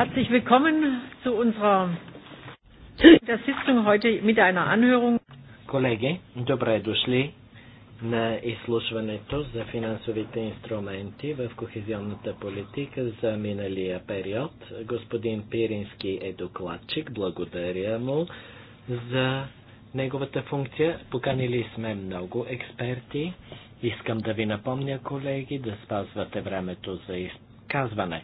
Herzlich willkommen zu unserer der Sitzung heute mit einer Anhörung. Колеги, добре дошли на изслушването за финансовите инструменти в кохезионната политика за миналия период. Господин Пирински е докладчик. Благодаря му за неговата функция. Поканили сме много експерти. Искам да ви напомня, колеги, да спазвате времето за изказване.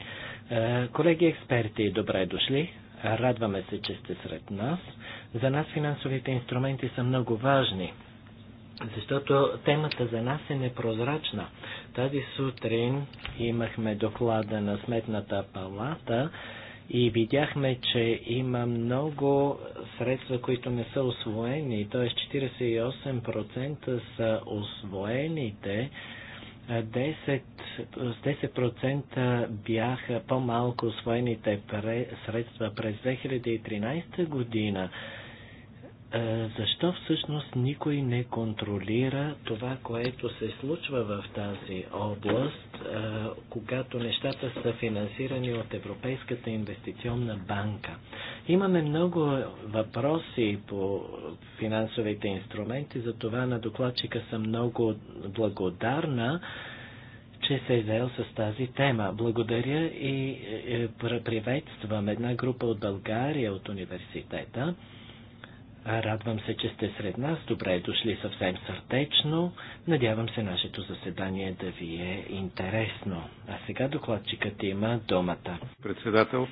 Е, колеги експерти, добре дошли. Радваме се, че сте сред нас. За нас финансовите инструменти са много важни, защото темата за нас е непрозрачна. Тази сутрин имахме доклада на Сметната палата и видяхме, че има много средства, които не са освоени, т.е. 48% са освоените 10, с 10% бяха по-малко освоените средства през 2013 година защо всъщност никой не контролира това, което се случва в тази област, когато нещата са финансирани от Европейската инвестиционна банка. Имаме много въпроси по финансовите инструменти, за това на докладчика съм много благодарна че се е заел с тази тема. Благодаря и е, е, приветствам една група от България от университета, Радвам се, че сте сред нас. Добре дошли съвсем сърдечно. Надявам се нашето заседание да ви е интересно. А сега докладчикът има думата. Председател,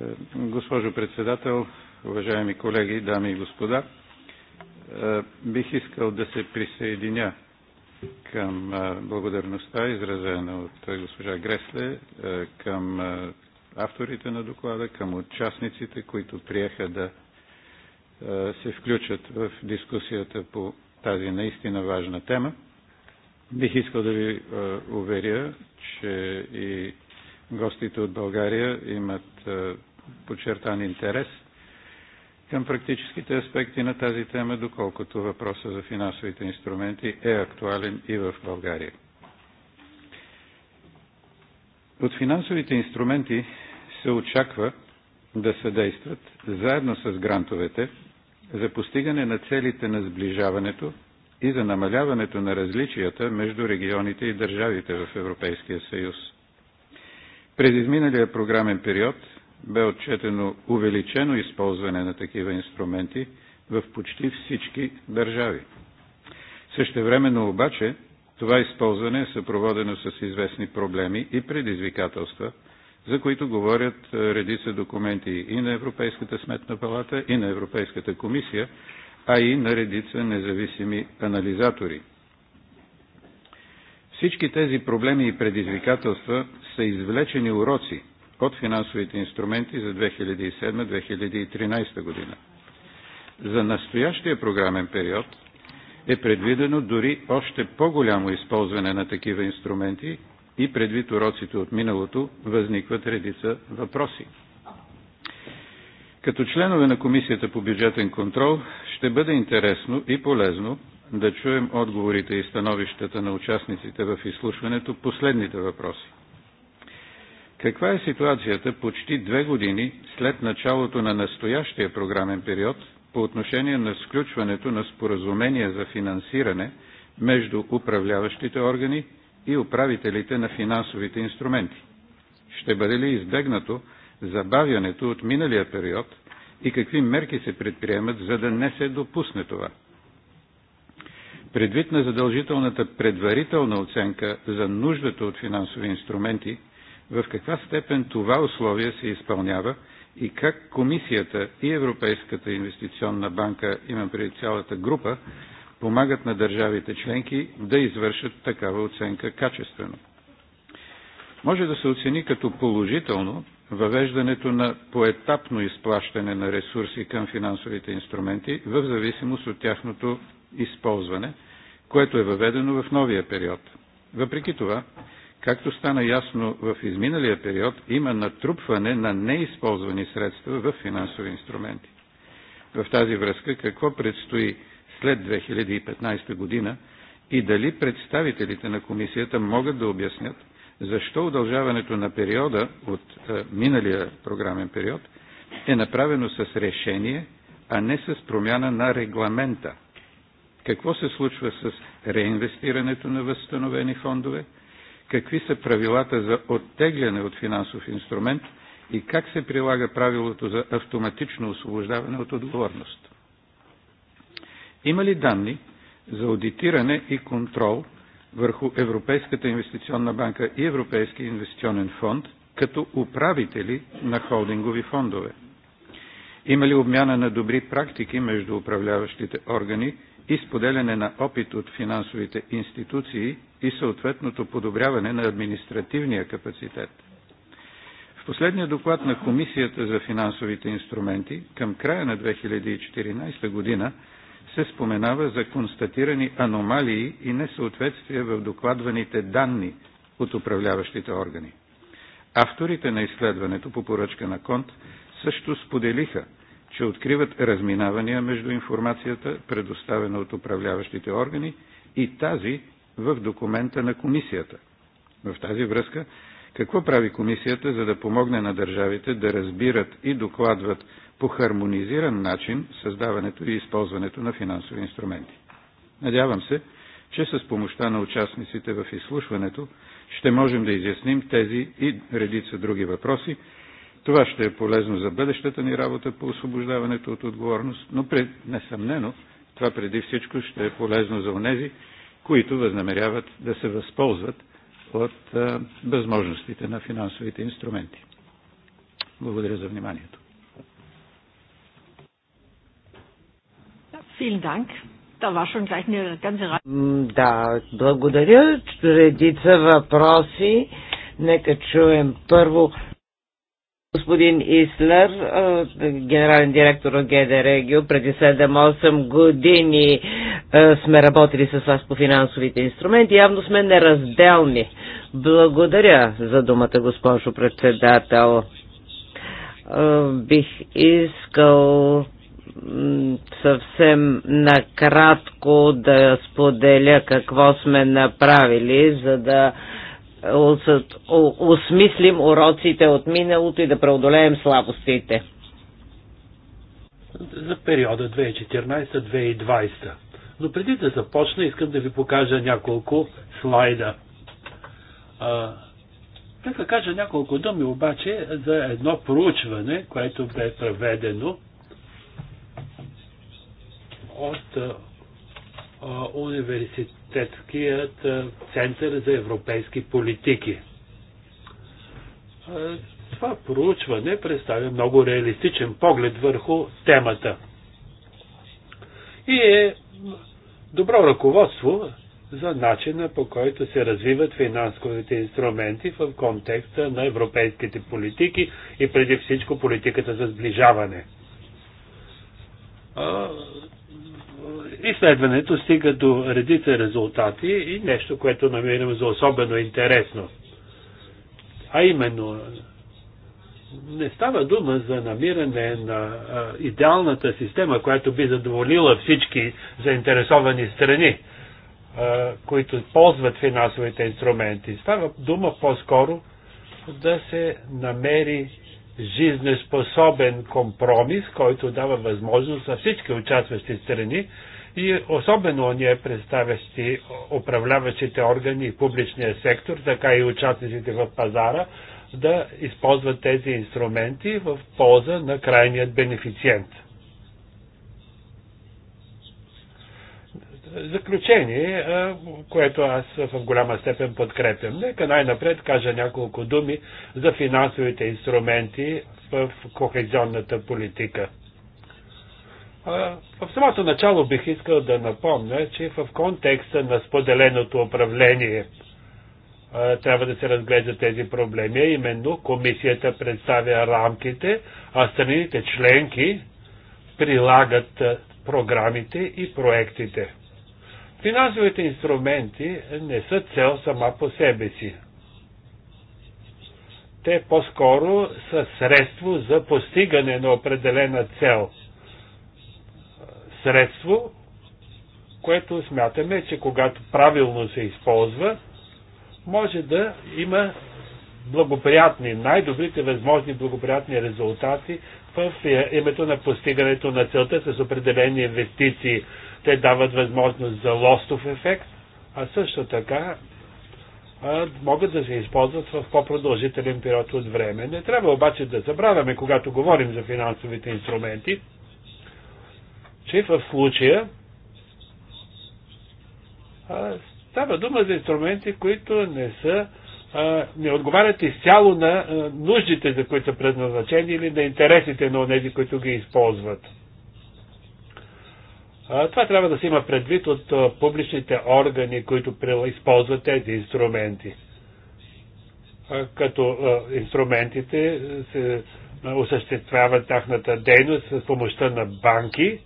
е, госпожо председател, уважаеми колеги, дами и господа, е, бих искал да се присъединя към е, благодарността, изразена от госпожа Гресле, към авторите на доклада, към участниците, които приеха да е, се включат в дискусията по тази наистина важна тема. Бих искал да ви е, уверя, че и гостите от България имат е, подчертан интерес към практическите аспекти на тази тема, доколкото въпроса за финансовите инструменти е актуален и в България. От финансовите инструменти се очаква да съдействат заедно с грантовете за постигане на целите на сближаването и за намаляването на различията между регионите и държавите в Европейския съюз. През изминалия програмен период бе отчетено увеличено използване на такива инструменти в почти всички държави. Същевременно обаче това използване е съпроводено с известни проблеми и предизвикателства – за които говорят е, редица документи и на Европейската сметна палата, и на Европейската комисия, а и на редица независими анализатори. Всички тези проблеми и предизвикателства са извлечени уроци от финансовите инструменти за 2007-2013 година. За настоящия програмен период е предвидено дори още по-голямо използване на такива инструменти и предвид уроците от миналото, възникват редица въпроси. Като членове на Комисията по бюджетен контрол ще бъде интересно и полезно да чуем отговорите и становищата на участниците в изслушването последните въпроси. Каква е ситуацията почти две години след началото на настоящия програмен период по отношение на сключването на споразумения за финансиране между управляващите органи и управителите на финансовите инструменти? Ще бъде ли избегнато забавянето от миналия период и какви мерки се предприемат, за да не се допусне това? Предвид на задължителната предварителна оценка за нуждата от финансови инструменти, в каква степен това условие се изпълнява и как Комисията и Европейската инвестиционна банка, имам преди цялата група, помагат на държавите членки да извършат такава оценка качествено. Може да се оцени като положително въвеждането на поетапно изплащане на ресурси към финансовите инструменти в зависимост от тяхното използване, което е въведено в новия период. Въпреки това, както стана ясно в изминалия период, има натрупване на неизползвани средства в финансови инструменти. В тази връзка какво предстои след 2015 година и дали представителите на комисията могат да обяснят защо удължаването на периода от е, миналия програмен период е направено с решение, а не с промяна на регламента. Какво се случва с реинвестирането на възстановени фондове? Какви са правилата за оттегляне от финансов инструмент и как се прилага правилото за автоматично освобождаване от отговорност? Има ли данни за аудитиране и контрол върху Европейската инвестиционна банка и Европейския инвестиционен фонд като управители на холдингови фондове? Има ли обмяна на добри практики между управляващите органи и споделяне на опит от финансовите институции и съответното подобряване на административния капацитет? В последния доклад на Комисията за финансовите инструменти към края на 2014 година се споменава за констатирани аномалии и несъответствия в докладваните данни от управляващите органи. Авторите на изследването по поръчка на Конт също споделиха, че откриват разминавания между информацията, предоставена от управляващите органи, и тази в документа на комисията. В тази връзка, какво прави комисията, за да помогне на държавите да разбират и докладват по хармонизиран начин създаването и използването на финансови инструменти. Надявам се, че с помощта на участниците в изслушването ще можем да изясним тези и редица други въпроси. Това ще е полезно за бъдещата ни работа по освобождаването от отговорност, но пред, несъмнено това преди всичко ще е полезно за онези, които възнамеряват да се възползват от а, възможностите на финансовите инструменти. Благодаря за вниманието. Vielen Dank. Da war schon gleich eine ganze Reihe. Да, благодаря. Редица въпроси. Нека чуем първо господин Ислер, генерален директор от ГД Регио. Преди 7-8 години сме работили с вас по финансовите инструменти. Явно сме неразделни. Благодаря за думата, госпожо председател бих искал съвсем накратко да споделя какво сме направили, за да осмислим уроците от миналото и да преодолеем слабостите. За периода 2014-2020. Но преди да започна, искам да ви покажа няколко слайда. А, нека кажа няколко думи обаче за едно проучване, което бе проведено от университетският център за европейски политики. Това проучване представя много реалистичен поглед върху темата. И е добро ръководство за начина по който се развиват финансовите инструменти в контекста на европейските политики и преди всичко политиката за сближаване изследването стига до редица резултати и нещо, което намирам за особено интересно. А именно, не става дума за намиране на идеалната система, която би задоволила всички заинтересовани страни, които ползват финансовите инструменти. Става дума по-скоро да се намери жизнеспособен компромис, който дава възможност на всички участващи страни и особено ние представящи управляващите органи и публичния сектор, така и участниците в пазара, да използват тези инструменти в полза на крайният бенефициент. заключение, което аз в голяма степен подкрепям. Нека най-напред кажа няколко думи за финансовите инструменти в кохезионната политика. В самото начало бих искал да напомня, че в контекста на споделеното управление трябва да се разглеждат тези проблеми, именно комисията представя рамките, а страните членки прилагат програмите и проектите. Финансовите инструменти не са цел сама по себе си. Те по-скоро са средство за постигане на определена цел. Средство, което смятаме, че когато правилно се използва, може да има благоприятни, най-добрите възможни благоприятни резултати в името на постигането на целта с определени инвестиции, те дават възможност за лостов ефект, а също така а, могат да се използват в по-продължителен период от време. Не трябва обаче да забравяме, когато говорим за финансовите инструменти, че в случая а, става дума за инструменти, които не са не отговарят изцяло на нуждите, за които са предназначени или на интересите на тези, които ги използват. Това трябва да се има предвид от публичните органи, които използват тези инструменти. Като инструментите се осъществяват тяхната дейност с помощта на банки.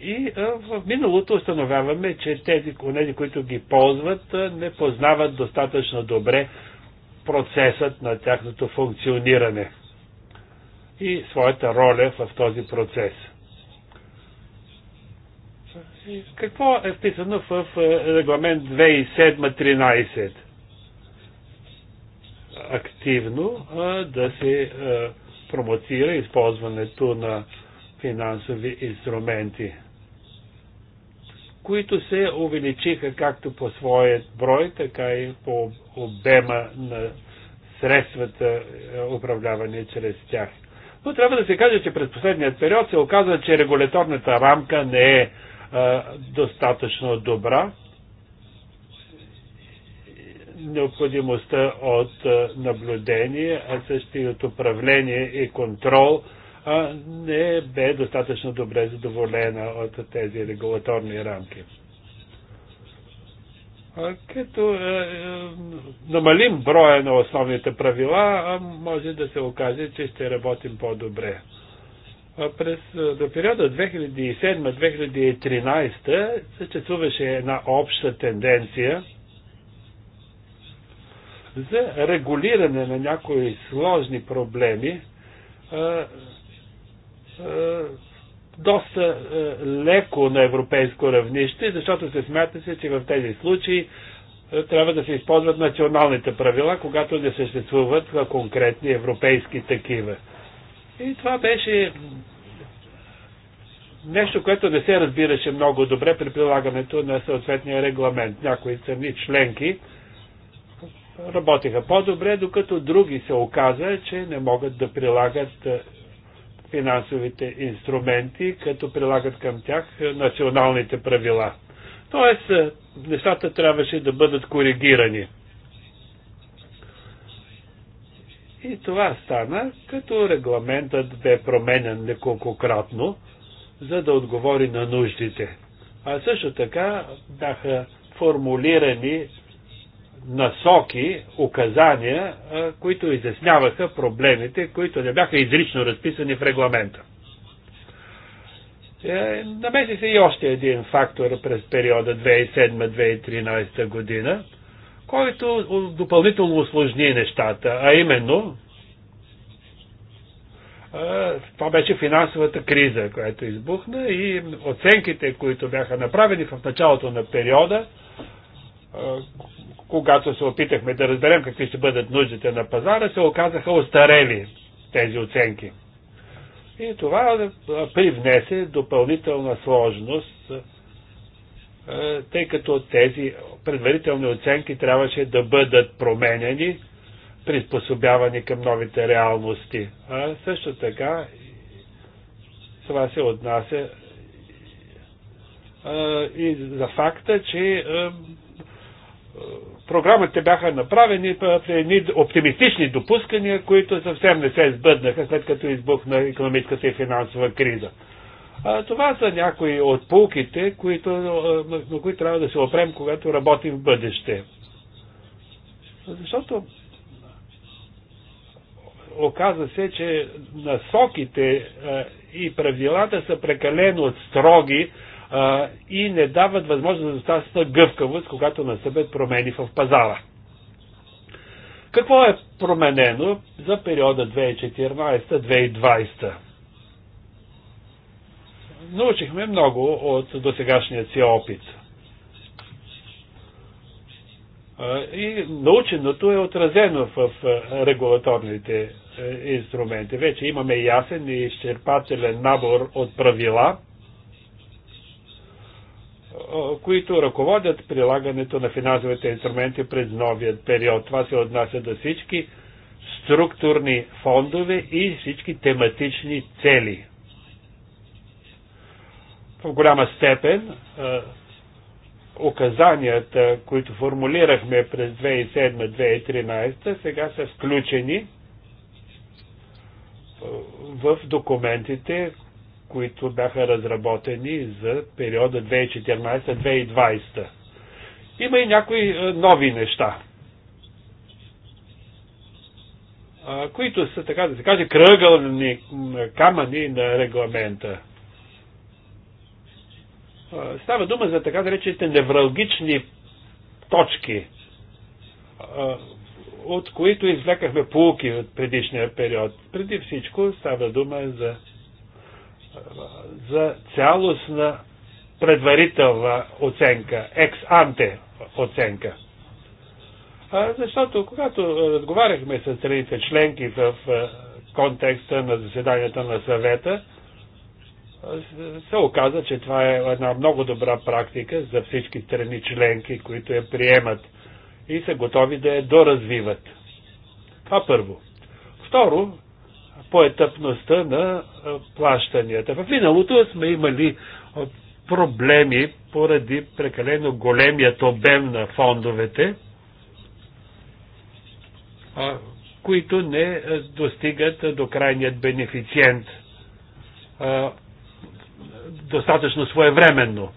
И в миналото установяваме, че тези, тези, които ги ползват, не познават достатъчно добре процесът на тяхното функциониране и своята роля в този процес. Какво е вписано в е, регламент 2007-13? Активно да се промоцира използването на финансови инструменти, които се увеличиха както по своят брой, така и по обема на средствата, е, управлявани чрез тях. Но трябва да се каже, че през последният период се оказва, че регуляторната рамка не е достатъчно добра. Необходимостта от наблюдение, а също и от управление и контрол не бе достатъчно добре задоволена от тези регулаторни рамки. Като е, е, намалим броя на основните правила, може да се окаже, че ще работим по-добре. През до периода 2007-2013 съществуваше една обща тенденция за регулиране на някои сложни проблеми, доста леко на европейско равнище, защото се смята се, че в тези случаи трябва да се използват националните правила, когато не съществуват конкретни европейски такива. И това беше нещо, което не се разбираше много добре при прилагането на съответния регламент. Някои страни членки работеха по-добре, докато други се оказа, че не могат да прилагат финансовите инструменти, като прилагат към тях националните правила. Тоест, нещата трябваше да бъдат коригирани. И това стана, като регламентът бе променен неколкократно, за да отговори на нуждите. А също така бяха формулирани насоки, указания, които изясняваха проблемите, които не бяха изрично разписани в регламента. Е, намеси се и още един фактор през периода 2007-2013 година – който допълнително осложни нещата, а именно това беше финансовата криза, която избухна и оценките, които бяха направени в началото на периода, когато се опитахме да разберем какви ще бъдат нуждите на пазара, се оказаха остарели тези оценки. И това привнесе допълнителна сложност, тъй като тези предварителни оценки трябваше да бъдат променени, приспособявани към новите реалности. А също така това се отнася а, и за факта, че а, програмите бяха направени при едни оптимистични допускания, които съвсем не се избъднаха, след като избухна економическата и финансова криза. А, това са някои от полките, които, на, на които трябва да се опрем, когато работим в бъдеще. Защото оказа се, че насоките а, и правилата са прекалено строги а, и не дават възможност за достатъчна гъвкавост, когато настъпят промени в пазара. Какво е променено за периода 2014-2020? научихме много от досегашния си опит. И наученото е отразено в регулаторните инструменти. Вече имаме ясен и изчерпателен набор от правила, които ръководят прилагането на финансовите инструменти през новият период. Това се отнася до всички структурни фондове и всички тематични цели в голяма степен указанията, които формулирахме през 2007-2013, сега са включени в документите, които бяха разработени за периода 2014-2020. Има и някои нови неща, които са, така да се каже, кръгълни камъни на регламента. Става дума за така наречените да невралгични точки, от които извлекахме полуки от предишния период. Преди всичко става дума за, за цялостна предварителна оценка, екс-анте оценка. А, защото когато разговаряхме с страните членки в контекста на заседанията на съвета, се оказа, че това е една много добра практика за всички страни членки, които я приемат и са готови да я доразвиват. Това първо. Второ, поетъпността на плащанията. В миналото сме имали проблеми поради прекалено големият обем на фондовете, които не достигат до крайният бенефициент достатъчно своевременно.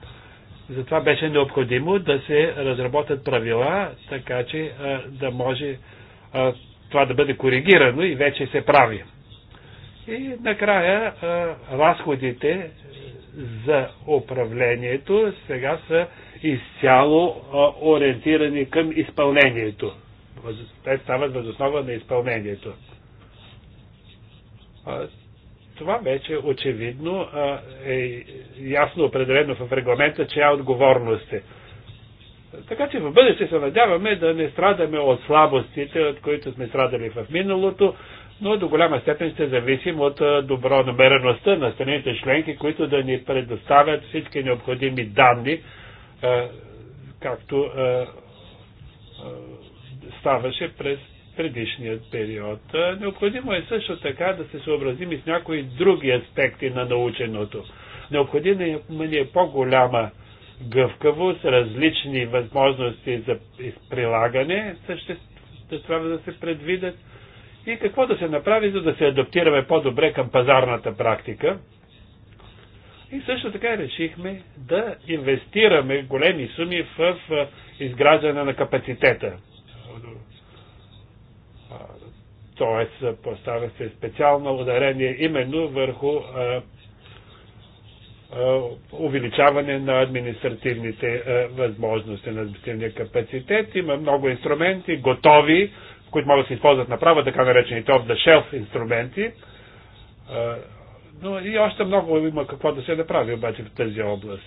Затова беше необходимо да се разработят правила, така че а, да може а, това да бъде коригирано и вече се прави. И накрая а, разходите за управлението сега са изцяло а, ориентирани към изпълнението. Те стават възоснова на изпълнението. Това вече очевидно е ясно определено в регламента, чия е отговорност е. Така че в бъдеще се надяваме да не страдаме от слабостите, от които сме страдали в миналото, но до голяма степен ще зависим от добро намереността на страните членки, които да ни предоставят всички необходими данни, както ставаше през предишният период. Необходимо е също така да се съобразим и с някои други аспекти на наученото. Необходима е, е по-голяма гъвкавост, различни възможности за прилагане, също трябва да се предвидят и какво да се направи, за да се адаптираме по-добре към пазарната практика. И също така решихме да инвестираме големи суми в изграждане на капацитета т.е. поставя се специално ударение именно върху увеличаване на административните възможности, на административния капацитет. Има много инструменти, готови, които могат да се използват направо, така наречените off-the-shelf инструменти. Но и още много има какво да се направи обаче в тази област.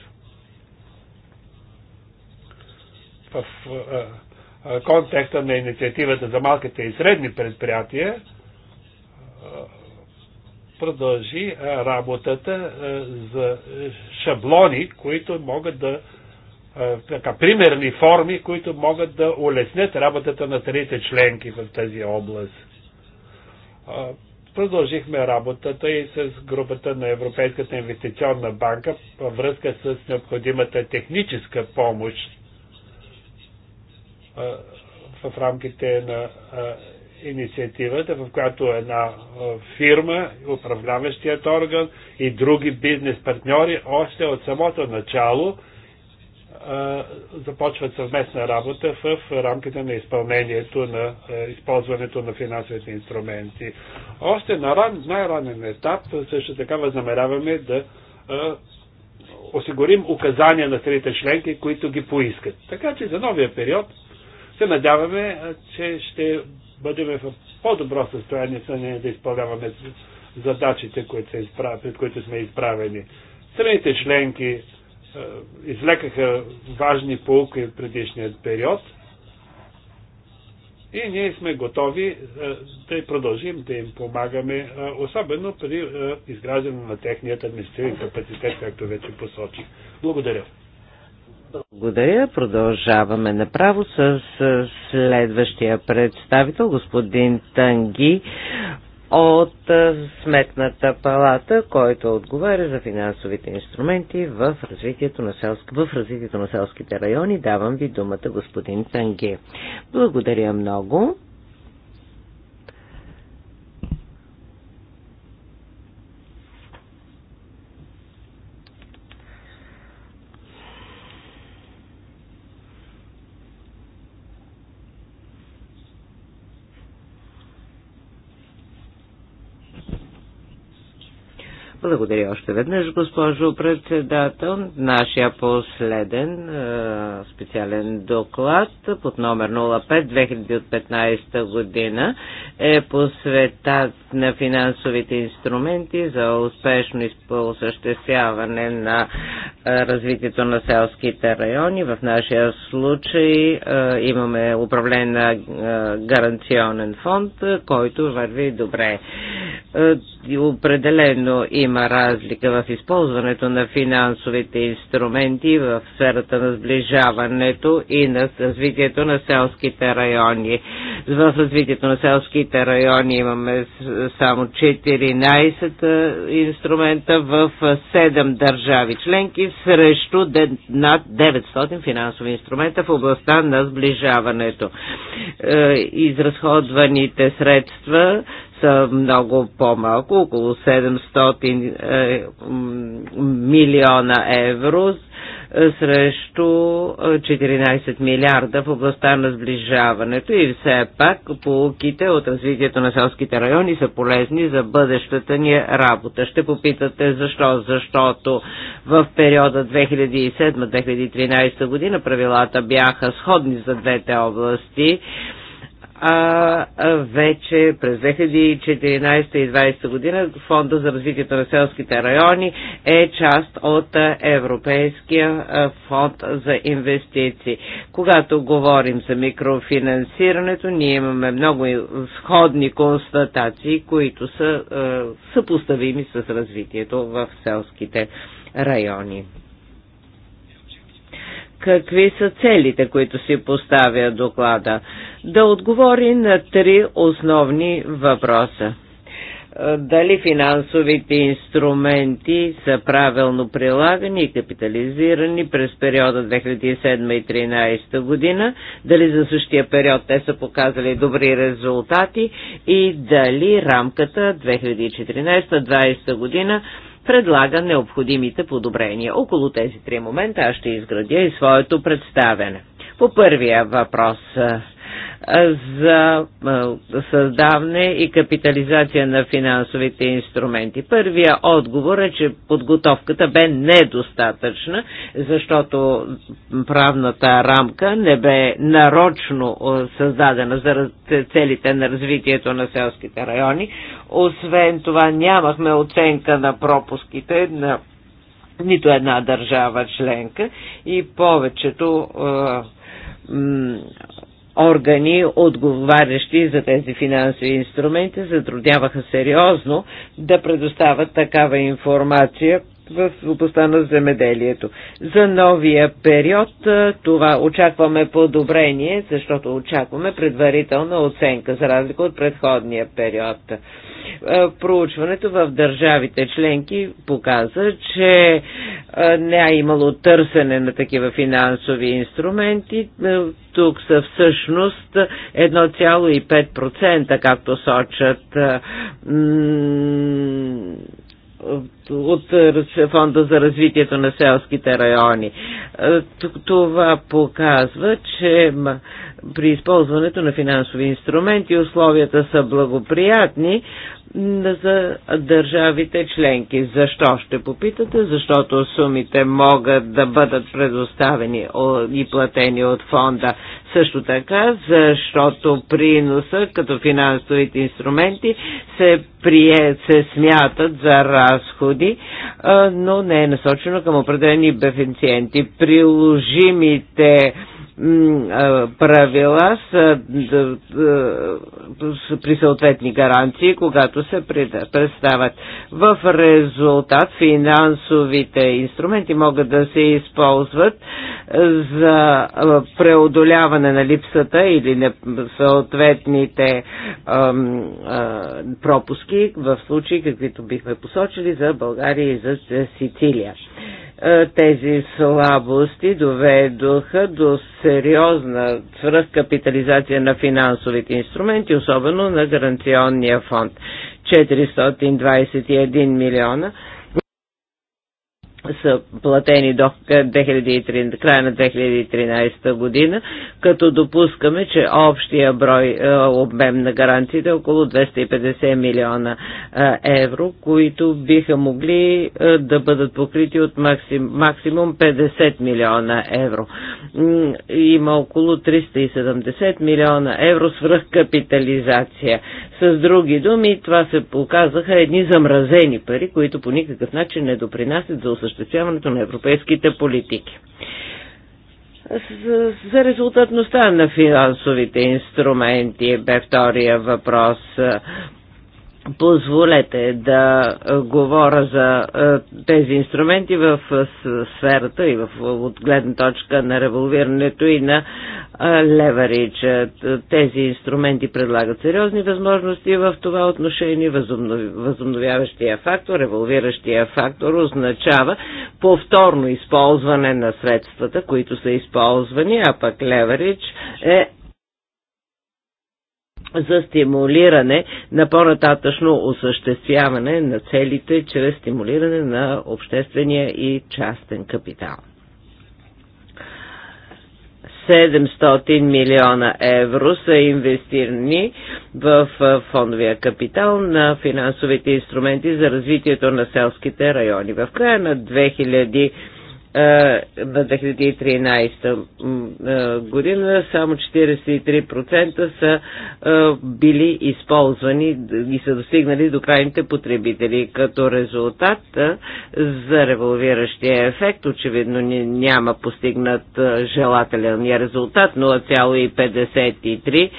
В контекста на инициативата за малките и средни предприятия продължи работата за шаблони, които могат да така, примерни форми, които могат да улеснят работата на трите членки в тази област. Продължихме работата и с групата на Европейската инвестиционна банка във връзка с необходимата техническа помощ в рамките на инициативата, в която една фирма, управляващият орган и други бизнес партньори още от самото начало започват съвместна работа в рамките на изпълнението на е, използването на финансовите инструменти. Още на ран, най-ранен етап също така възнамеряваме да осигурим указания на трите членки, които ги поискат. Така че за новия период се надяваме, че ще бъдем в по-добро състояние сънение да изпълняваме задачите, които са изправ... пред които сме изправени. Страните членки е, излекаха важни полуки в предишният период и ние сме готови е, да продължим да им помагаме, е, особено при изграждане на техният административен капацитет, както вече посочих. Благодаря. Благодаря. Продължаваме направо с следващия представител, господин Танги от Сметната палата, който отговаря за финансовите инструменти в развитието на, селски, в развитието на селските райони. Давам ви думата, господин Танги. Благодаря много. Благодаря още веднъж, госпожо председател. Нашия последен е, специален доклад под номер 05-2015 година е посветат на финансовите инструменти за успешно осъществяване на развитието на селските райони. В нашия случай е, имаме управление на е, гаранционен фонд, който върви добре. Е, определено има голяма разлика в използването на финансовите инструменти в сферата на сближаването и на развитието на селските райони. В развитието на селските райони имаме само 14 инструмента в 7 държави членки срещу над 900 финансови инструмента в областта на сближаването. Е, изразходваните средства са много по-малко, около 700 е, милиона евро е, срещу 14 е, милиарда в областта на сближаването и все пак полуките от развитието на селските райони са полезни за бъдещата ни работа. Ще попитате защо? Защото в периода 2007-2013 година правилата бяха сходни за двете области а, вече през 2014 и 2020 година Фонда за развитието на селските райони е част от Европейския фонд за инвестиции. Когато говорим за микрофинансирането, ние имаме много сходни констатации, които са съпоставими с развитието в селските райони какви са целите, които си поставя доклада. Да отговори на три основни въпроса. Е, дали финансовите инструменти са правилно прилагани и капитализирани през периода 2007 и 2013 година, дали за същия период те са показали добри резултати и дали рамката 2014-2020 година предлага необходимите подобрения. Около тези три момента аз ще изградя и своето представяне. По първия въпрос за създаване и капитализация на финансовите инструменти. Първия отговор е, че подготовката бе недостатъчна, защото правната рамка не бе нарочно създадена за целите на развитието на селските райони. Освен това нямахме оценка на пропуските на нито една държава членка и повечето органи, отговарящи за тези финансови инструменти, затрудняваха сериозно да предоставят такава информация, в областта на земеделието. За новия период това очакваме подобрение, защото очакваме предварителна оценка, за разлика от предходния период. Проучването в държавите членки показа, че не е имало търсене на такива финансови инструменти. Тук са всъщност 1,5%, както сочат от Фонда за развитието на селските райони. Е, това показва, че при използването на финансови инструменти условията са благоприятни за държавите членки. Защо ще попитате? Защото сумите могат да бъдат предоставени и платени от фонда. Също така, защото приноса като финансовите инструменти се, прие, се смятат за разходи, но не е насочено към определени бенефициенти. Приложимите правила с при съответни гаранции, когато се представят. В резултат финансовите инструменти могат да се използват за преодоляване на липсата или на съответните пропуски в случаи, каквито бихме посочили за България и за Сицилия. Е, тези слабости доведоха до сериозна свръхкапитализация на финансовите инструменти, особено на гаранционния фонд. 421 милиона са платени до 2013, е, края на 2013 година, като допускаме, че общия брой е, обем на гарантиите е около 250 милиона е, евро, които биха могли е, да бъдат покрити от максим, максимум 50 милиона евро. Има около 370 милиона евро свръхкапитализация. С други думи, това се показаха едни замразени пари, които по никакъв начин не допринасят за осъществяването осъществяването на европейските политики. За резултатността на финансовите инструменти бе втория въпрос. Позволете да е, говоря за е, тези инструменти в е, сферата и в от гледна точка на револвирането и на леверидж. Тези инструменти предлагат сериозни възможности в това отношение. Възобновяващия фактор, револвиращия фактор означава повторно използване на средствата, които са използвани, а пък леверидж е за стимулиране на по-нататъчно осъществяване на целите чрез стимулиране на обществения и частен капитал. 700 милиона евро са инвестирани в фондовия капитал на финансовите инструменти за развитието на селските райони. В края на 2000 е, на 2013 е, година само 43% са е, били използвани и са достигнали до крайните потребители. Като резултат за револвиращия ефект очевидно няма постигнат желателен резултат 0,53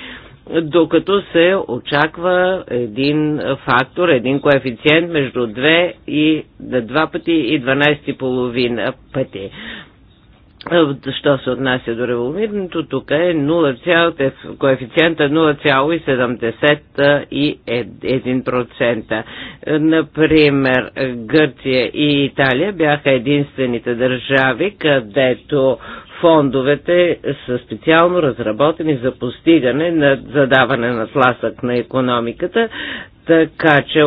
докато се очаква един фактор, един коефициент между 2 и 2 пъти и 12 половина пъти. Що се отнася до револвирането, тук е 0, коефициента 0,71%. Например, Гърция и Италия бяха единствените държави, където фондовете са специално разработени за постигане на задаване на тласък на економиката, така че,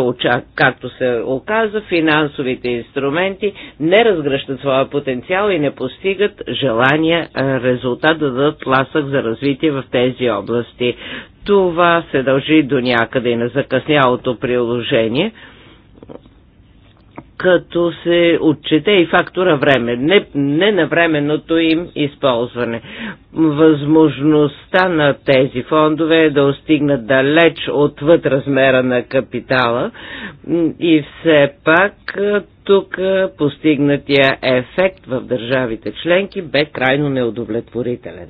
както се оказа, финансовите инструменти не разгръщат своя потенциал и не постигат желания резултат да дадат ласък за развитие в тези области. Това се дължи до някъде и на закъснялото приложение – като се отчете и фактора време, не, не на им използване. Възможността на тези фондове е да остигнат далеч отвъд размера на капитала и все пак е, тук е, постигнатия ефект в държавите членки бе крайно неудовлетворителен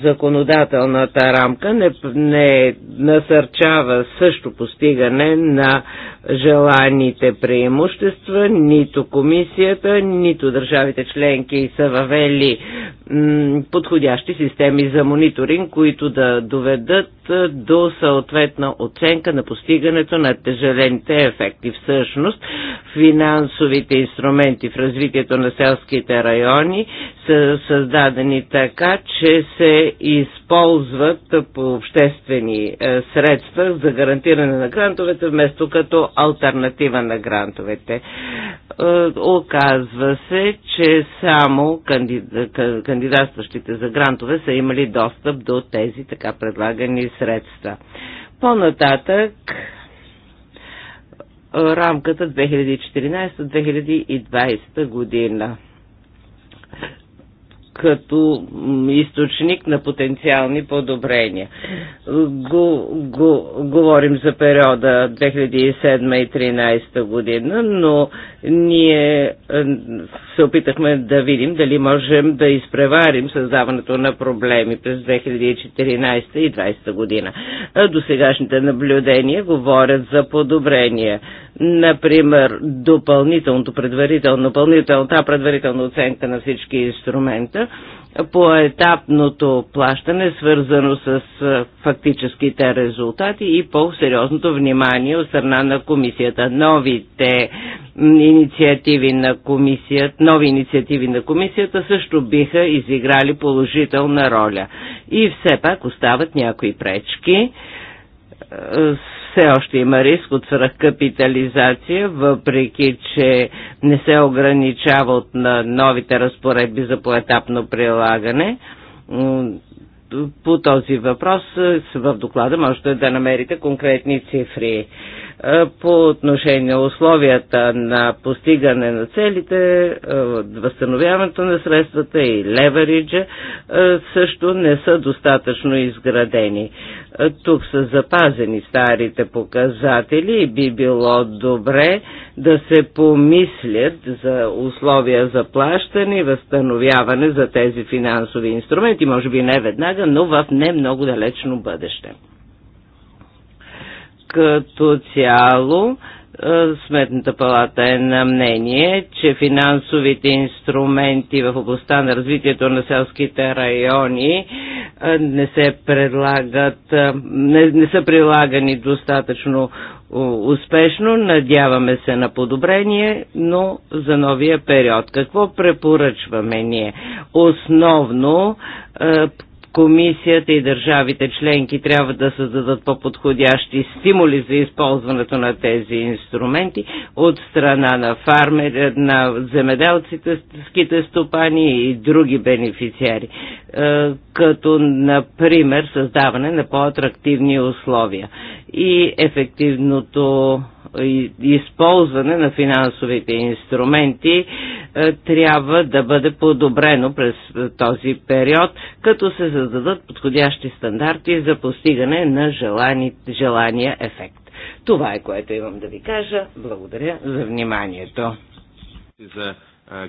законодателната рамка не, не насърчава също постигане на желаните преимущества, нито комисията, нито държавите членки са въвели подходящи системи за мониторинг, които да доведат до съответна оценка на постигането на тежелените ефекти. Всъщност, финансовите инструменти в развитието на селските райони са създадени така, че се използват по обществени е, средства за гарантиране на грантовете, вместо като альтернатива на грантовете. Е, оказва се, че само кандидатстващите за грантове са имали достъп до тези така предлагани средства. По-нататък е, рамката 2014-2020 година като източник на потенциални подобрения. Го, го, говорим за периода 2007 и 2013 година, но ние е, се опитахме да видим дали можем да изпреварим създаването на проблеми през 2014 и 2020 година. До сегашните наблюдения говорят за подобрения. Например, допълнителното, предварително, допълнителната предварителна оценка на всички инструмента, поетапното плащане, свързано с фактическите резултати и по-сериозното внимание от страна на комисията. Новите инициативи на комисията, нови инициативи на комисията също биха изиграли положителна роля. И все пак остават някои пречки все още има риск от свръхкапитализация, въпреки че не се ограничава от на новите разпоредби за поетапно прилагане. По този въпрос е, в доклада можете да намерите конкретни цифри. Е, по отношение на условията на постигане на целите, е, възстановяването на средствата и левериджа е, също не са достатъчно изградени. Тук са запазени старите показатели и би било добре да се помислят за условия за плащане и възстановяване за тези финансови инструменти, може би не веднага, но в не много далечно бъдеще. Като цяло, е, Сметната палата е на мнение, че финансовите инструменти в областта на развитието на селските райони е, не се предлагат, е, не, не са прилагани достатъчно успешно. Надяваме се на подобрение, но за новия период. Какво препоръчваме ние? Основно Комисията и държавите членки трябва да създадат по-подходящи стимули за използването на тези инструменти от страна на фармер, на земеделците, ските стопани и други бенефициари, е, като например създаване на по-атрактивни условия и ефективното използване на финансовите инструменти е, трябва да бъде подобрено през е, този период, като се зададат подходящи стандарти за постигане на желани, желания ефект. Това е което имам да ви кажа. Благодаря за вниманието. Uh,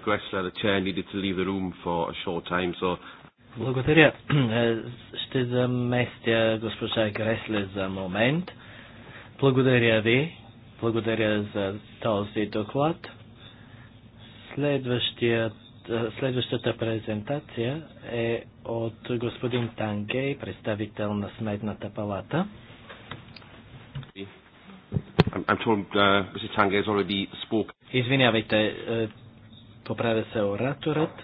uh, Благодаря. Ще заместя госпожа Гресле за момент. Благодаря ви. Благодаря за този доклад. следващата презентация е от господин Тангей, представител на Сметната палата. Uh, Извинявайте, е, поправя се ораторът.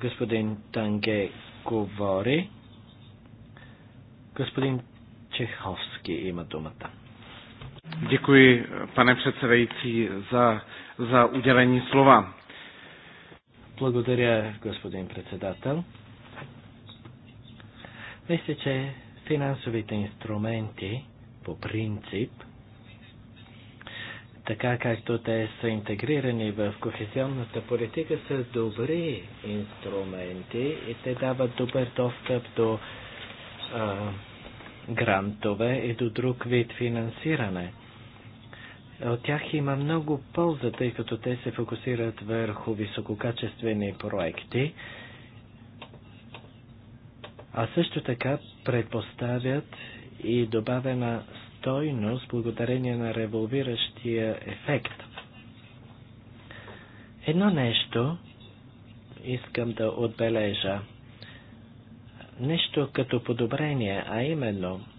Господин Танге говори. Господин Чеховски има думата. Děkuji, pane předsedající, za, za udělení slova. Благодаря, господин председател. Мисля, че финансовите инструменти по принцип, така както те са интегрирани в кохезионната политика, са добри инструменти и те дават добър достъп до а, грантове и до друг вид финансиране. От тях има много полза, тъй като те се фокусират върху висококачествени проекти, а също така предпоставят и добавена стойност благодарение на револвиращия ефект. Едно нещо искам да отбележа. Нещо като подобрение, а именно –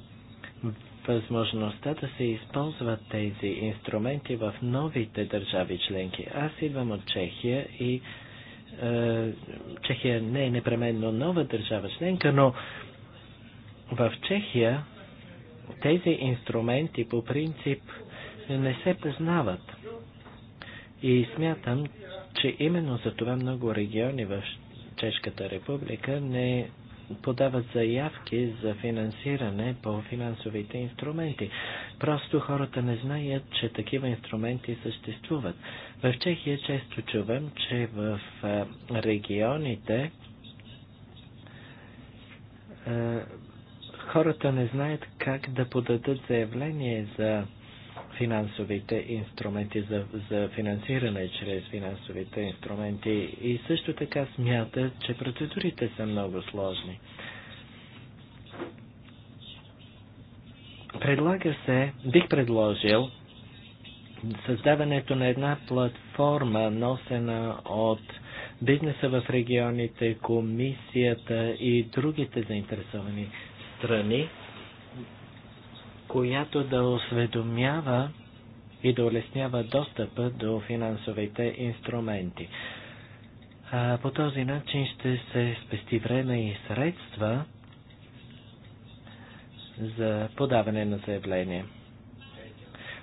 възможността да се използват тези инструменти в новите държави членки. Аз идвам от Чехия и е, Чехия не е непременно нова държава членка, но в Чехия тези инструменти по принцип не се познават. И смятам, че именно за това много региони в Чешката република не подават заявки за финансиране по финансовите инструменти. Просто хората не знаят, че такива инструменти съществуват. В Чехия често чувам, че в регионите хората не знаят как да подадат заявление за финансовите инструменти, за, за финансиране чрез финансовите инструменти и също така смята, че процедурите са много сложни. Предлага се, бих предложил създаването на една платформа, носена от бизнеса в регионите, комисията и другите заинтересовани страни, която да осведомява и да улеснява достъпа до финансовите инструменти. А, по този начин ще се спести време и средства за подаване на заявление.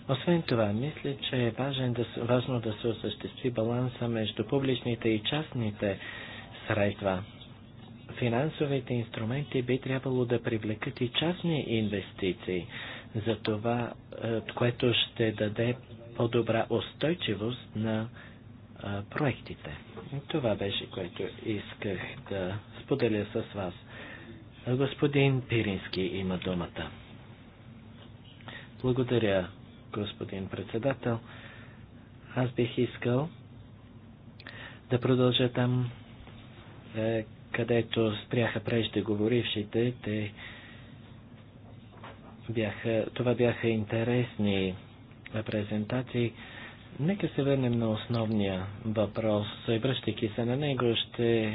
Освен това, мисля, че е важен да, важно да се осъществи баланса между публичните и частните средства. Финансовите инструменти би трябвало да привлекат и частни инвестиции за това, е, което ще даде по-добра устойчивост на е, проектите. Това беше, което исках да споделя с вас. Господин Пирински има думата. Благодаря, господин председател. Аз бих искал да продължа там, е, където спряха преждеговорившите. Те бяха, това бяха интересни презентации. Нека се върнем на основния въпрос. Връщайки се на него, ще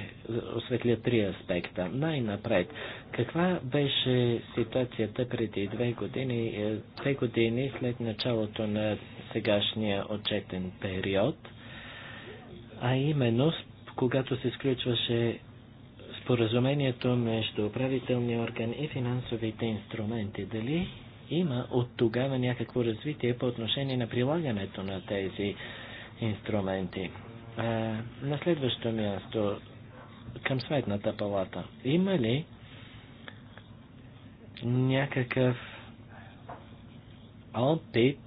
осветля три аспекта. Най-напред, каква беше ситуацията преди две години, е, две години след началото на сегашния отчетен период, а именно когато се сключваше споразумението между управителния орган и финансовите инструменти. Дали има от тогава някакво развитие по отношение на прилагането на тези инструменти? А, на следващо място, към Светната палата. Има ли някакъв опит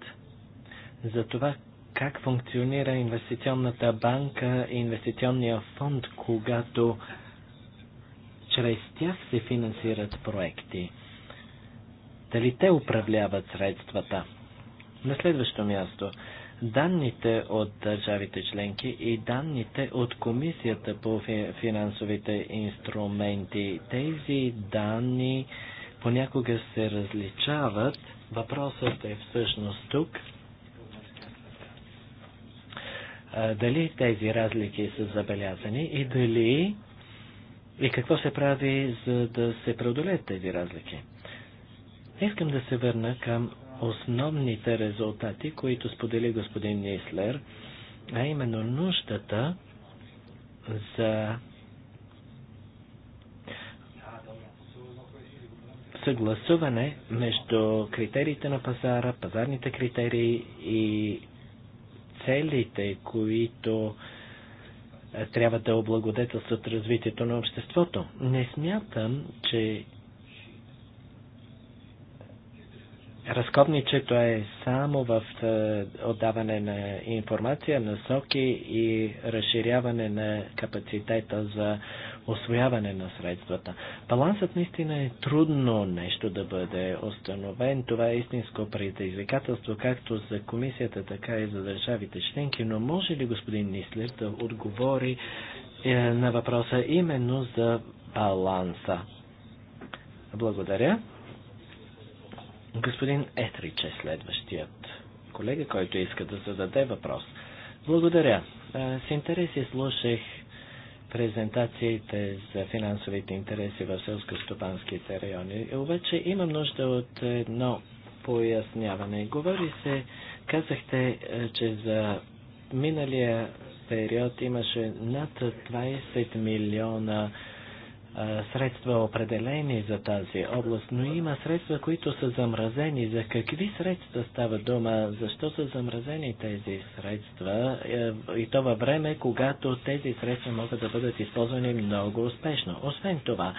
за това как функционира инвестиционната банка и инвестиционния фонд, когато чрез тях се финансират проекти. Дали те управляват средствата? На следващо място, данните от държавите членки и данните от Комисията по финансовите инструменти. Тези данни понякога се различават. Въпросът е всъщност тук дали тези разлики са забелязани и дали и какво се прави, за да се преодолеят тези разлики? Искам да се върна към основните резултати, които сподели господин Нислер, а именно нуждата за съгласуване между критериите на пазара, пазарните критерии и целите, които трябва да облагодетелстват развитието на обществото. Не смятам, че разходничето е само в е, отдаване на информация, насоки и разширяване на капацитета за освояване на средствата. Балансът наистина е трудно нещо да бъде установен. Това е истинско предизвикателство, както за комисията, така и за държавите членки. Но може ли господин Нислер да отговори е, на въпроса именно за баланса? Благодаря. Господин Етрич е следващият колега, който иска да зададе въпрос. Благодаря. Е, с интерес слушах презентациите за финансовите интереси в селско-стопанските райони. Обаче има нужда от едно поясняване. Говори се, казахте, е, че за миналия период имаше над 20 милиона средства определени за тази област, но има средства, които са замразени. За какви средства става дума? Защо са замразени тези средства? Е, и то във време, когато тези средства могат да бъдат използвани много успешно. Освен това,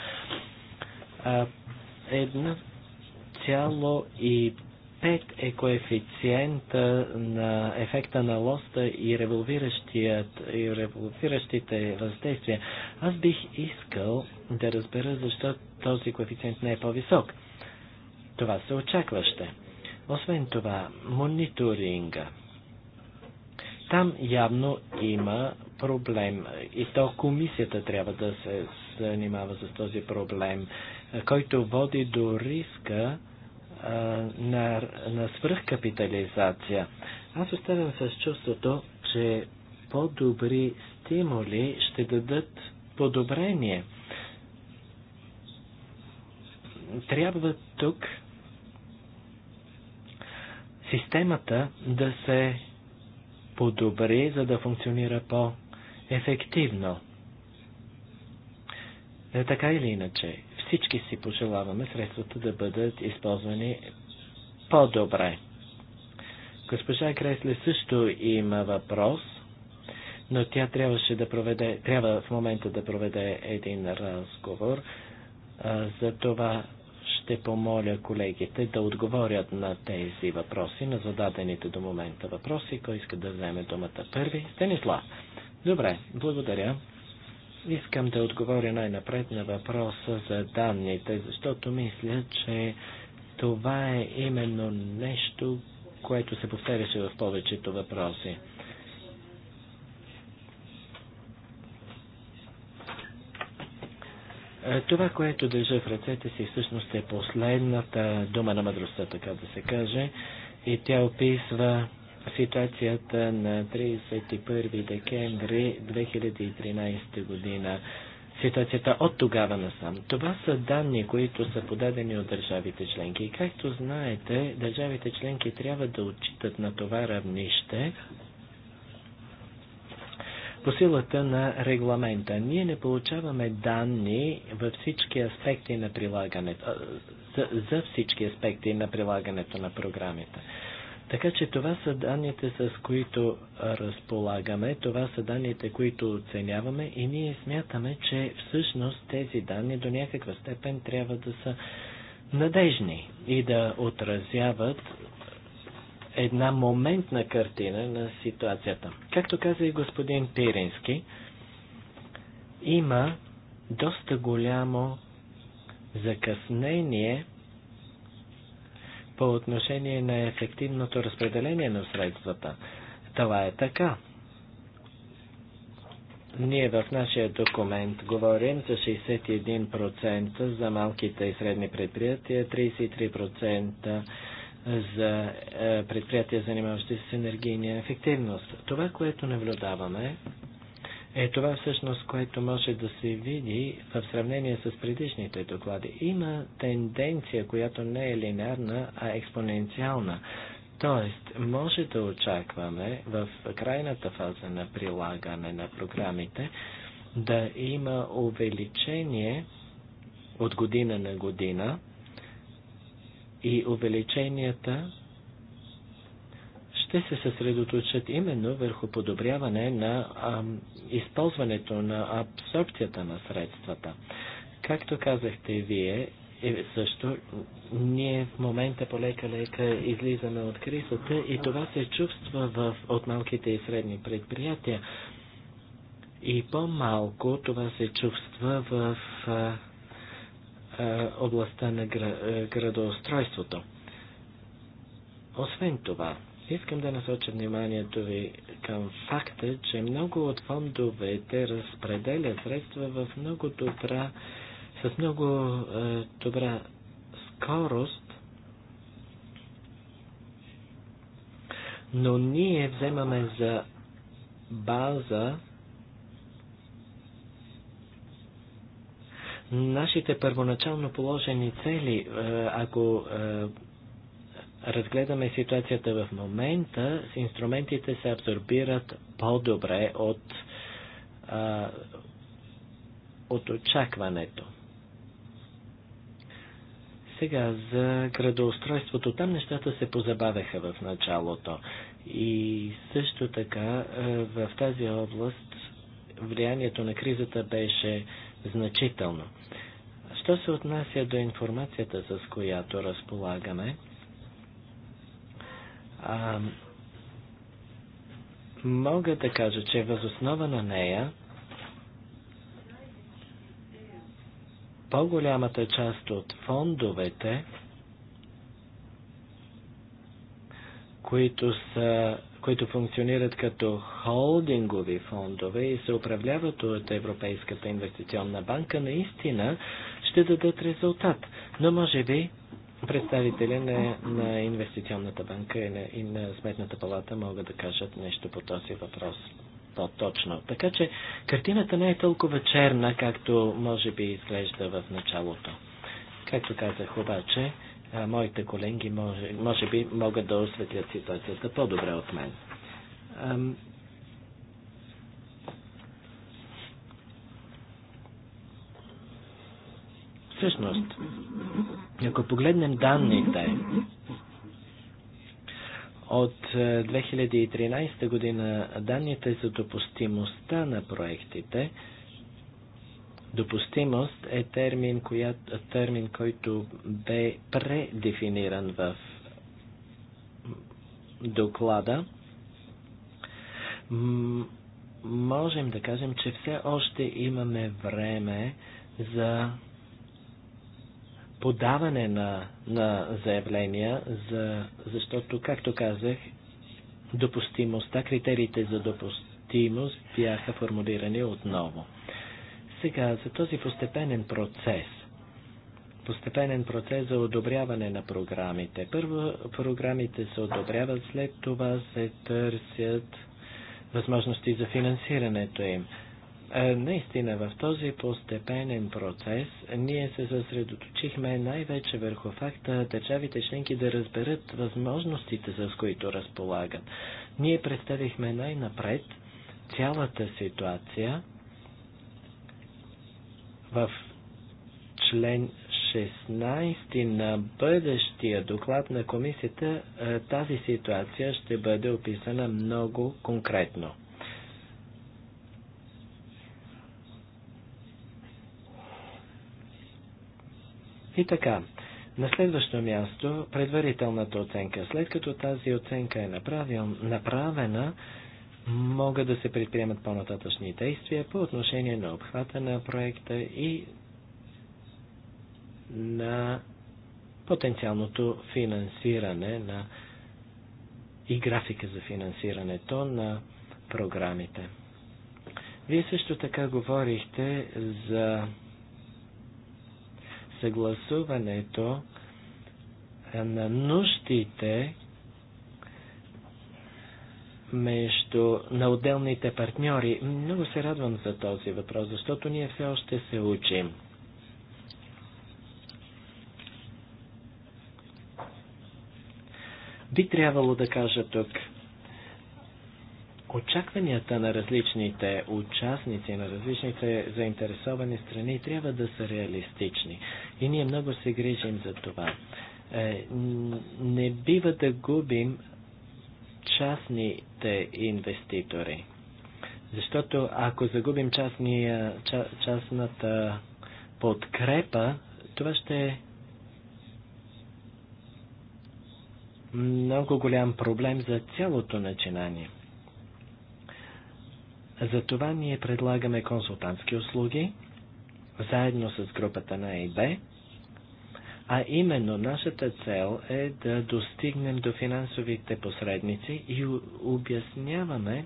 една цяло и 5 е коефициента на ефекта на лоста и, и револвиращите въздействия. Аз бих искал да разбера защо този коефициент не е по-висок. Това се очакваще. Освен това, мониторинга. Там явно има проблем и то комисията трябва да се занимава с този проблем, който води до риска на, на свръхкапитализация. Аз оставям с чувството, че по-добри стимули ще дадат подобрение. Трябва тук системата да се подобри, за да функционира по-ефективно. Е, така или иначе, всички си пожелаваме средствата да бъдат използвани по-добре. Госпожа Кресле също има въпрос, но тя трябваше да проведе, трябва в момента да проведе един разговор. За това ще помоля колегите да отговорят на тези въпроси, на зададените до момента въпроси. Кой иска да вземе думата първи? Станислав. Добре, благодаря. Искам да отговоря най-напред на въпроса за данните, защото мисля, че това е именно нещо, което се повтаряше в повечето въпроси. Е, това, което държа в ръцете си, всъщност е последната дума на мъдростта, така да се каже, и тя описва ситуацията на 31 декември 2013 година. Ситуацията от тогава насам. Това са данни, които са подадени от държавите членки. И както знаете, държавите членки трябва да отчитат на това равнище по силата на регламента. Ние не получаваме данни във всички аспекти на прилагането, за, за всички аспекти на прилагането на програмите. Така че това са данните, с които разполагаме, това са данните, които оценяваме и ние смятаме, че всъщност тези данни до някаква степен трябва да са надежни и да отразяват една моментна картина на ситуацията. Както каза и господин Пирински, има доста голямо закъснение – по отношение на ефективното разпределение на средствата. Това е така. Ние в нашия документ говорим за 61% за малките и средни предприятия, 33% за е, предприятия, занимаващи се с енергийния ефективност. Това, което наблюдаваме, е това всъщност, което може да се види в сравнение с предишните доклади. Има тенденция, която не е линарна, а експоненциална. Тоест, може да очакваме в крайната фаза на прилагане на програмите да има увеличение от година на година и увеличенията ще се съсредоточат именно върху подобряване на а, използването на абсорбцията на средствата. Както казахте вие, е, също ние в момента полека-лека излизаме от кризата и това се чувства в, от малките и средни предприятия. И по-малко това се чувства в а, а, областта на гра, градоустройството. Освен това, Искам да насоча вниманието ви към факта, че много от фондовете разпределят средства в много добра, с много е, добра скорост, но ние вземаме за база нашите първоначално положени цели, е, ако е, разгледаме ситуацията в момента, инструментите се абсорбират по-добре от, а, от очакването. Сега за градоустройството. Там нещата се позабавяха в началото. И също така в тази област влиянието на кризата беше значително. Що се отнася до информацията, с която разполагаме, а, мога да кажа, че възоснова на нея по-голямата част от фондовете, които, са, които функционират като холдингови фондове и се управляват от Европейската инвестиционна банка, наистина ще дадат резултат. Но може би представителя на, на инвестиционната банка и на, и на сметната палата могат да кажат нещо по този въпрос по-точно. Така че картината не е толкова черна, както може би изглежда в началото. Както казах обаче, а, моите колеги може, може би могат да осветлят ситуацията по-добре от мен. Ам... Всъщност, ако погледнем данните от 2013 е, година, данните за допустимостта на проектите, допустимост е термин, коя, термин който бе предефиниран в доклада. можем да кажем, че все още имаме време за подаване на, на заявления, за, защото, както казах, допустимостта, критериите за допустимост бяха формулирани отново. Сега, за този постепенен процес, постепенен процес за одобряване на програмите. Първо програмите се одобряват, след това се търсят възможности за финансирането им. Е, наистина, в този постепенен процес ние се съсредоточихме най-вече върху факта държавите членки да разберат възможностите, с които разполагат. Ние представихме най-напред цялата ситуация в член 16 на бъдещия доклад на комисията е, тази ситуация ще бъде описана много конкретно. И така, на следващо място, предварителната оценка. След като тази оценка е направена, могат да се предприемат по-нататъчни действия по отношение на обхвата на проекта и на потенциалното финансиране на и графика за финансирането на програмите. Вие също така говорихте за съгласуването на нуждите между на отделните партньори. Много се радвам за този въпрос, защото ние все още се учим. Би трябвало да кажа тук, очакванията на различните участници, на различните заинтересовани страни трябва да са реалистични. И ние много се грижим за това. Е, не бива да губим частните инвеститори. Защото ако загубим частния, частната подкрепа, това ще е много голям проблем за цялото начинание. За това ние предлагаме консултантски услуги заедно с групата на ЕБ, а именно нашата цел е да достигнем до финансовите посредници и обясняваме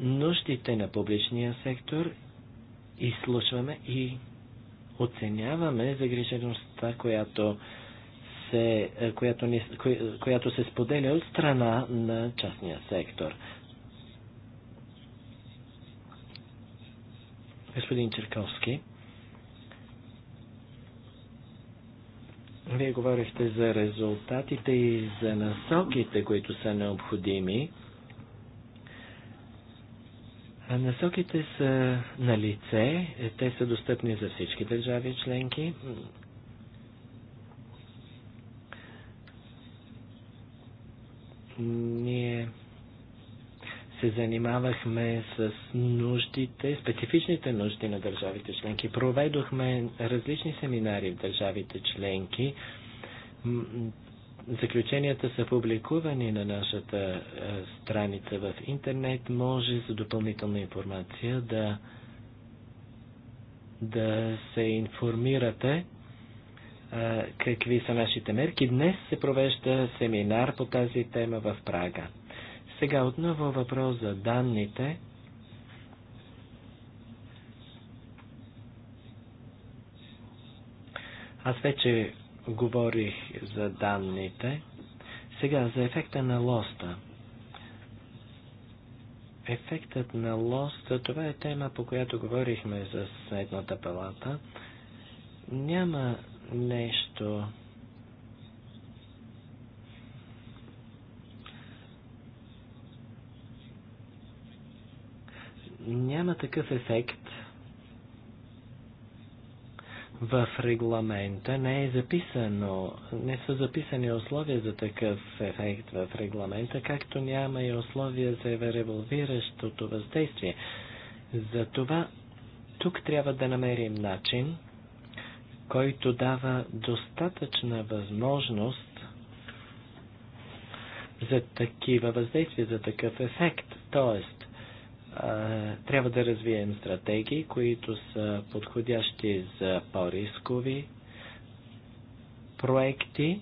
нуждите на публичния сектор, изслушваме и оценяваме загрижеността, която се, е, която, ни, която се споделя от страна на частния сектор. Господин Черковски, вие говорихте за резултатите и за насоките, които са необходими. А насоките са на лице, е, те са достъпни за всички държави членки. Ние се занимавахме с нуждите, специфичните нужди на държавите членки. Проведохме различни семинари в държавите членки. Заключенията са публикувани на нашата е, страница в интернет. Може за допълнителна информация да, да се информирате е, какви са нашите мерки. Днес се провежда семинар по тази тема в Прага. Сега отново въпрос за данните. Аз вече говорих за данните. Сега за ефекта на лоста. Ефектът на лоста, това е тема, по която говорихме за Съедната палата. Няма нещо няма такъв ефект в регламента. Не е записано, не са записани условия за такъв ефект в регламента, както няма и условия за револвиращото въздействие. Затова тук трябва да намерим начин, който дава достатъчна възможност за такива въздействия, за такъв ефект. Тоест, трябва да развием стратегии, които са подходящи за по-рискови проекти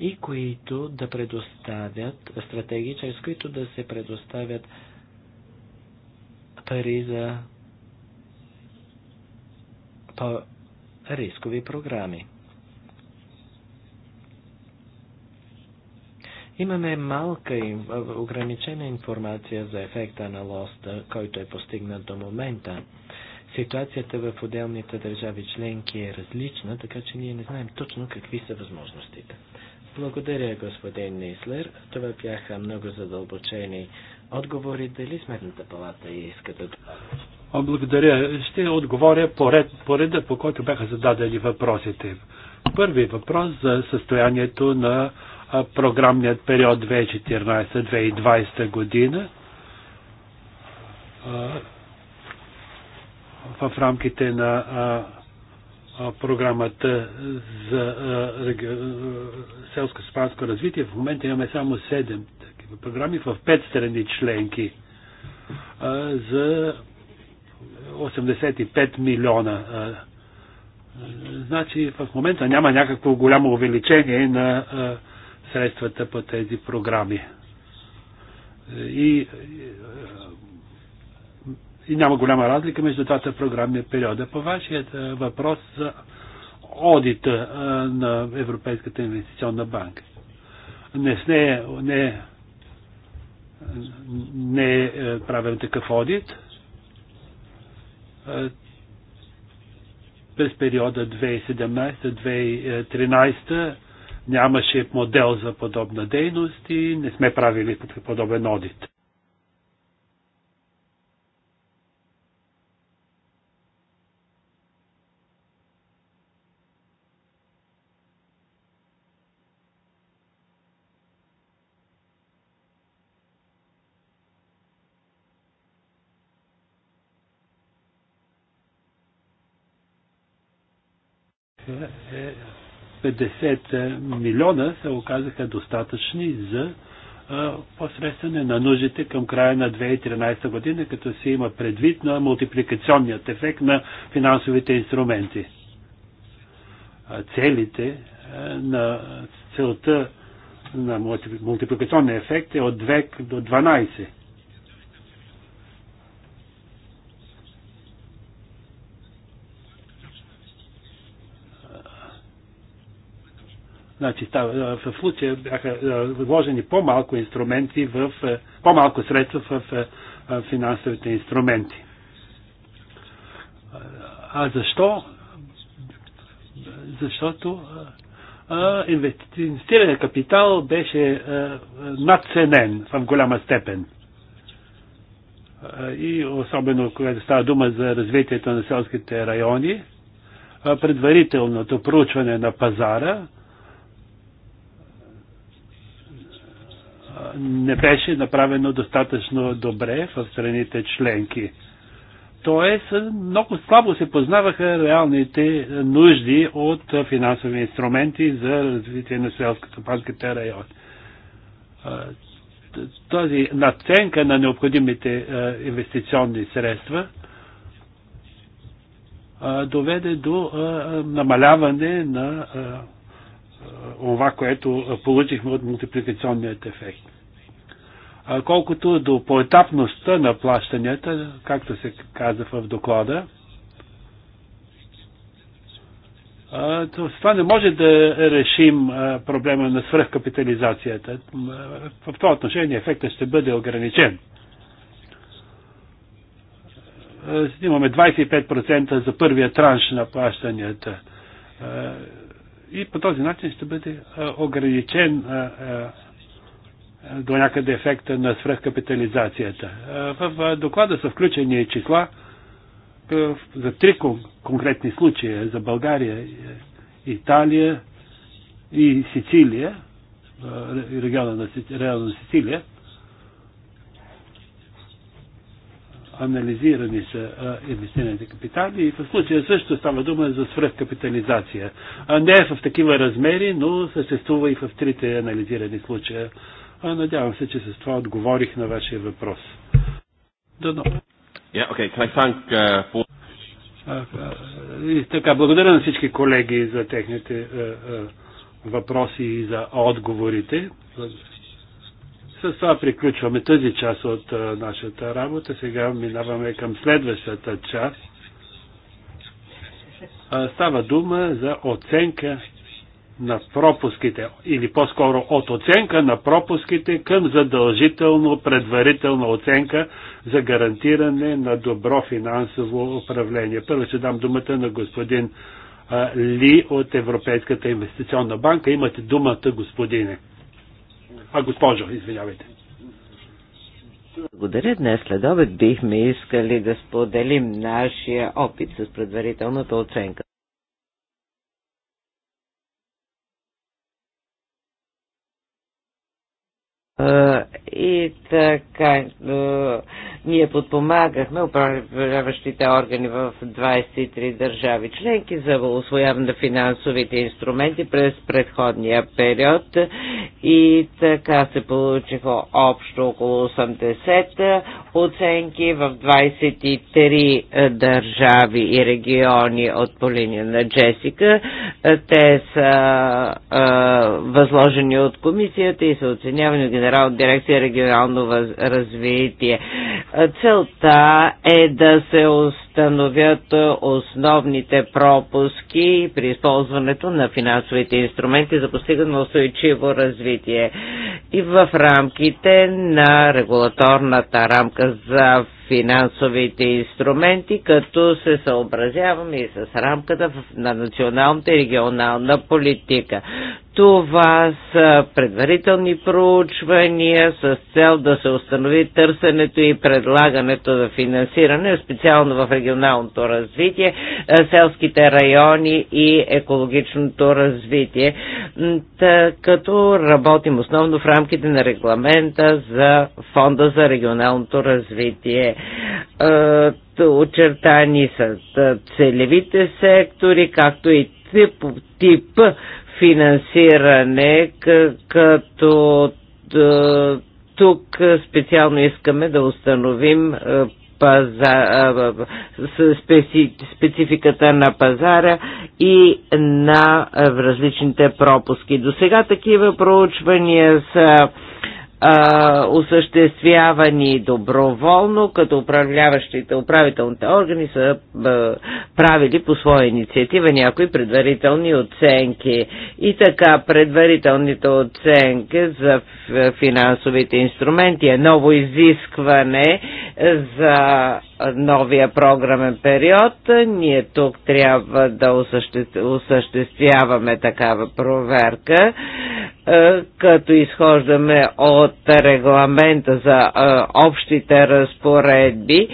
и които да предоставят стратегии, чрез които да се предоставят пари за по-рискови програми. Имаме малка и ограничена информация за ефекта на лоста, който е постигнат до момента. Ситуацията в отделните държави членки е различна, така че ние не знаем точно какви са възможностите. Благодаря, господин Нислер. Това бяха много задълбочени отговори. Дали Сметната палата иска да добавя? Благодаря. Ще отговоря по, ред, по реда, по който бяха зададени въпросите. Първи въпрос за състоянието на програмният период 2014-2020 година в рамките на програмата за селско-спанско развитие. В момента имаме само 7 такива програми в 5 страни членки за 85 милиона. Значи в момента няма някакво голямо увеличение на средствата по тези програми. И, и няма голяма разлика между двата програмни периода. По вашият е, въпрос за одита е, на Европейската инвестиционна банка. Не, не, не, не е правим такъв одит. През периода 2017-2013 нямаше модел за подобна дейност и не сме правили подобен одит. 50 е, милиона се оказаха достатъчни за е, посрещане на нуждите към края на 2013 година, като се има предвид на мултипликационният ефект на финансовите инструменти. Е, целите на целта на мултипликационния ефект е от 2 до 12. Значи, в случая бяха вложени по-малко инструменти в, по-малко средства в финансовите инструменти. А защо? Защото инвестирания капитал беше надценен в голяма степен. И особено, когато става дума за развитието на селските райони, предварителното проучване на пазара не беше направено достатъчно добре в страните членки. Тоест, много слабо се познаваха реалните нужди от финансови инструменти за развитие на селско-стопанските райони. Тази наценка на необходимите инвестиционни средства доведе до намаляване на това, което получихме от мултипликационният ефект. Колкото до поетапността на плащанията, както се каза в доклада, това не може да решим проблема на свръхкапитализацията. В това отношение ефектът ще бъде ограничен. Снимаме 25% за първия транш на плащанията. И по този начин ще бъде ограничен до някъде ефекта на свръхкапитализацията. Е, в доклада са включени числа е, за три конкретни случая за България, е, Италия и Сицилия, региона на, региона на Сицилия. анализирани са инвестираните капитали и в случая също става дума за свръхкапитализация. не е в такива размери, но съществува и в трите анализирани случая а Надявам се, че с това отговорих на вашия въпрос. Дано. Yeah, okay. Can I thank, uh, for... И така, благодаря на всички колеги за техните uh, uh, въпроси и за отговорите. С това приключваме тази част от е, нашата работа. Сега минаваме към следващата част. Става дума за оценка на пропуските, или по-скоро от оценка на пропуските към задължително предварителна оценка за гарантиране на добро финансово управление. Първо ще дам думата на господин а, Ли от Европейската инвестиционна банка. Имате думата, господине. А, госпожо, извинявайте. Благодаря. Днес след обед бихме искали да споделим нашия опит с предварителната оценка. И така, ние подпомагахме управляващите органи в 23 държави членки за освояване на финансовите инструменти през предходния период и така се получиха общо около 80 оценки в 23 държави и региони от по линия на Джесика. Те са възложени от комисията и са оценявани от генерал дирекция регионално развитие. Целта е да се установят основните пропуски при използването на финансовите инструменти за постигане на устойчиво развитие. И в рамките на регулаторната рамка за финансовите инструменти, като се съобразяваме и с рамката на националната и регионална политика. Това са предварителни проучвания с цел да се установи търсенето и предлагането за финансиране, специално в регионалното развитие, е, селските райони и екологичното развитие, като работим основно в рамките на регламента за Фонда за регионалното развитие. Е, очертани са целевите сектори, както и тип, тип финансиране, като тук специално искаме да установим е, паза, специ, спецификата на пазара и на различните пропуски. До сега такива проучвания са а, осъществявани доброволно, като управляващите, управителните органи са а, правили по своя инициатива някои предварителни оценки. И така, предварителните оценки за финансовите инструменти е ново изискване за новия програмен период. Ние тук трябва да осъществяваме такава проверка, като изхождаме от регламента за общите разпоредби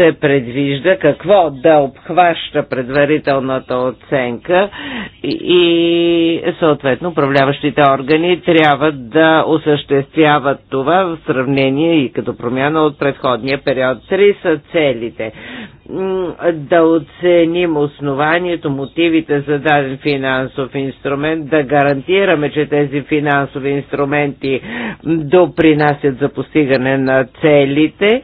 се предвижда какво да обхваща предварителната оценка и съответно управляващите органи трябва да осъществяват това в сравнение и като промяна от предходния период. Три са целите да оценим основанието, мотивите за даден финансов инструмент, да гарантираме, че тези финансови инструменти допринасят за постигане на целите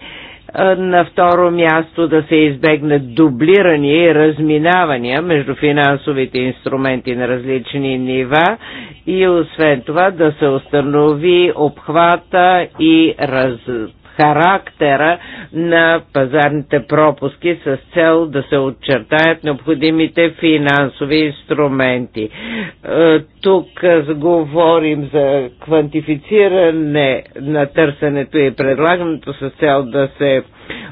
на второ място да се избегнат дублирания и разминавания между финансовите инструменти на различни нива и освен това да се установи обхвата и раз, характера на пазарните пропуски с цел да се отчертаят необходимите финансови инструменти. Тук говорим за квантифициране на търсенето и предлагането с цел да се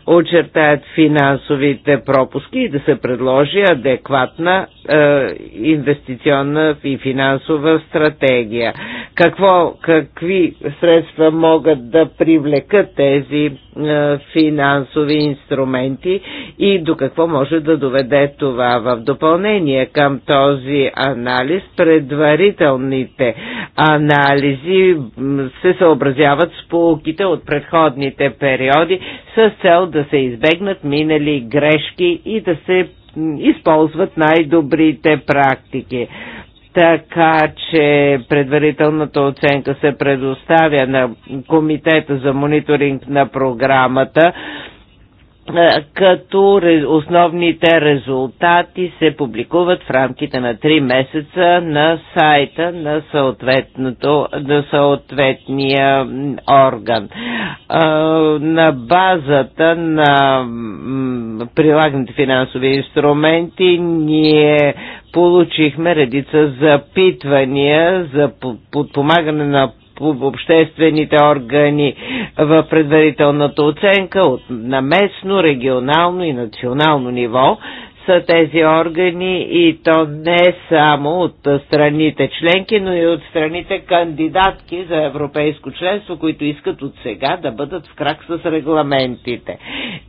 очертаят финансовите пропуски и да се предложи адекватна е, инвестиционна и финансова стратегия. Какво, какви средства могат да привлекат тези е, финансови инструменти и до какво може да доведе това в допълнение към този анализ предварително предварителните анализи се съобразяват с полуките от предходните периоди с цел да се избегнат минали грешки и да се използват най-добрите практики така че предварителната оценка се предоставя на Комитета за мониторинг на програмата е, като основните резултати се публикуват в рамките на 3 месеца на сайта на, съответното, на съответния орган. Е, на базата на прилаганите финансови инструменти ние получихме редица запитвания за подпомагане на обществените органи в предварителната оценка от, на местно, регионално и национално ниво са тези органи и то не само от страните членки, но и от страните кандидатки за европейско членство, които искат от сега да бъдат в крак с регламентите.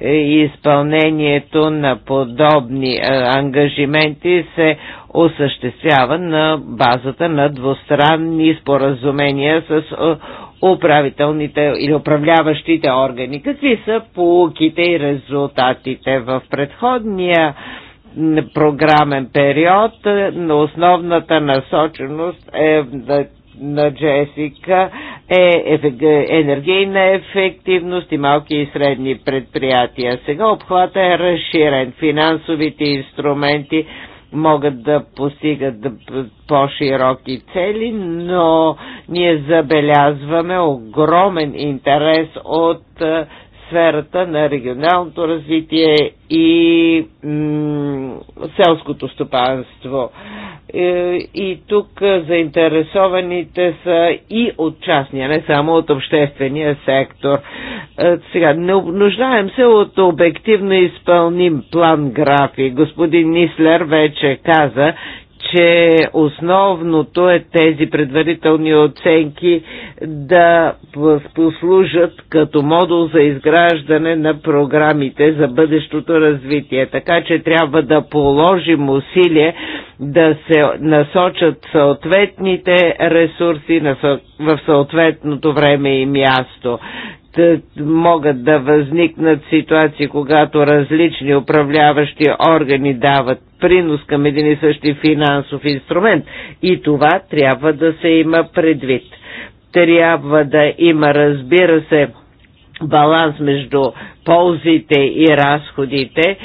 И Изпълнението на подобни ангажименти се осъществява на базата на двустранни споразумения с е, управителните или управляващите органи. Какви са полуките и резултатите в предходния програмен период, е, на основната насоченост е да на Джесика е енергийна ефективност и малки и средни предприятия. Сега обхвата е разширен. Финансовите инструменти могат да постигат по-широки цели, но ние забелязваме огромен интерес от сферата на регионалното развитие и селското стопанство. Е, и тук заинтересованите са и от частния, не само от обществения сектор. Е, сега, нуждаем се от обективно изпълним план график. Господин Нислер вече каза, че основното е тези предварителни оценки да послужат като модул за изграждане на програмите за бъдещото развитие. Така че трябва да положим усилие да се насочат съответните ресурси в съответното време и място могат да възникнат ситуации, когато различни управляващи органи дават принос към един и същи финансов инструмент. И това трябва да се има предвид. Трябва да има, разбира се, баланс между ползите и разходите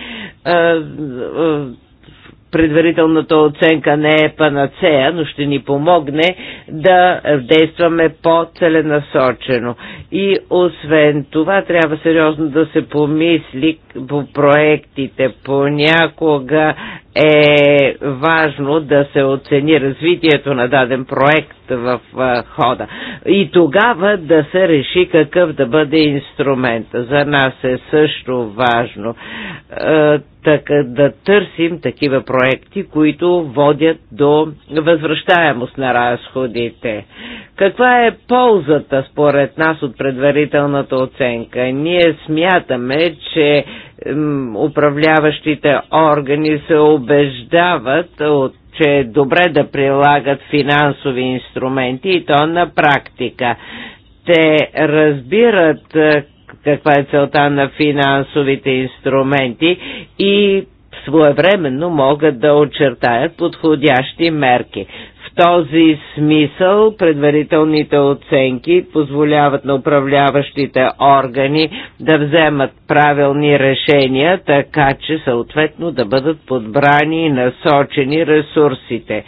предварителната оценка не е панацея, но ще ни помогне да действаме по-целенасочено. И освен това, трябва сериозно да се помисли по проектите. Понякога е важно да се оцени развитието на даден проект в хода. И тогава да се реши какъв да бъде инструмент. За нас е също важно така, да търсим такива проекти, които водят до възвръщаемост на разходите. Каква е ползата според нас от предварителната оценка? Ние смятаме, че управляващите органи се убеждават от че е добре да прилагат финансови инструменти и то на практика. Те разбират е, каква е целта на финансовите инструменти и своевременно могат да очертаят подходящи мерки този смисъл предварителните оценки позволяват на управляващите органи да вземат правилни решения, така че съответно да бъдат подбрани и насочени ресурсите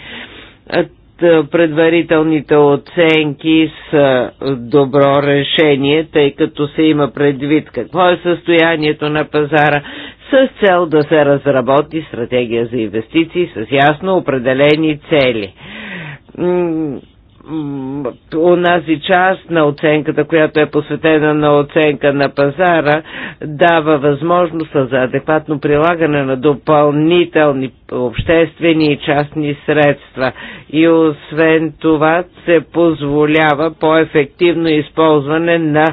предварителните оценки са добро решение, тъй като се има предвид какво е състоянието на пазара с цел да се разработи стратегия за инвестиции с ясно определени цели онази част на оценката, която е посветена на оценка на пазара, дава възможност за адекватно прилагане на допълнителни обществени и частни средства. И освен това се позволява по-ефективно използване на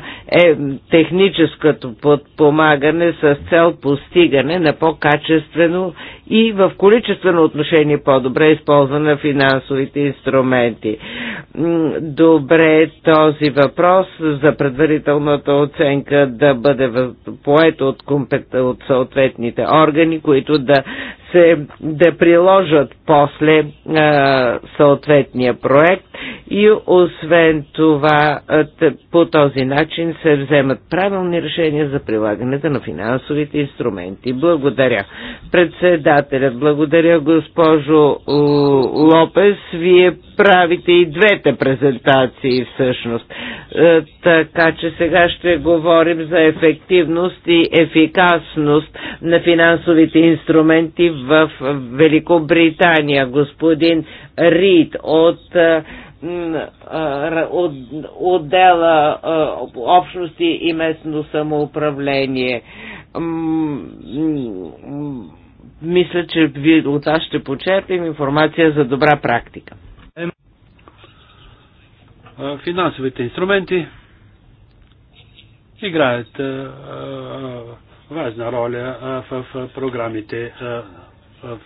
е, техническото подпомагане с цел постигане на по-качествено и в количествено отношение по-добре използване на финансовите инструменти. Добре е този въпрос за предварителната оценка да бъде поет от, компет... от съответните органи, които да се да приложат после а, е, съответния проект и освен това а, е, по този начин се вземат правилни решения за прилагането на финансовите инструменти. Благодаря. Председателят, благодаря госпожо Лопес. Вие правите и двете презентации всъщност. А, е, така че сега ще говорим за ефективност и ефикасност на финансовите инструменти в Великобритания, господин Рид от от отдела общности и местно самоуправление. Мисля, че ви от вас ще почерпим информация за добра практика. Финансовите инструменти играят важна роля в програмите в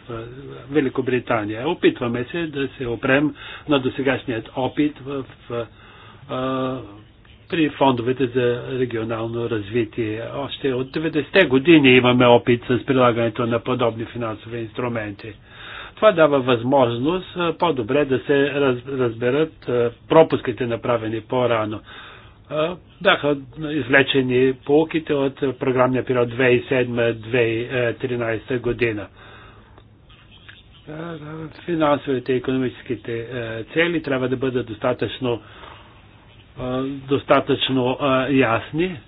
Великобритания. Опитваме се да се опрем на досегашният опит в, а, при фондовете за регионално развитие. Още от 90-те години имаме опит с прилагането на подобни финансови инструменти. Това дава възможност по-добре да се разберат пропуските направени по-рано бяха извлечени полуките от програмния период 2007-2013 година финансовите и економическите е, цели трябва да бъдат достатъчно, е, достатъчно е, ясни.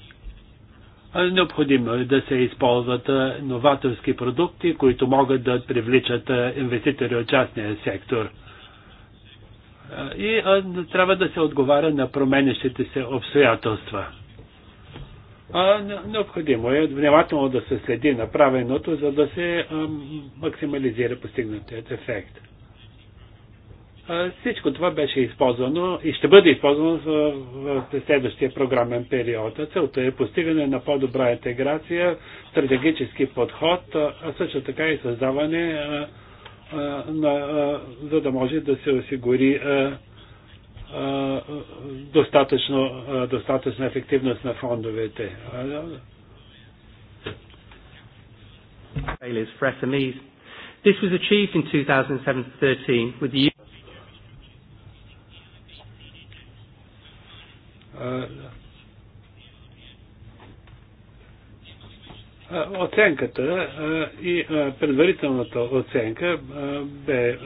Необходимо е да се използват новаторски продукти, които могат да привличат инвеститори от частния сектор. И трябва да се отговаря на променящите се обстоятелства. Необходимо е внимателно да се следи направеното, за да се максимализира постигнатият ефект. Всичко това беше използвано и ще бъде използвано в следващия програмен период. Целта е постигане на по-добра интеграция, стратегически подход, а също така и създаване, на, за да може да се осигури достатъчно, достатъчно ефективност на фондовете. This was achieved in 2007-13 with the оценката и предварителната оценка бе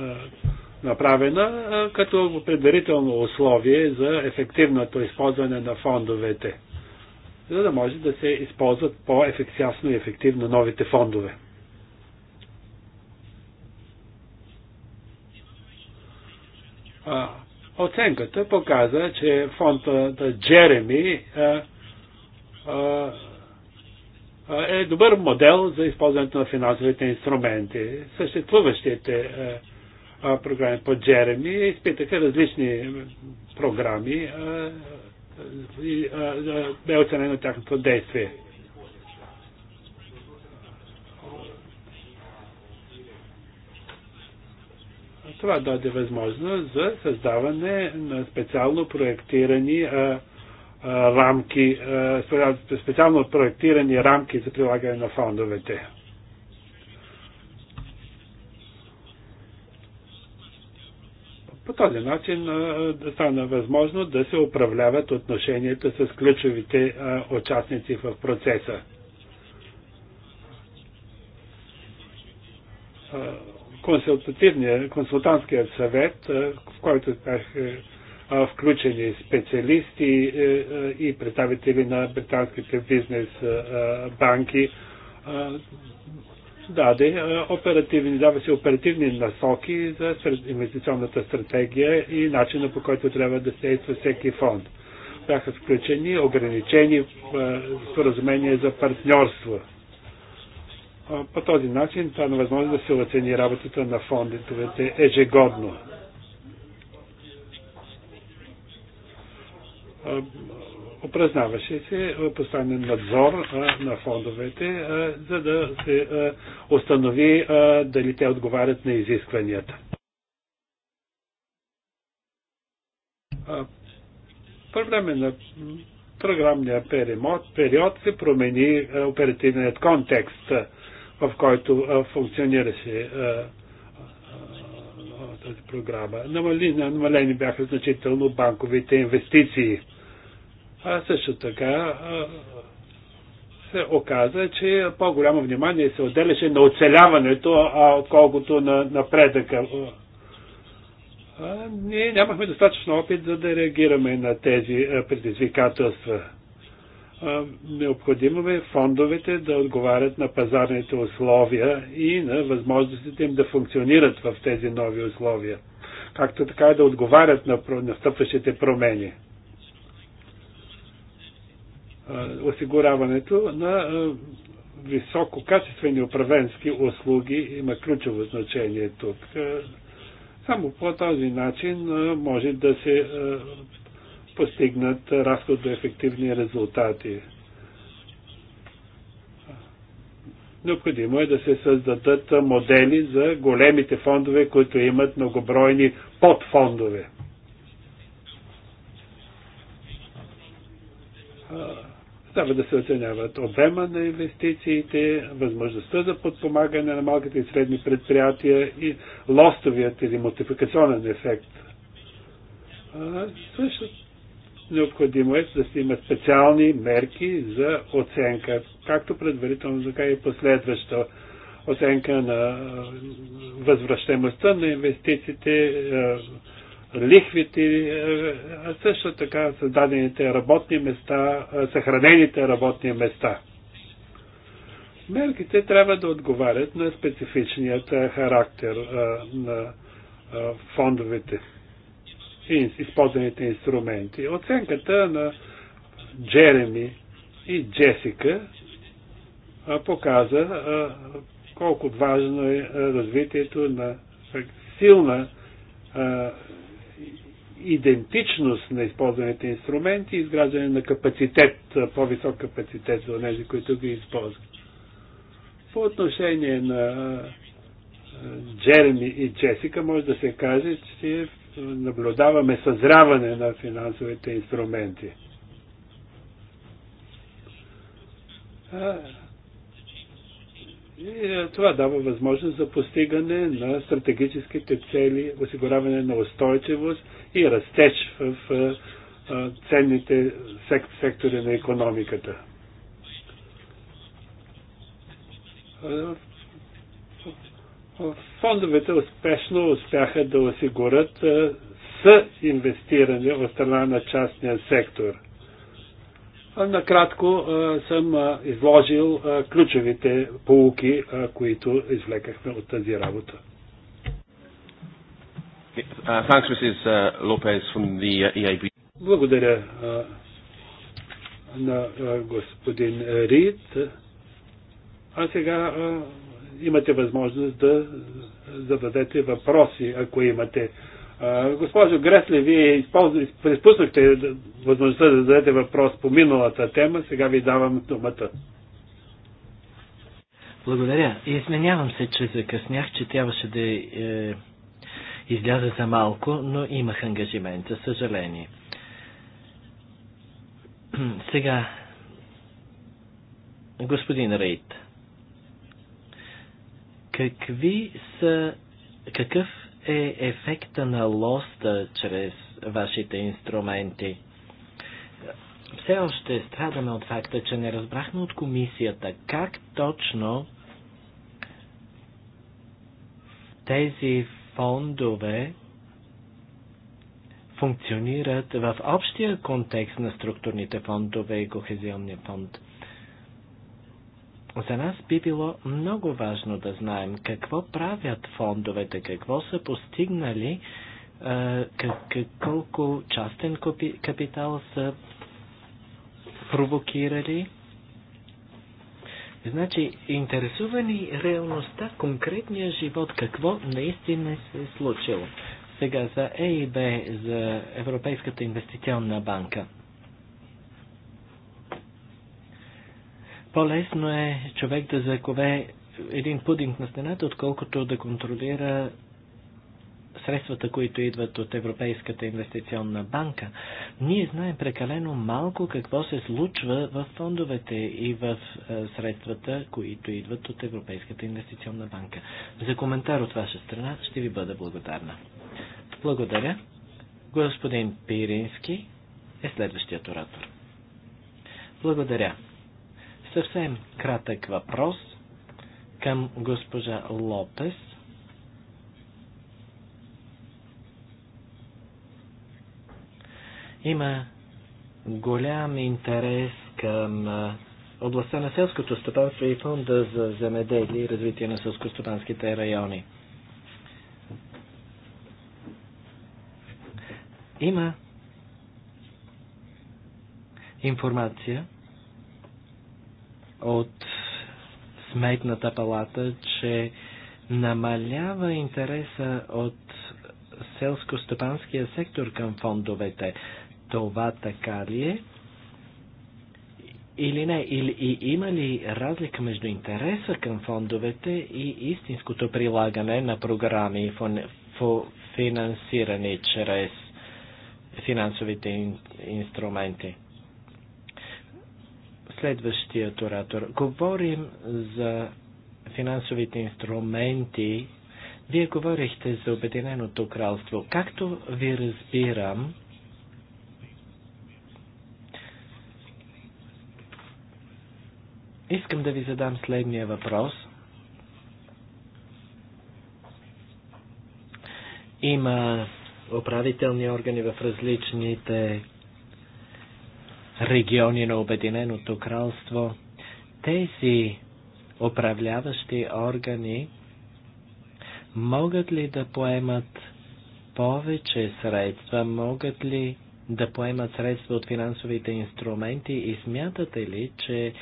направена като предварително условие за ефективното използване на фондовете, за да може да се използват по-ефективно и ефективно новите фондове. Оценката показа, че фондът Джереми е добър модел за използването на финансовите инструменти. Съществуващите програми по Джереми и изпитаха различни програми и бе оценено тяхното действие. Това даде възможност за създаване на специално проектирани а, а, рамки, а, специално проектирани рамки за прилагане на фондовете. По този начин стана възможно да се управляват отношенията с ключовите участници в процеса. консултантският съвет, в който бяха е, включени специалисти е, е, и представители на британските бизнес банки даде е, оперативни, дава се оперативни насоки за инвестиционната стратегия и начина по който трябва да се действа всеки фонд. Бяха включени ограничени е, споразумения за партньорство. Е, по този начин това е възможно да се оцени работата на фондите ежегодно упражняваше се постоянен надзор на фондовете, за да се установи дали те отговарят на изискванията. По време на програмния период се промени оперативният контекст, в който функционираше тази програма. Намалени бяха значително банковите инвестиции – а също така се оказа, че по-голямо внимание се отделяше на оцеляването, а отколкото на напредъка. Ние нямахме достатъчно опит за да реагираме на тези предизвикателства. Необходимо е фондовете да отговарят на пазарните условия и на възможностите им да функционират в тези нови условия, както така и да отговарят на настъпващите промени осигуряването на висококачествени управленски услуги има ключово значение тук. Само по този начин може да се постигнат разходоефективни резултати. Необходимо е да се създадат модели за големите фондове, които имат многобройни подфондове. Трябва да се оценяват обема на инвестициите, възможността за подпомагане на малките и средни предприятия и лостовият или мотификационен ефект. А, също необходимо е да се имат специални мерки за оценка, както предварително, така и последваща оценка на възвръщаемостта на инвестициите, лихвите, а също така създадените работни места, съхранените работни места. Мерките трябва да отговарят на специфичният характер на фондовете и използваните инструменти. Оценката на Джереми и Джесика показа колко важно е развитието на силна идентичност на използваните инструменти и изграждане на капацитет, по-висок капацитет за тези, които ги използват. По отношение на Джереми и Джесика може да се каже, че наблюдаваме съзряване на финансовите инструменти. И е, това дава възможност за постигане на стратегическите цели, осигуряване на устойчивост и растеж в е, е, ценните сектори на економиката. Фондовете успешно успяха да осигурят съинвестиране от страна на частния сектор – Накратко съм изложил ключовите полуки, които извлекахме от тази работа. Uh, uh, uh, e Благодаря на господин Рид. А сега имате възможност да зададете въпроси, ако имате. Госпожо Гресле, вие изпуснахте възможността да зададете въпрос по миналата тема, сега ви давам думата. Благодаря. Изменявам се, че закъснях, че трябваше да е, изляза за малко, но имах ангажимент, за съжаление. Сега, господин Рейт, какви са, какъв е ефекта на лоста чрез вашите инструменти? Все още страдаме от факта, че не разбрахме от комисията как точно тези фондове функционират в общия контекст на структурните фондове и кохезионния фонд. За нас би било много важно да знаем какво правят фондовете, какво са постигнали, колко частен капитал са провокирали. Значи, интересувани реалността, конкретния живот, какво наистина се е случило. Сега за ЕИБ, за Европейската инвестиционна банка – По-лесно е човек да закове един пудинг на стената, отколкото да контролира средствата, които идват от Европейската инвестиционна банка. Ние знаем прекалено малко какво се случва в фондовете и в е, средствата, които идват от Европейската инвестиционна банка. За коментар от ваша страна ще ви бъда благодарна. Благодаря. Господин Пирински е следващият оратор. Благодаря. Съвсем кратък въпрос към госпожа Лопес. Има голям интерес към областта на селското стопанство и фонда за земеделие и развитие на селскостопанските райони. Има информация от Сметната палата, че намалява интереса от селско-стопанския сектор към фондовете. Това така ли е? Или не? Или, и има ли разлика между интереса към фондовете и истинското прилагане на програми, финансирани чрез финансовите ин, инструменти? Следващият оратор. Говорим за финансовите инструменти. Вие говорихте за Обединеното кралство. Както ви разбирам, искам да ви задам следния въпрос. Има управителни органи в различните региони на Обединеното кралство. Тези управляващи органи могат ли да поемат повече средства, могат ли да поемат средства от финансовите инструменти и смятате ли, че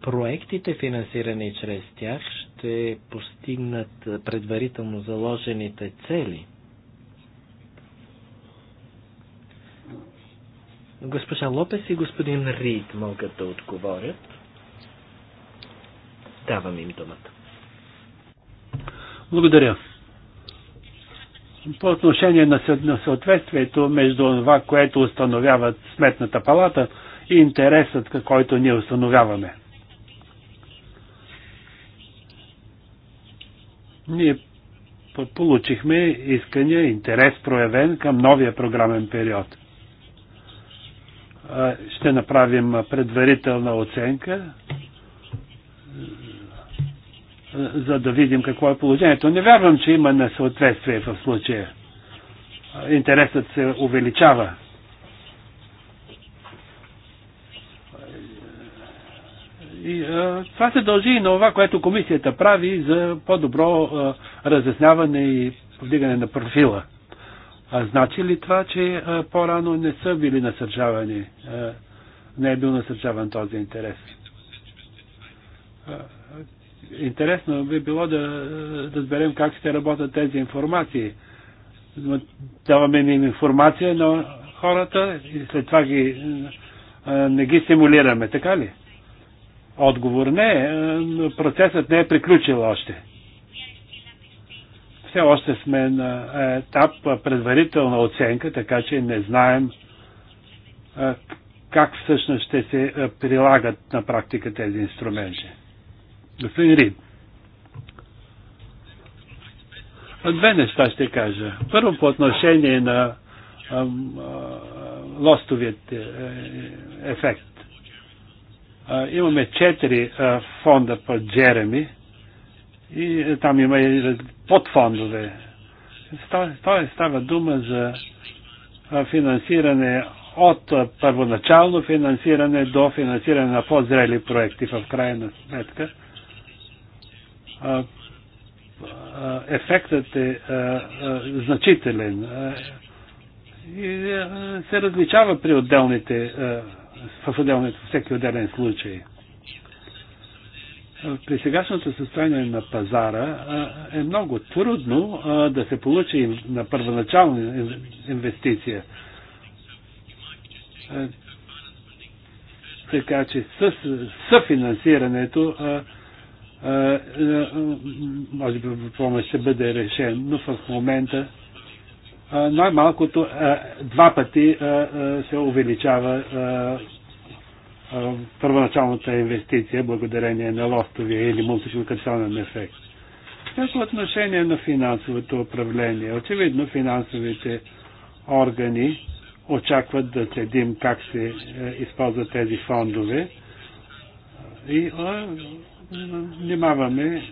проектите, финансирани чрез тях, ще постигнат предварително заложените цели? Госпожа Лопес и господин Рид могат да отговорят. Давам им думата. Благодаря. По отношение на съответствието между това, което установяват Сметната палата и интересът, който ние установяваме. Ние получихме искания, интерес проявен към новия програмен период – ще направим предварителна оценка, за да видим какво е положението. Не вярвам, че има несъответствие в случая. Интересът се увеличава. И, а, това се дължи и на това, което комисията прави за по-добро разясняване и повдигане на профила. А значи ли това, че по-рано не са били насърчавани, не е бил насърчаван този интерес? Интересно би било да разберем да как ще работят тези информации. Даваме им информация на хората и след това ги, не ги стимулираме, така ли? Отговор не, е, процесът не е приключил още все още сме на е, етап предварителна оценка, така че не знаем е, как всъщност ще се е, прилагат на практика тези инструменти. Господин Рид. Две неща ще кажа. Първо по отношение на лостовият ефект. имаме четири фонда под Джереми, и е, там има и подфондове. Той става дума за финансиране от първоначално финансиране до финансиране на по-зрели проекти в крайна сметка. Ефектът е значителен и се различава при отделните, в отделните, всеки отделен случай при сегашното състояние на пазара е много трудно да се получи на първоначална инвестиция. Така че с съфинансирането може би въпрос ще бъде решен, но в момента най-малкото два пъти се увеличава първоначалната инвестиция, благодарение на лостовия или мултипликационен ефект. Какво е, отношение на финансовото управление? Очевидно финансовите органи очакват да следим как се е, използват тези фондове и внимаваме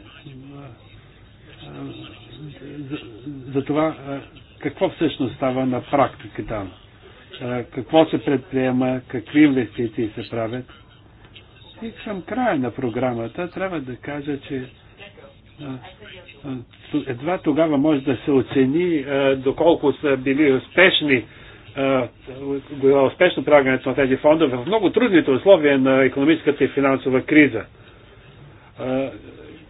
за, за това какво всъщност става на практика там какво се предприема, какви инвестиции се правят. И към края на програмата трябва да кажа, че едва тогава може да се оцени доколко са били успешни била успешно прилагането на тези фондове в много трудните условия на економическата и финансова криза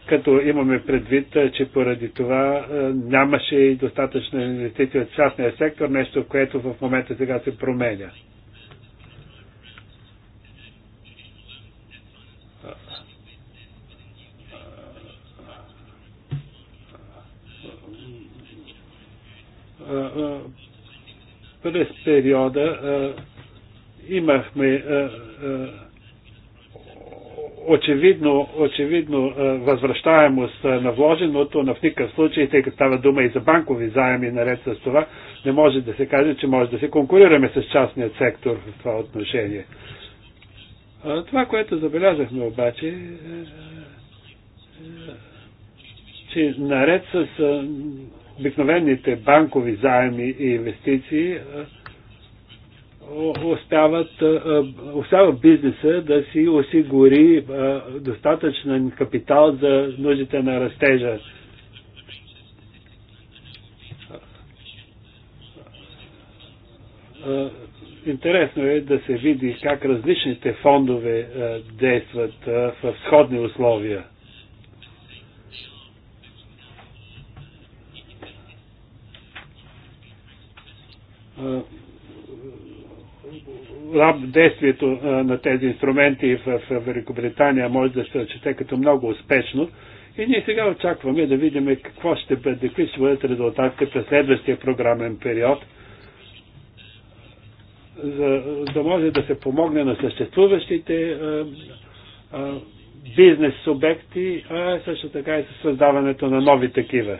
като имаме предвид, е, че поради това е, нямаше и достатъчно инвестиции от частния сектор, нещо, което в момента сега се променя. Е, през периода имахме очевидно, очевидно е, възвръщаемост е, на вложеното, но в никакъв случай, тъй като става дума и за банкови заеми наред с това, не може да се каже, че може да се конкурираме с частният сектор в това отношение. Е, това, което забелязахме обаче, че наред с обикновените банкови заеми и инвестиции, остават, остава бизнеса да си осигури достатъчен капитал за нуждите на растежа. Интересно е да се види как различните фондове действат в сходни условия. Uh, действието на тези инструменти в Великобритания може да се отчете като много успешно. И ние сега очакваме да видим какво ще бъде, какви ще бъдат резултатите през следващия програмен период, за да може да се помогне на съществуващите а, а, бизнес субекти, а също така и със създаването на нови такива.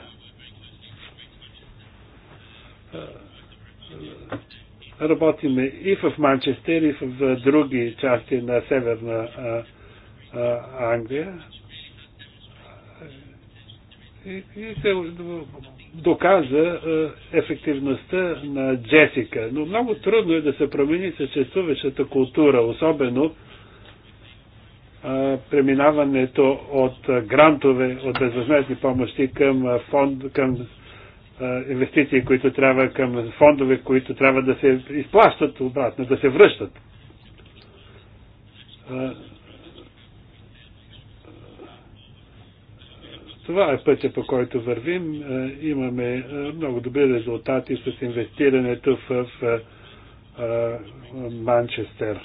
Работиме и в Манчестер, и в други части на Северна Англия. И, и се доказа ефективността на Джесика. Но много трудно е да се промени съществуващата култура, особено преминаването от грантове, от безвъзместни помощи към фонд, към инвестиции, които трябва към фондове, които трябва да се изплащат обратно, да се връщат. Това е пътя, по който вървим. Имаме много добри резултати с инвестирането в Манчестер,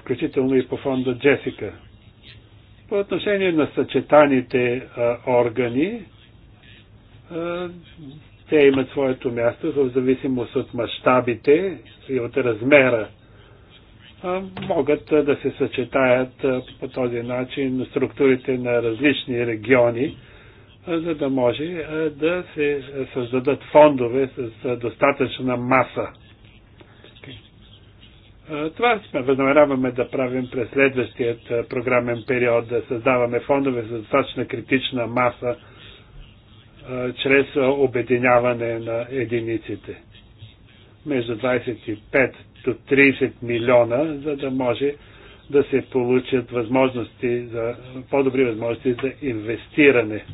включително и по фонда Джесика. По отношение на съчетаните органи, те имат своето място в зависимост от мащабите и от размера. Могат да се съчетаят по този начин структурите на различни региони, за да може да се създадат фондове с достатъчна маса. Това сме възнамеряваме да правим през следващият програмен период, да създаваме фондове с достатъчна критична маса, чрез обединяване на единиците. Между 25 до 30 милиона, за да може да се получат възможности за, по-добри възможности за инвестиране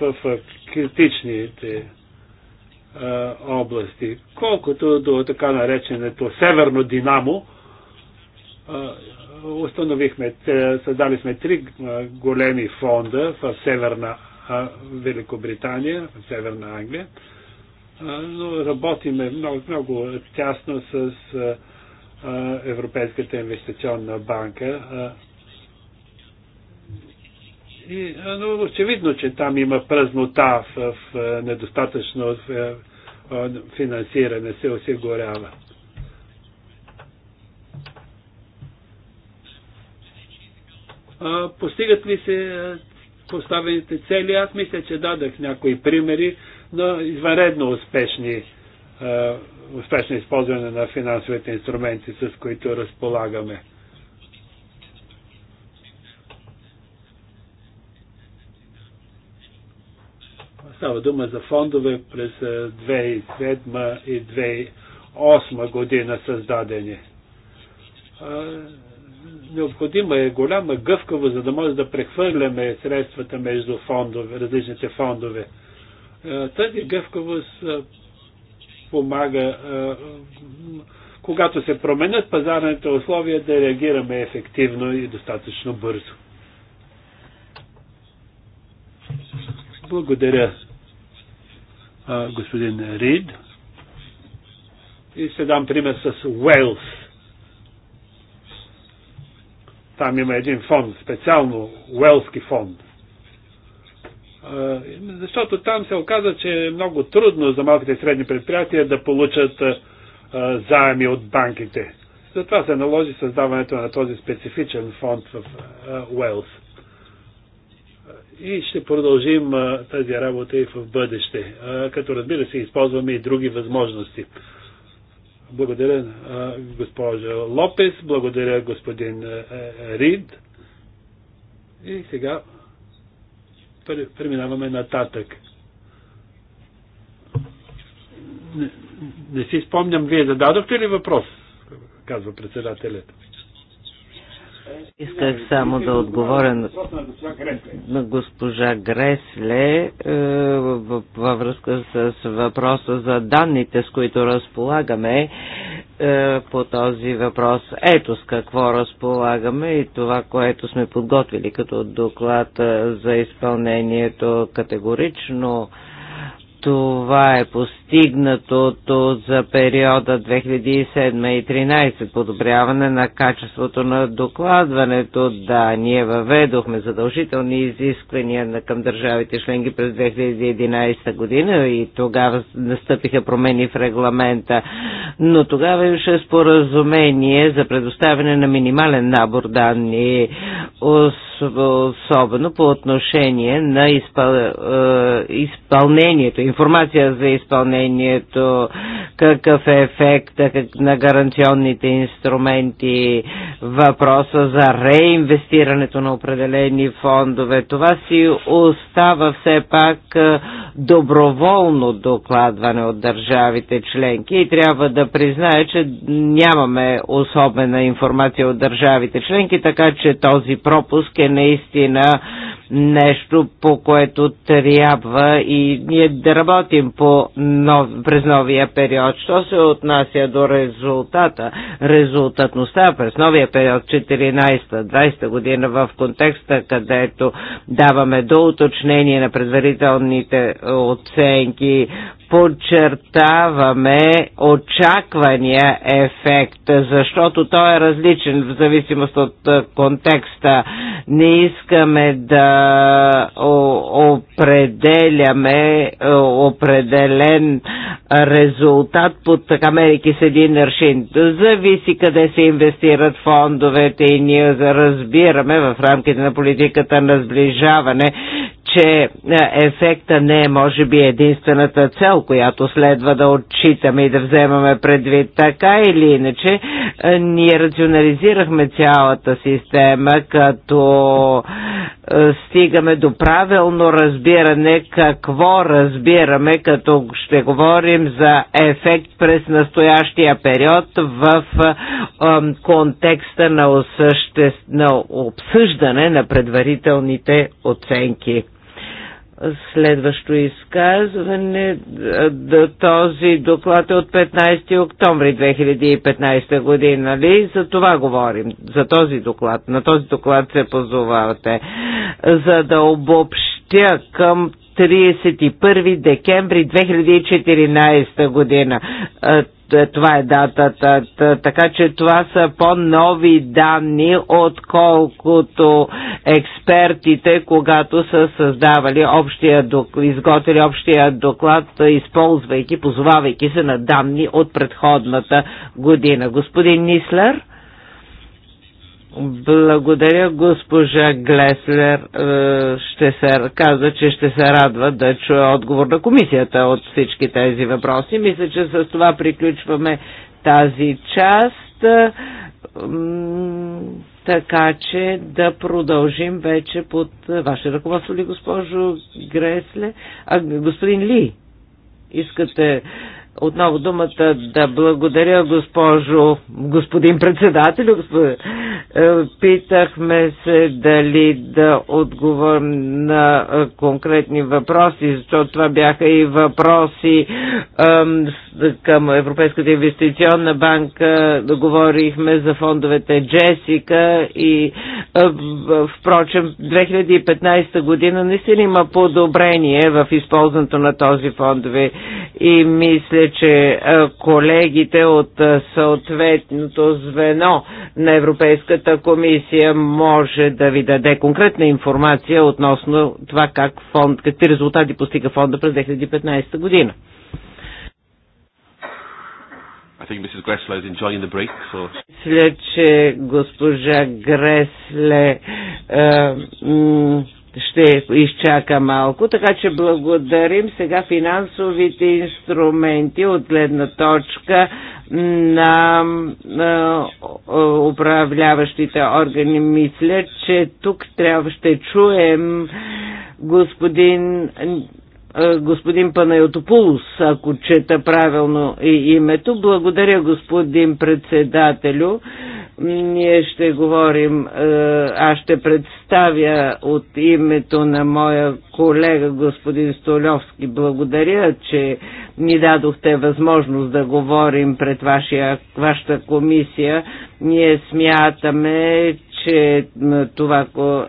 в критичните области. Колкото до така нареченето северно динамо, установихме, създали сме три големи фонда в Северна Великобритания, Северна Англия, но работиме много, много тясно с Европейската инвестиционна банка. И, но очевидно, че там има празнота в, в недостатъчно в, в финансиране се осигурява. Постигат ли се поставените цели. Аз мисля, че дадах някои примери на извънредно успешни, успешно използване на финансовите инструменти, с които разполагаме. Става дума за фондове през 2007 и 2008 година създадени необходима е голяма гъвкавост, за да може да прехвърляме средствата между фондове, различните фондове. Е, тази гъвкавост е, помага, е, когато се променят пазарните условия, да реагираме ефективно и достатъчно бързо. Благодаря, господин Рид. И ще дам пример с Уелс там има един фонд, специално Уелски фонд. Защото там се оказа, че е много трудно за малките и средни предприятия да получат заеми от банките. Затова се наложи създаването на този специфичен фонд в Уелс. И ще продължим тази работа и в бъдеще, като разбира се използваме и други възможности. Благодаря, госпожа Лопес, благодаря, господин Рид. И сега преминаваме нататък. Не, не си спомням, вие зададохте ли въпрос? Казва председателят. Исках само да отговоря на, на госпожа Гресле е, във връзка с въпроса за данните, с които разполагаме е, по този въпрос. Ето с какво разполагаме и това, което сме подготвили като доклад е, за изпълнението категорично това е постигнатото за периода 2007 и 2013 подобряване на качеството на докладването. Да, ние въведохме задължителни изисквания към държавите членки през 2011 година и тогава настъпиха промени в регламента. Но тогава имаше споразумение за предоставяне на минимален набор данни, особено по отношение на изпъл... Е, изпълнението информация за изпълнението, какъв е ефект на гаранционните инструменти, въпроса за реинвестирането на определени фондове. Това си остава все пак е, доброволно докладване от държавите членки и трябва да признае, че нямаме особена информация от държавите членки, така че този пропуск е наистина нещо, по което трябва и ние да работим по нов, през новия период. Що се отнася до резултата, резултатността през новия период 14-20 година в контекста, където даваме до уточнение на предварителните оценки, подчертаваме очаквания ефект, защото той е различен в зависимост от контекста. Не искаме да определяме определен резултат под така мерики с един аршин. Зависи къде се инвестират фондовете и ние разбираме в рамките на политиката на сближаване, че ефекта не е може би единствената цел, цел, която следва да отчитаме и да вземаме предвид. Така или иначе, ние рационализирахме цялата система, като стигаме до правилно разбиране какво разбираме, като ще говорим за ефект през настоящия период в контекста на, осъществ... на обсъждане на предварителните оценки. Следващо изказване. Този доклад е от 15 октомври 2015 година. Нали? За това говорим. За този доклад. На този доклад се позовавате. За да обобщя към 31 декември 2014 година. Е, това е датата. Така че това са по-нови данни, отколкото експертите, когато са създавали общия доклад, изготвили общия доклад, използвайки, позовавайки се на данни от предходната година. Господин Нислер? Благодаря, госпожа Глеслер. Е, ще се, каза, че ще се радва да чуе отговор на комисията от всички тези въпроси. Мисля, че с това приключваме тази част. Е, така че да продължим вече под ваше ръководство ли, госпожо Гресле? А, господин Ли, искате отново думата да благодаря госпожо, господин председател. Е, питахме се дали да отговорим на е, конкретни въпроси, защото това бяха и въпроси към Европейската инвестиционна банка. Говорихме за фондовете Джесика и е, впрочем 2015 година наистина има подобрение в използването на този фондове и мисля, повече колегите от съответното звено на Европейската комисия може да ви даде конкретна информация относно това как фонд, какви резултати постига фонда през 2015 година. Break, so... След, че госпожа Гресле ще изчака малко, така че благодарим сега финансовите инструменти от гледна точка на управляващите органи. Мисля, че тук трябва ще чуем господин господин Панайотополус, ако чета правилно името. Благодаря, господин председателю. Ние ще говорим, аз ще представя от името на моя колега господин Столевски. Благодаря, че ни дадохте възможност да говорим пред вашия, вашата комисия. Ние смятаме, че това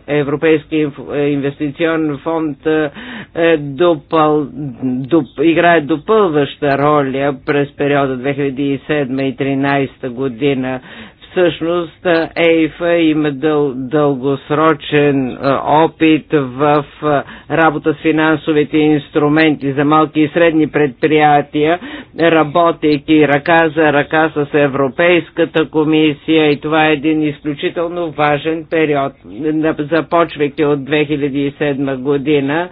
Европейски е, инвестиционен фонд е, е допъл, доп, играе допълваща роля през периода 2007 и 2013 година Всъщност ЕИФА има дъл, дългосрочен опит в работа с финансовите инструменти за малки и средни предприятия, работейки ръка за ръка с Европейската комисия и това е един изключително важен период. Започвайки от 2007 година,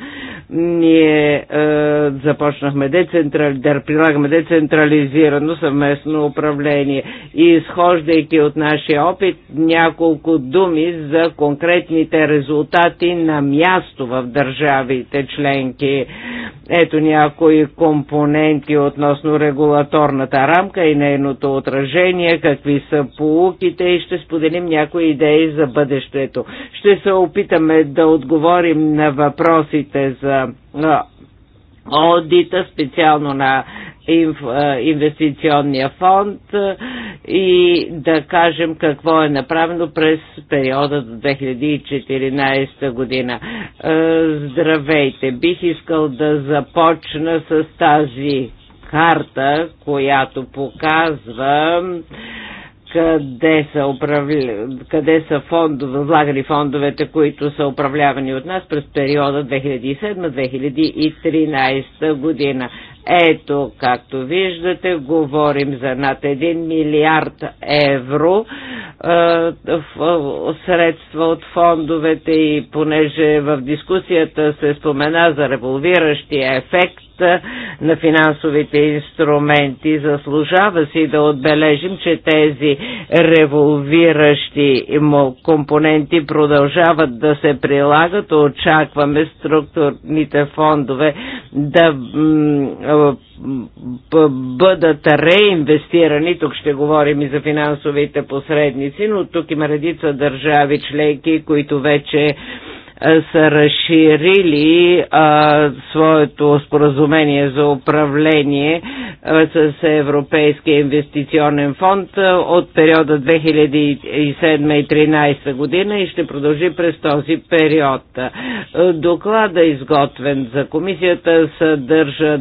ние е, започнахме децентрали... да прилагаме децентрализирано съвместно управление и изхождайки от нашия опит няколко думи за конкретните резултати на място в държавите членки. Ето някои компоненти относно регулаторната рамка и нейното отражение, какви са полуките и ще споделим някои идеи за бъдещето. Ще се опитаме да отговорим на въпросите за одита, специално на инвестиционния фонд и да кажем какво е направено през периода до 2014 година. Здравейте! Бих искал да започна с тази карта, която показва къде са, управля... къде са фондове, влагали фондовете, които са управлявани от нас през периода 2007-2013 година. Ето, както виждате, говорим за над 1 милиард евро средства от фондовете и понеже в дискусията се спомена за револвиращия ефект, на финансовите инструменти. Заслужава си да отбележим, че тези револвиращи компоненти продължават да се прилагат. Очакваме структурните фондове да бъдат реинвестирани. Тук ще говорим и за финансовите посредници, но тук има редица държави членки, които вече е, са разширили а, своето споразумение за управление а, е, с Европейския инвестиционен фонд а, е, от периода 2007-2013 година и ще продължи през този период. Доклада, изготвен за комисията, съдържа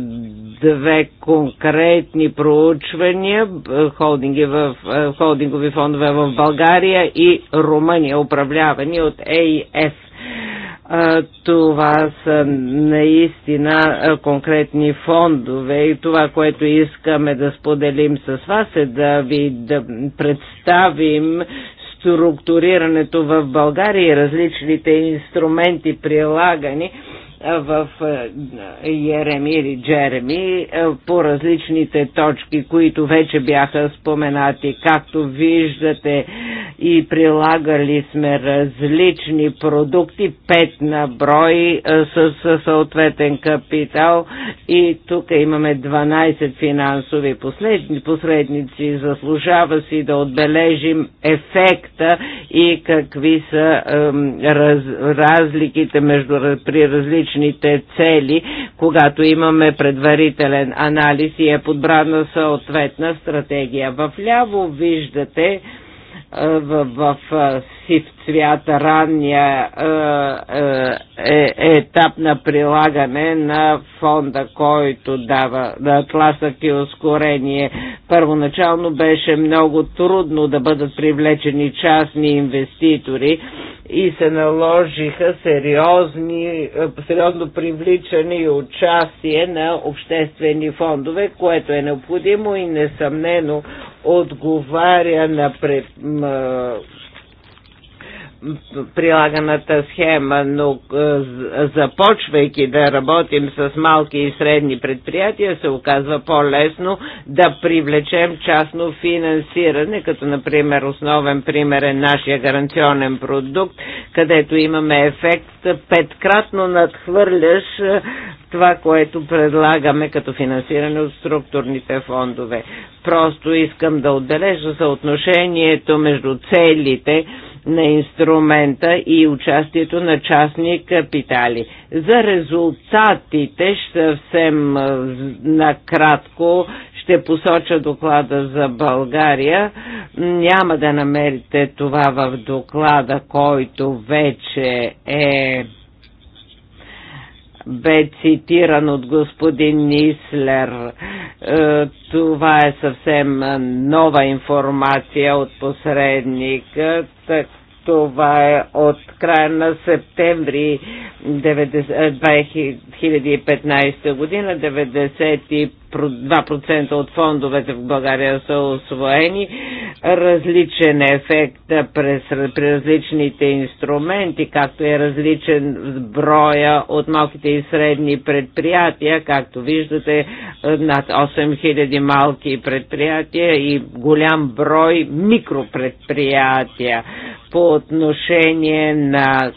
две конкретни проучвания холдинги в, холдингови фондове в България и Румъния, управлявани от AIF. Това са наистина конкретни фондове и това, което искаме да споделим с вас е да ви да представим структурирането в България и различните инструменти прилагани в Йереми или Джереми по различните точки, които вече бяха споменати. Както виждате и прилагали сме различни продукти, пет на брой с съответен капитал и тук имаме 12 финансови последни, посредници. Заслужава си да отбележим ефекта и какви са раз, разликите между при различни различните цели, когато имаме предварителен анализ и е подбрана съответна стратегия. В ляво виждате е, в, в, в е, сив цвят ранния е, е, е, етап на прилагане на фонда, който дава да, тласък и ускорение. Първоначално беше много трудно да бъдат привлечени частни инвеститори и се наложиха сериозни, е, сериозно привличане и участие на обществени фондове, което е необходимо и несъмнено отговаря на пред, прилаганата схема, но е, започвайки да работим с малки и средни предприятия, се оказва по-лесно да привлечем частно финансиране, като например основен пример е нашия гаранционен продукт, където имаме ефект петкратно надхвърляш е, това, което предлагаме като финансиране от структурните фондове. Просто искам да отбележа съотношението между целите на инструмента и участието на частни капитали. За резултатите съвсем накратко ще посоча доклада за България. Няма да намерите това в доклада, който вече е бе цитиран от господин Нислер. Е, това е съвсем нова информация от посредника, така това е от края на септември 2015 е, година. 92% от фондовете в България са освоени. Различен е ефект през, при различните инструменти, както е различен броя от малките и средни предприятия. Както виждате, над 8000 малки предприятия и голям брой микропредприятия. По отношение на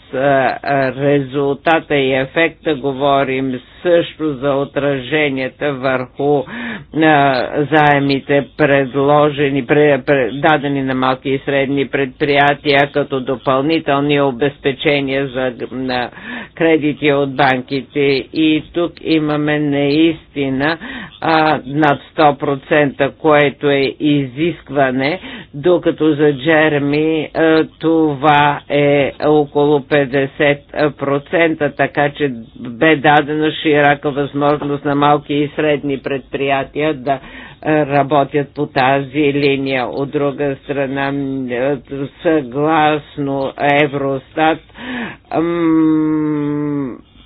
резултата и ефекта говорим също за отраженията върху а, заемите предложени, пред, пред, дадени на малки и средни предприятия като допълнителни обезпечения за на кредити от банките. И тук имаме наистина а, над 100%, което е изискване, докато за Джерми а, това е около 50%, така че бе дадено 60 широка възможност на малки и средни предприятия да е, работят по тази линия. От друга страна, е, съгласно Евростат,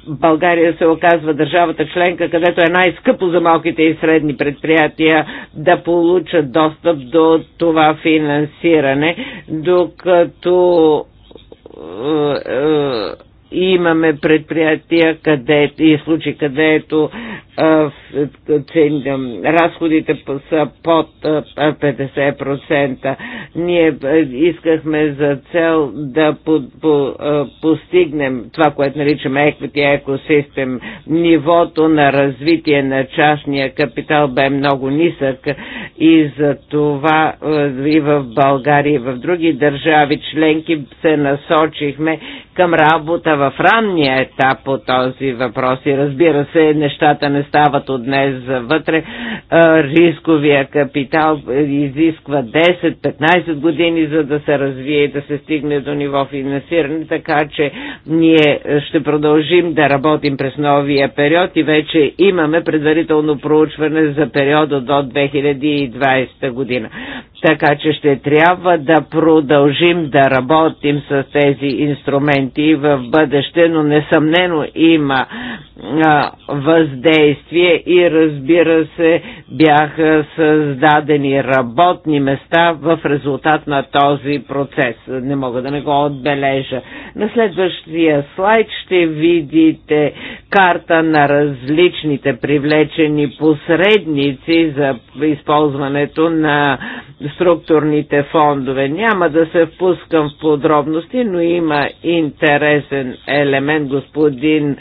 България се оказва държавата членка, където е най-скъпо за малките и средни предприятия да получат достъп до това финансиране, докато е, Имаме предприятия къде, и случаи, където разходите са под 50%. Ние искахме за цел да по, по, постигнем това, което наричаме equity ecosystem. Нивото на развитие на частния капитал бе много нисък и за това и в България, и в други държави членки се насочихме към работа в ранния етап по този въпрос и разбира се, нещата не стават от днес за вътре. Рисковия капитал изисква 10-15 години, за да се развие и да се стигне до ниво финансиране, така че ние ще продължим да работим през новия период и вече имаме предварително проучване за периода до 2020 година. Така че ще трябва да продължим да работим с тези инструменти в бъдеще, но несъмнено има а, въздействие и разбира се бяха създадени работни места в резултат на този процес. Не мога да не го отбележа. На следващия слайд ще видите карта на различните привлечени посредници за използването на структурните фондове. Няма да се впускам в подробности, но има интересен елемент. Господин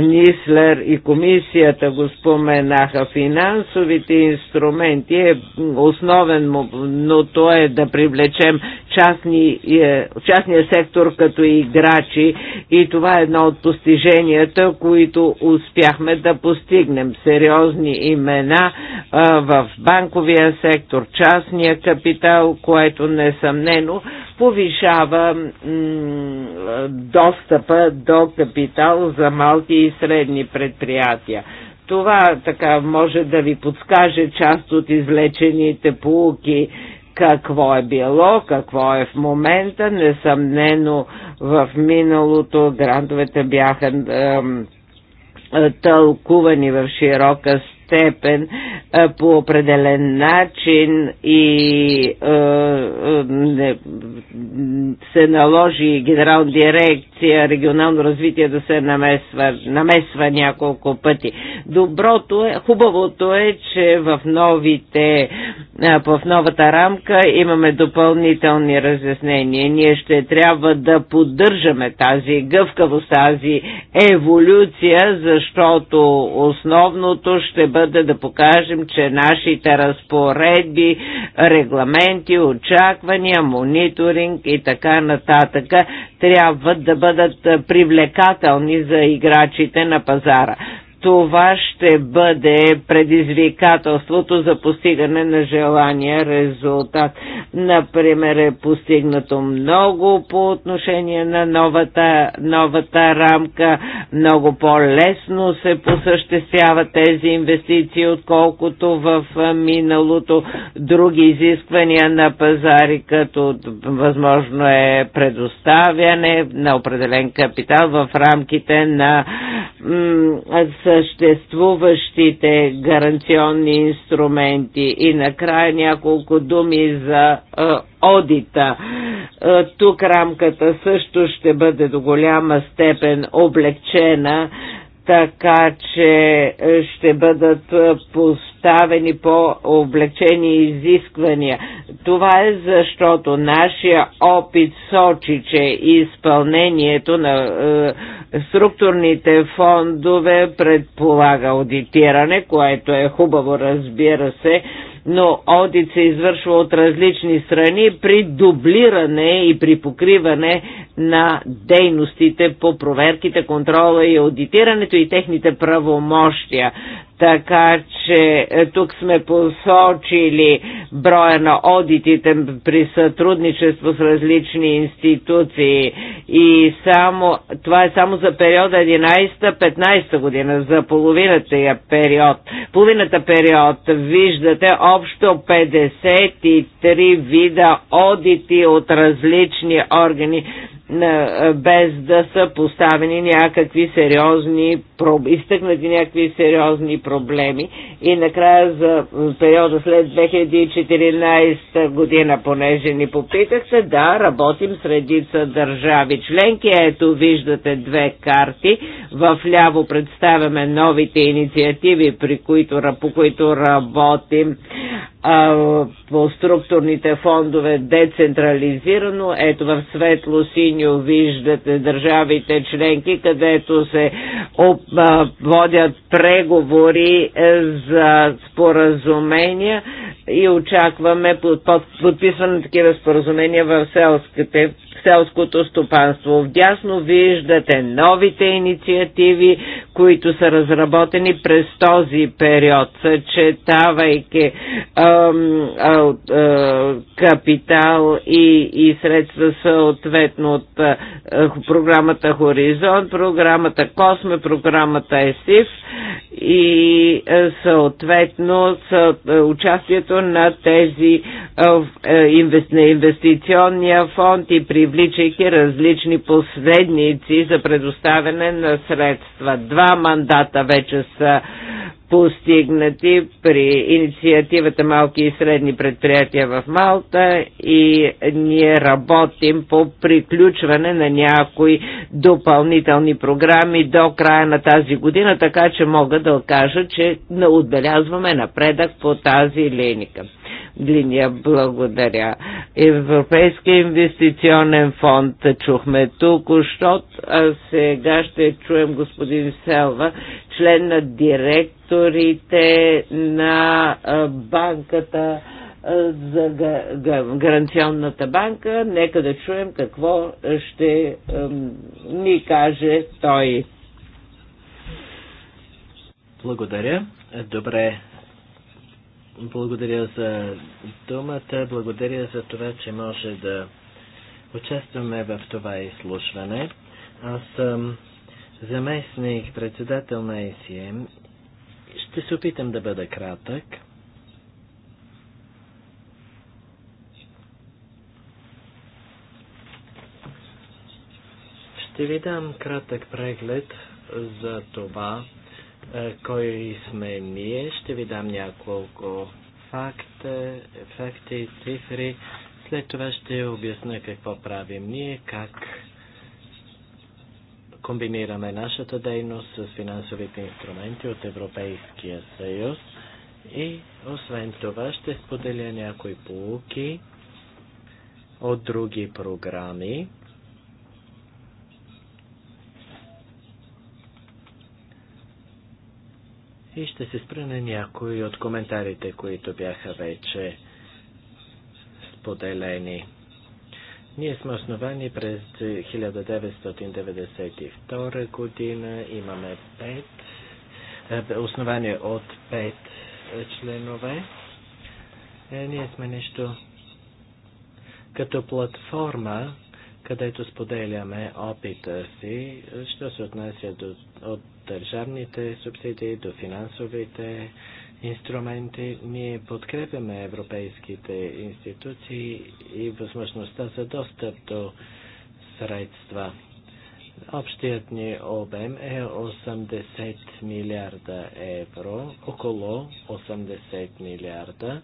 Нислер и комисията го споменаха. Финансовите инструменти е основен, но то е да привлечем частни, е, частния сектор като играчи и това е едно от постиженията, които успяхме да постигнем. Сериозни имена е, в банковия сектор, частния капитал, което несъмнено повишава достъпа до капитал за малки и средни предприятия. Това така може да ви подскаже част от излечените полуки какво е било, какво е в момента. Несъмнено в миналото грантовете бяха е, тълкувани в широка степен по определен начин и се наложи генерална дирекция регионално развитие да се намесва, намесва няколко пъти. Доброто е, хубавото е, че в новите, в новата рамка имаме допълнителни разяснения. Ние ще трябва да поддържаме тази гъвкавост, тази еволюция, защото основното ще бъде бъде да покажем, че нашите разпоредби, регламенти, очаквания, мониторинг и така нататък трябва да бъдат привлекателни за играчите на пазара това ще бъде предизвикателството за постигане на желания резултат. Например, е постигнато много по отношение на новата, новата рамка много по-лесно се посъществяват тези инвестиции, отколкото в миналото други изисквания на пазари, като възможно е предоставяне на определен капитал в рамките на съществуващите гаранционни инструменти. И накрая няколко думи за одита. Е, тук рамката също ще бъде до голяма степен облегчена, така че е, ще бъдат е, поставени по-облегчени изисквания. Това е защото нашия опит сочи, че изпълнението на е, структурните фондове предполага аудитиране, което е хубаво, разбира се, но одит се извършва от различни страни при дублиране и при покриване на дейностите по проверките, контрола и аудитирането и техните правомощия. Така че е, тук сме посочили броя на одитите при сътрудничество с различни институции и само, това е само за периода 11-15 година, за половината период. Половината период виждате общо 53 вида одити от различни органи без да са поставени някакви сериозни, изтъкнати някакви сериозни проблеми. И накрая за периода след 2014 година, понеже ни попитахте, да, работим с редица държави членки. Ето виждате две карти. В ляво представяме новите инициативи, при които, по които работим по структурните фондове децентрализирано. Ето в светло-синьо виждате държавите членки, където се водят преговори е, за споразумения и очакваме подписване на такива споразумения в селските селското стопанство. Вдясно виждате новите инициативи, които са разработени през този период, съчетавайки ам, а, а, капитал и, и средства съответно от а, програмата Хоризонт, програмата Косме, програмата ЕСИФ и съответно участието на тези инвестиционния фонд и при привличайки различни посредници за предоставяне на средства. Два мандата вече са постигнати при инициативата Малки и средни предприятия в Малта и ние работим по приключване на някои допълнителни програми до края на тази година, така че мога да кажа, че отбелязваме напредък по тази линика линия. Благодаря. Европейския инвестиционен фонд чухме тук, защото сега ще чуем господин Селва, член на директорите на банката за гаранционната банка. Нека да чуем какво ще ни каже той. Благодаря. Добре благодаря за думата, благодаря за това, че може да участваме в това изслушване. Аз съм заместник председател на ACM. Ще се опитам да бъда кратък. Ще ви дам кратък преглед за това, е, кои сме ние. Ще ви дам няколко факта, факти, цифри. След това ще обясня какво правим ние, как комбинираме нашата дейност с финансовите инструменти от Европейския съюз и освен това ще споделя някои полуки от други програми и ще се спра на някои от коментарите, които бяха вече споделени. Ние сме основани през 1992 година, имаме пет, е, основание от пет е, членове. Е, ние сме нещо като платформа където споделяме опита си, що се отнася до, от държавните субсидии до финансовите инструменти. Ние подкрепяме европейските институции и възможността за достъп до средства. Общият ни обем е 80 милиарда евро, около 80 милиарда.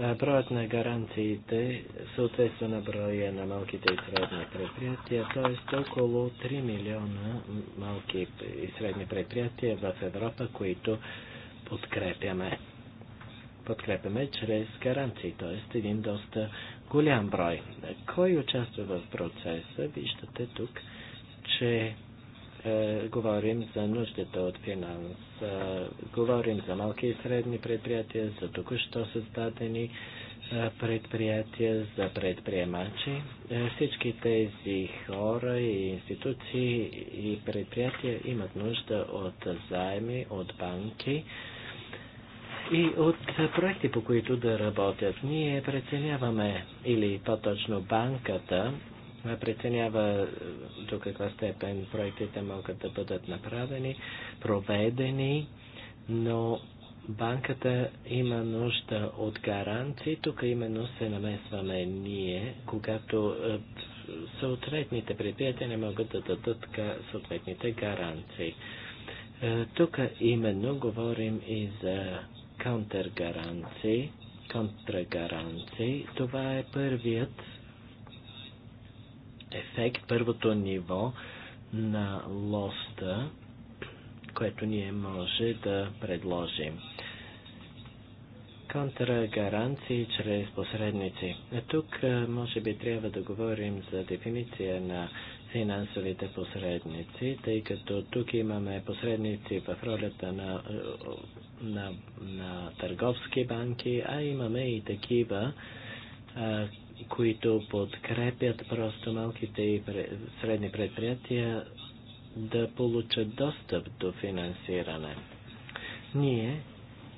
Е, броят на гаранциите съответства на броя на малките и средни предприятия, т.е. около 3 милиона малки и средни предприятия в Европа, които подкрепяме. Подкрепяме чрез гаранции, т.е. един доста голям брой. Кой участва в процеса? Виждате тук, че е, говорим за нуждата от финанс, е, говорим за малки и средни предприятия, за току-що създадени е, предприятия, за предприемачи. всички тези хора и институции и предприятия имат нужда от заеми, от банки и от проекти, по които да работят. Ние преценяваме, или по-точно банката, преценява е, до каква степен проектите могат да бъдат направени, проведени, но банката има нужда от гаранции. Тук именно се намесваме ние, когато е, съответните предприятия не могат да дадат съответните гаранции. Е, тук именно говорим и за контргаранции. контрагаранции. Това е първият ефект, първото ниво на лоста, което ние може да предложим. Контрагаранции чрез посредници. А тук може би трябва да говорим за дефиниция на финансовите посредници, тъй като тук имаме посредници в ролята на, на, на търговски банки, а имаме и такива, които подкрепят просто малките и средни предприятия да получат достъп до финансиране. Ние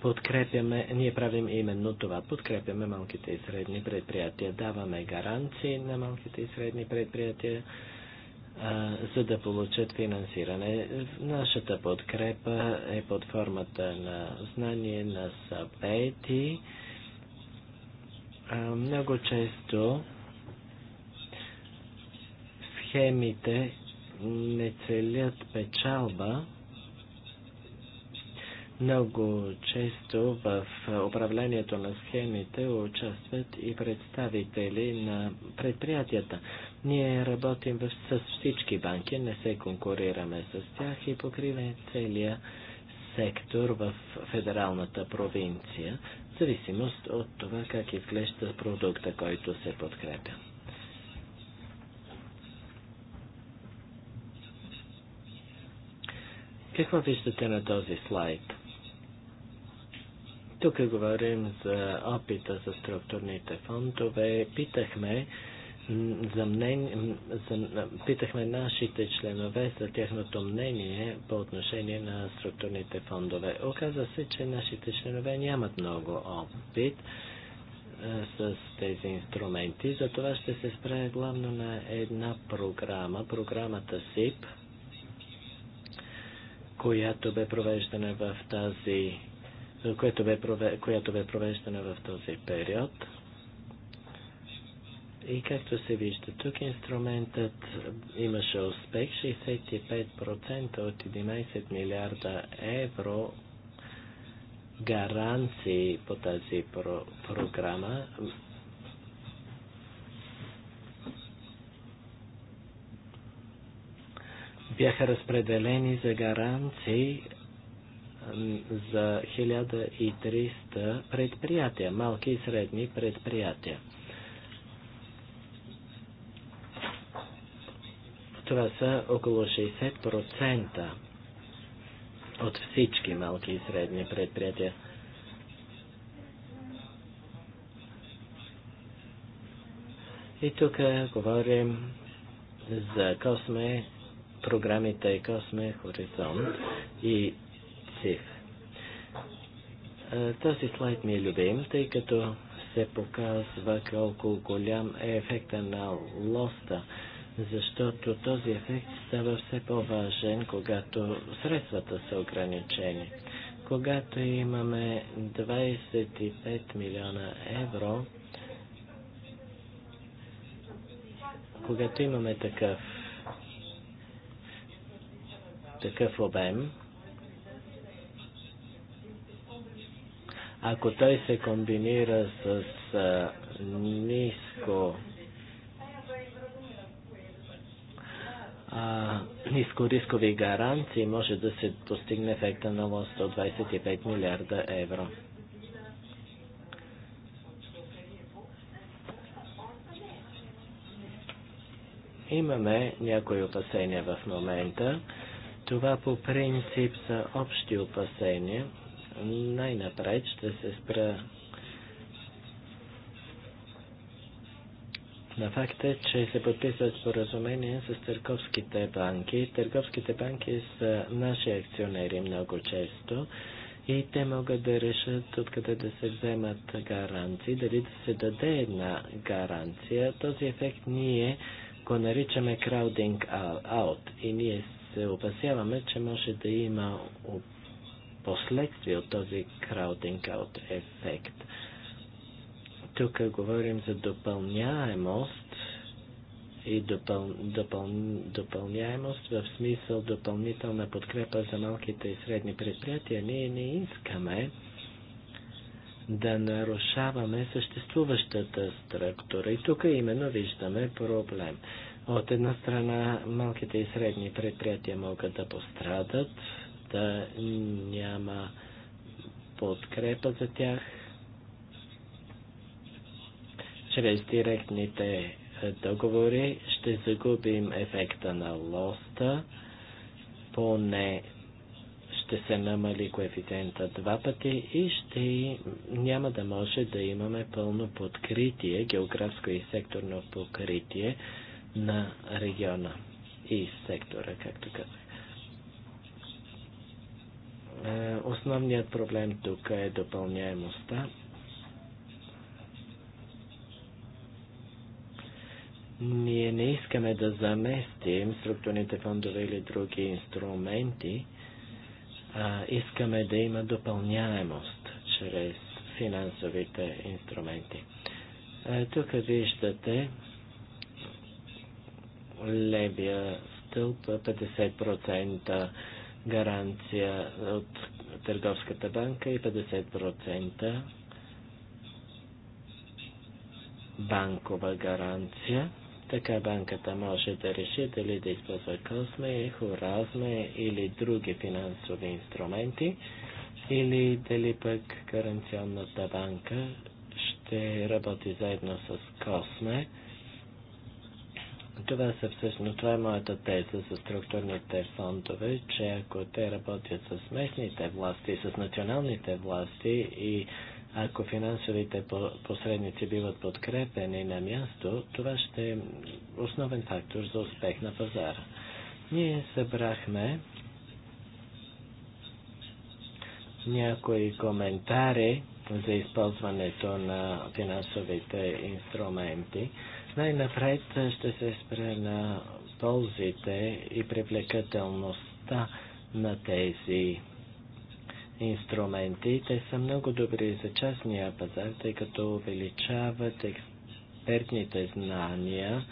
подкрепяме, ние правим именно това, подкрепяме малките и средни предприятия, даваме гаранции на малките и средни предприятия, за да получат финансиране. Нашата подкрепа е под формата на знание, на съвети, много често схемите не целят печалба. Много често в управлението на схемите участват и представители на предприятията. Ние работим с всички банки, не се конкурираме с тях и покриваме целия сектор в федералната провинция зависимост от това как изглежда продукта, който се подкрепя. Какво виждате на този слайд? Тук говорим за опита за структурните фондове. Питахме за мнение, за, питахме нашите членове за тяхното мнение по отношение на структурните фондове. Оказа се, че нашите членове нямат много опит с тези инструменти. Затова ще се спре главно на една програма, програмата СИП, която бе провеждана в тази която бе провеждана в този период. И както се вижда, тук инструментът имаше успех. 65% от 11 милиарда евро гаранции по тази про- програма бяха разпределени за гаранции за 1300 предприятия, малки и средни предприятия. Това са около 60% от всички малки и средни предприятия. И тук говорим за Косме, програмите Косме, Хоризонт и ЦИФ. Този слайд ми е любим, тъй като се показва колко голям е ефекта на лоста защото този ефект става все по-важен, когато средствата са ограничени. Когато имаме 25 милиона евро, когато имаме такъв, такъв обем, ако той се комбинира с ниско а, рискови гаранции може да се достигне ефекта на 125 милиарда евро. Имаме някои опасения в момента. Това по принцип са общи опасения. Най-напред ще се спра на факта, е, че се подписват споразумения с търговските банки. Търговските банки са наши акционери много често и те могат да решат откъде да се вземат гаранции, дали да се даде една гаранция. Този ефект ние го наричаме crowding out и ние се опасяваме, че може да има последствия от този crowding out ефект. Тук говорим за допълняемост и допъл... Допъл... допълняемост в смисъл допълнителна подкрепа за малките и средни предприятия. Ние не искаме да нарушаваме съществуващата структура. И тук именно виждаме проблем. От една страна малките и средни предприятия могат да пострадат, да няма подкрепа за тях, чрез директните е, договори ще загубим ефекта на лоста, поне ще се намали коефициента два пъти и ще няма да може да имаме пълно подкритие, географско и секторно покритие на региона и сектора, както казах. Е, основният проблем тук е допълняемостта. Ние не искаме да заместим структурните фондове или други инструменти. А, искаме да има допълняемост чрез финансовите инструменти. Е, тук виждате левия стълб 50% гаранция от Търговската банка и 50% банкова гаранция. Така банката може да реши дали да използва Косме, Хоразме или други финансови инструменти, или дали пък гаранционната банка ще работи заедно с Косме. Това са всъщност, това е моята теза за структурните фондове, че ако те работят с местните власти, с националните власти и ако финансовите посредници биват подкрепени на място, това ще е основен фактор за успех на пазара. Ние събрахме някои коментари за използването на финансовите инструменти. Най-напред ще се спре на ползите и привлекателността на тези инструменти. Те са много добри за частния пазар, тъй като увеличават експертните знания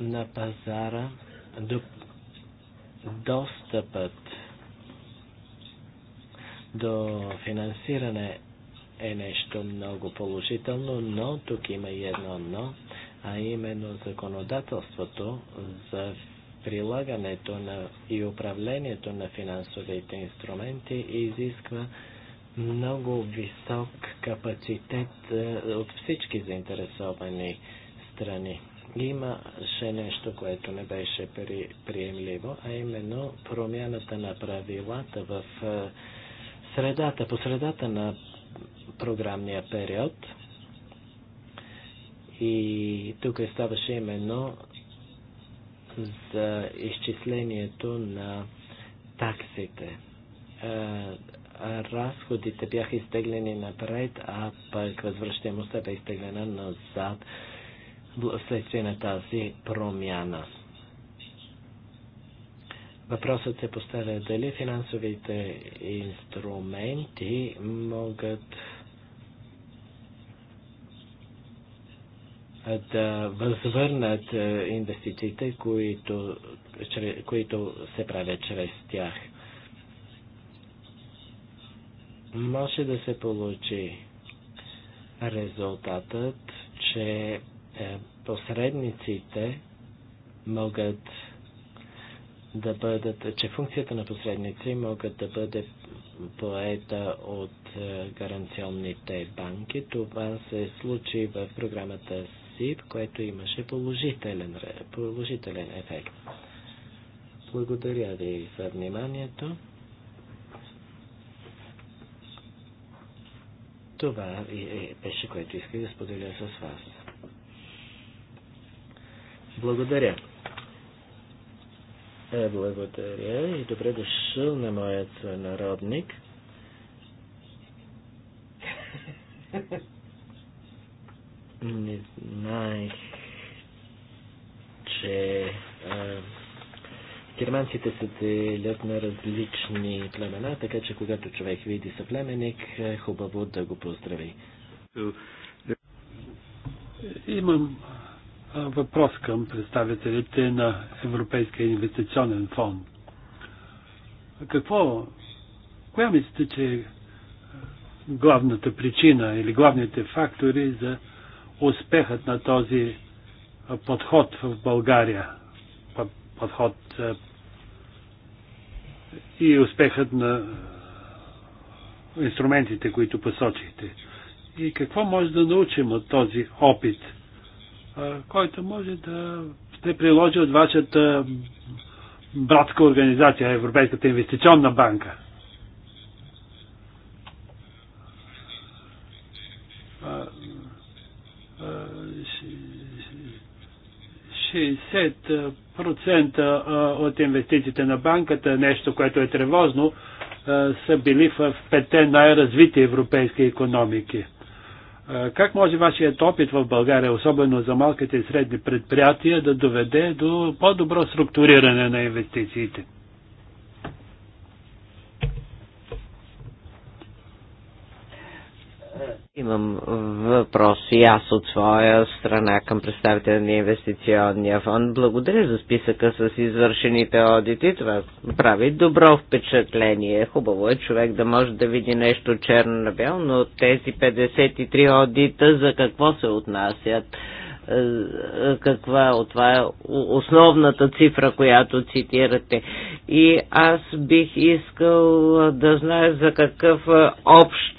на пазара, до, достъпът до финансиране е нещо много положително, но тук има и едно но, а именно законодателството за прилагането на и управлението на финансовите инструменти изисква много висок капацитет е, от всички заинтересовани страни. Имаше нещо, което не беше при, приемливо, а именно промяната на правилата в е, средата, по средата на програмния период. И тук ставаше именно за изчислението на таксите. Е, разходите бяха изтеглени напред, а пък възвръщаемостта бе изтеглена назад вследствие на тази промяна. Въпросът се поставя дали финансовите инструменти могат да възвърнат е, инвестициите, които, които се правят чрез тях. Може да се получи резултатът, че е, посредниците могат да бъдат, че функцията на посредници могат да бъде поета от е, гаранционните банки. Това се случи в програмата принцип, което имаше положителен, положителен ефект. Благодаря ви за вниманието. Това беше, което исках да споделя с вас. Благодаря. Е, благодаря и добре дошъл на моят народник. Ha ha ha. Не знаех, че а, германците се делят на различни племена, така че когато човек види съплеменник, е хубаво да го поздрави. Имам въпрос към представителите на Европейския инвестиционен фонд. Какво, коя мислите, че е главната причина или главните фактори за успехът на този подход в България, подход и успехът на инструментите, които посочихте. И какво може да научим от този опит, който може да се приложи от вашата братска организация, Европейската инвестиционна банка? 60% от инвестициите на банката, нещо, което е тревожно, са били в пете най-развити европейски економики. Как може вашият опит в България, особено за малките и средни предприятия, да доведе до по-добро структуриране на инвестициите? Имам въпроси аз от своя страна към представителя на инвестиционния фонд. Благодаря за списъка с извършените одити. Това прави добро впечатление. Хубаво е човек да може да види нещо черно на бяло, но тези 53 одита за какво се отнасят? каква това е основната цифра, която цитирате. И аз бих искал да знае за какъв е, общ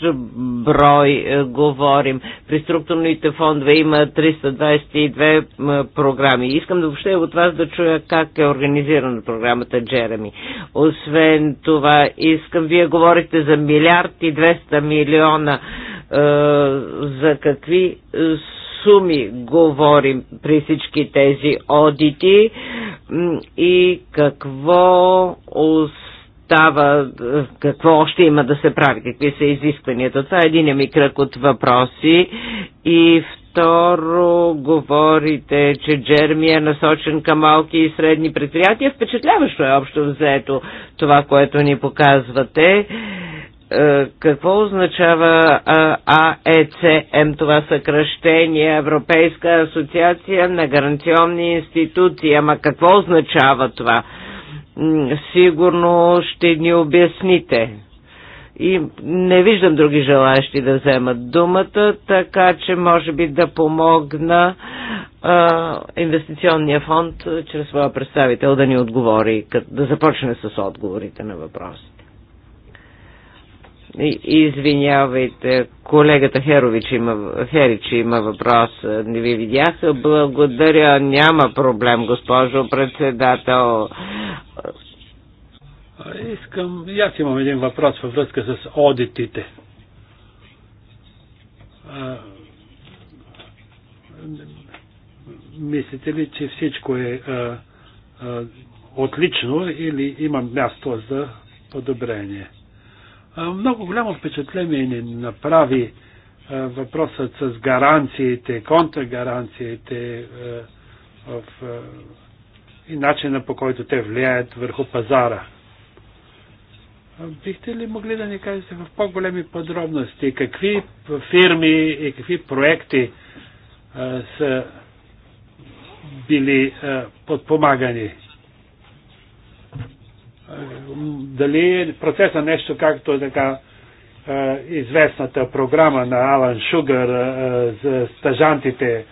брой е, говорим. При структурните фондове има 322 програми. Искам да въобще от вас да чуя как е организирана програмата Джереми. Освен това, искам, вие говорите за милиард и 200 милиона. Е, за какви суми говорим при всички тези одити и какво остава, какво още има да се прави, какви са изискванията. Това е един ми кръг от въпроси и второ говорите, че Джерми е насочен към малки и средни предприятия. Впечатляващо е общо взето това, което ни показвате. Е, какво означава АЕЦМ, това съкръщение, Европейска асоциация на гаранционни институции. Ама какво означава това? Сигурно ще ни обясните. И не виждам други желаящи да вземат думата, така че може би да помогна а, инвестиционния фонд чрез своя представител да ни отговори, да започне с отговорите на въпросите. Извинявайте, колегата Херович има, Херич има въпрос. Не ви видях. Благодаря. Няма проблем, госпожо председател. Искам, и аз имам един въпрос във връзка с одитите. Мислите ли, че всичко е а, а, отлично или има място за подобрение? Много голямо впечатление ни направи въпросът с гаранциите, контрагаранциите в, и начина по който те влияят върху пазара. Бихте ли могли да ни кажете в по-големи подробности какви фирми и какви проекти а, са били а, подпомагани? дали процеса е нещо както е така е, известната програма на Алан Шугър за стажантите.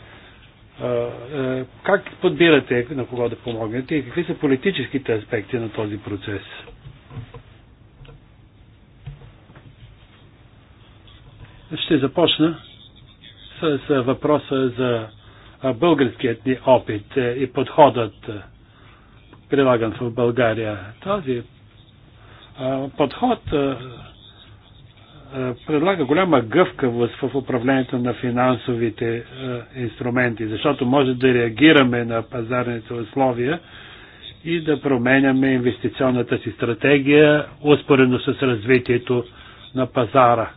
Как подбирате на кого да помогнете и какви са политическите аспекти на този процес? Ще започна с въпроса за българският ни опит и подходът прилаган в България. Този подход предлага голяма гъвкавост в управлението на финансовите инструменти, защото може да реагираме на пазарните условия и да променяме инвестиционната си стратегия успоредно с развитието на пазара.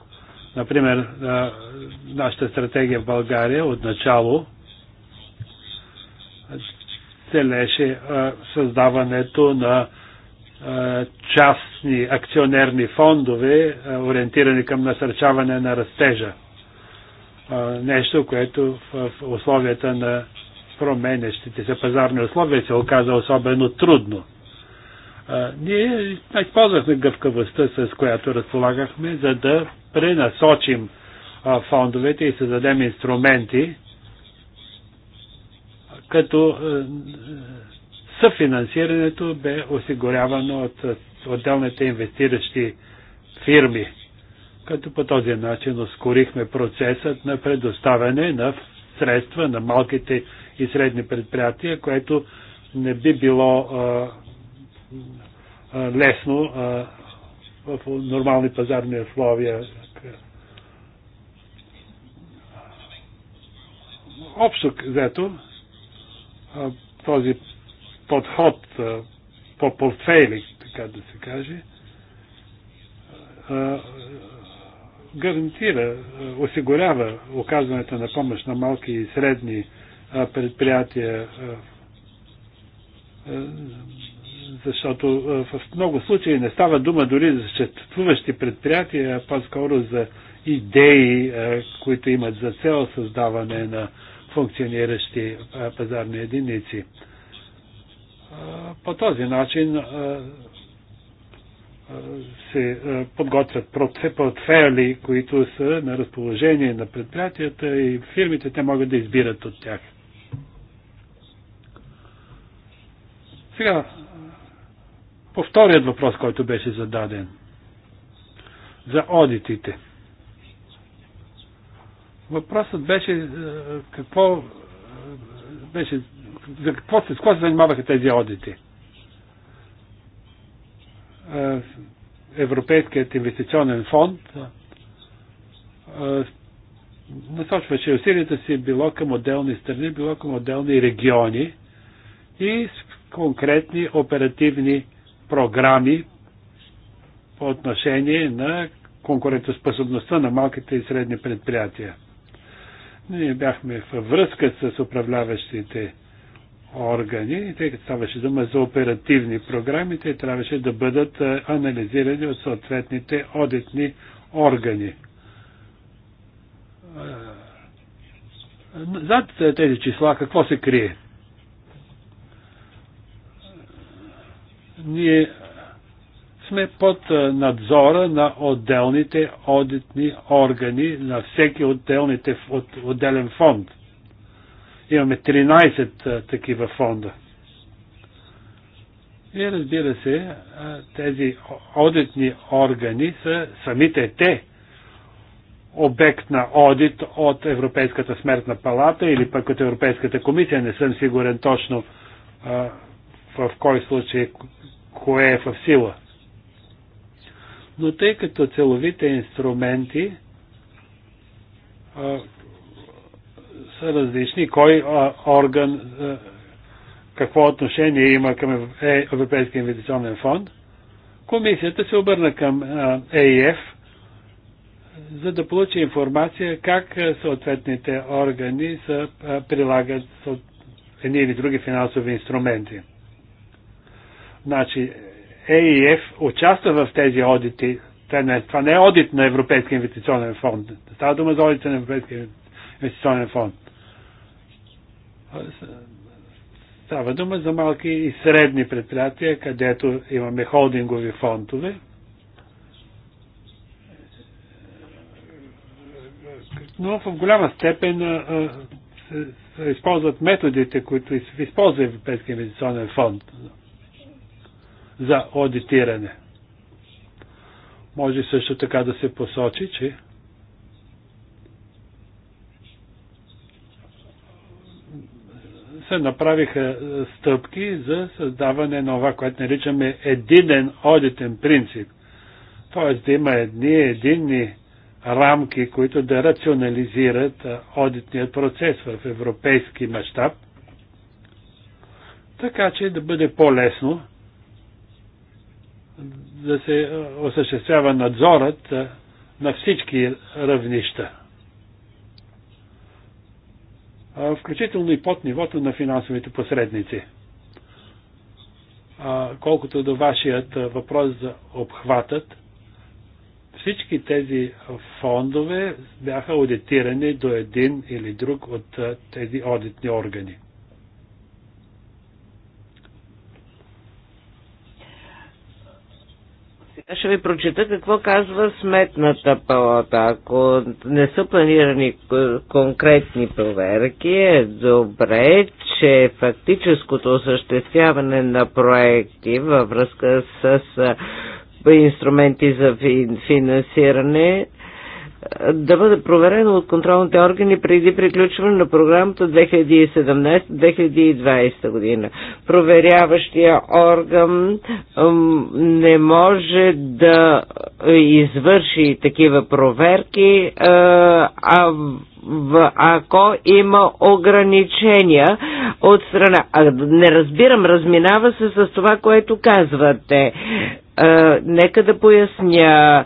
Например, нашата стратегия в България от начало целеше създаването на частни акционерни фондове, ориентирани към насърчаване на растежа. Нещо, което в условията на променящите се пазарни условия се оказа особено трудно. Ние използвахме гъвкавостта, с която разполагахме, за да пренасочим фондовете и създадем инструменти, като е, съфинансирането бе осигурявано от отделните инвестиращи фирми, като по този начин ускорихме процесът на предоставяне на средства на малките и средни предприятия, което не би било е, е, лесно в нормални пазарни условия. Общо взето, този подход по портфейли, така да се каже, гарантира, осигурява оказването на помощ на малки и средни предприятия, защото в много случаи не става дума дори за съществуващи предприятия, а по-скоро за идеи, които имат за цел създаване на функциониращи пазарни единици. По този начин се подготвят портфели, които са на разположение на предприятията и фирмите, те могат да избират от тях. Сега, по вторият въпрос, който беше зададен, за одитите – Въпросът беше е, какво е, беше, за какво, с какво се занимаваха тези одити. Е, Европейският инвестиционен фонд насочваше усилията си било към отделни страни, било към отделни региони и с конкретни оперативни програми по отношение на конкурентоспособността на малките и средни предприятия. Ние бяхме във връзка с управляващите органи тъй като ставаше дума за оперативни програми, те трябваше да бъдат анализирани от съответните одитни органи. Зад тези числа какво се крие? Ние сме под надзора на отделните одитни органи на всеки отделните, от, отделен фонд. Имаме 13 такива фонда. И разбира се, тези одитни органи са самите те обект на одит от Европейската смертна палата или пък от Европейската комисия. Не съм сигурен точно в кой случай кое е в сила но тъй като целовите инструменти а, са различни, кой а, орган а, какво отношение има към е, Европейския инвестиционен фонд, комисията се обърна към ЕИФ, e за да получи информация как съответните органи са, прилагат едни или други финансови инструменти. Значи, ЕИФ e участва в тези одити. Това не, това не е одит на Европейския инвестиционен фонд. Става дума за одит на Европейския инвестиционен фонд. Става дума за малки и средни предприятия, където имаме холдингови фондове. Но в голяма степен се използват методите, които използва Европейския инвестиционен фонд за аудитиране. Може също така да се посочи, че се направиха стъпки за създаване на това, което наричаме единен одитен принцип. Т.е. да има едни единни рамки, които да рационализират одитният процес в европейски мащаб, така че да бъде по-лесно да се осъществява надзорът на всички равнища. Включително и под нивото на финансовите посредници. Колкото до вашият въпрос за обхватът, всички тези фондове бяха аудитирани до един или друг от тези одитни органи. Ще ви прочита какво казва сметната палата. Ако не са планирани конкретни проверки, е добре, че фактическото осъществяване на проекти във връзка с инструменти за финансиране е, да бъде проверено от контролните органи преди приключване на програмата 2017-2020 година. Проверяващия орган не може да извърши такива проверки, е, а в, ако има ограничения от страна. А, не разбирам, разминава се с това, което казвате. А, е, нека да поясня.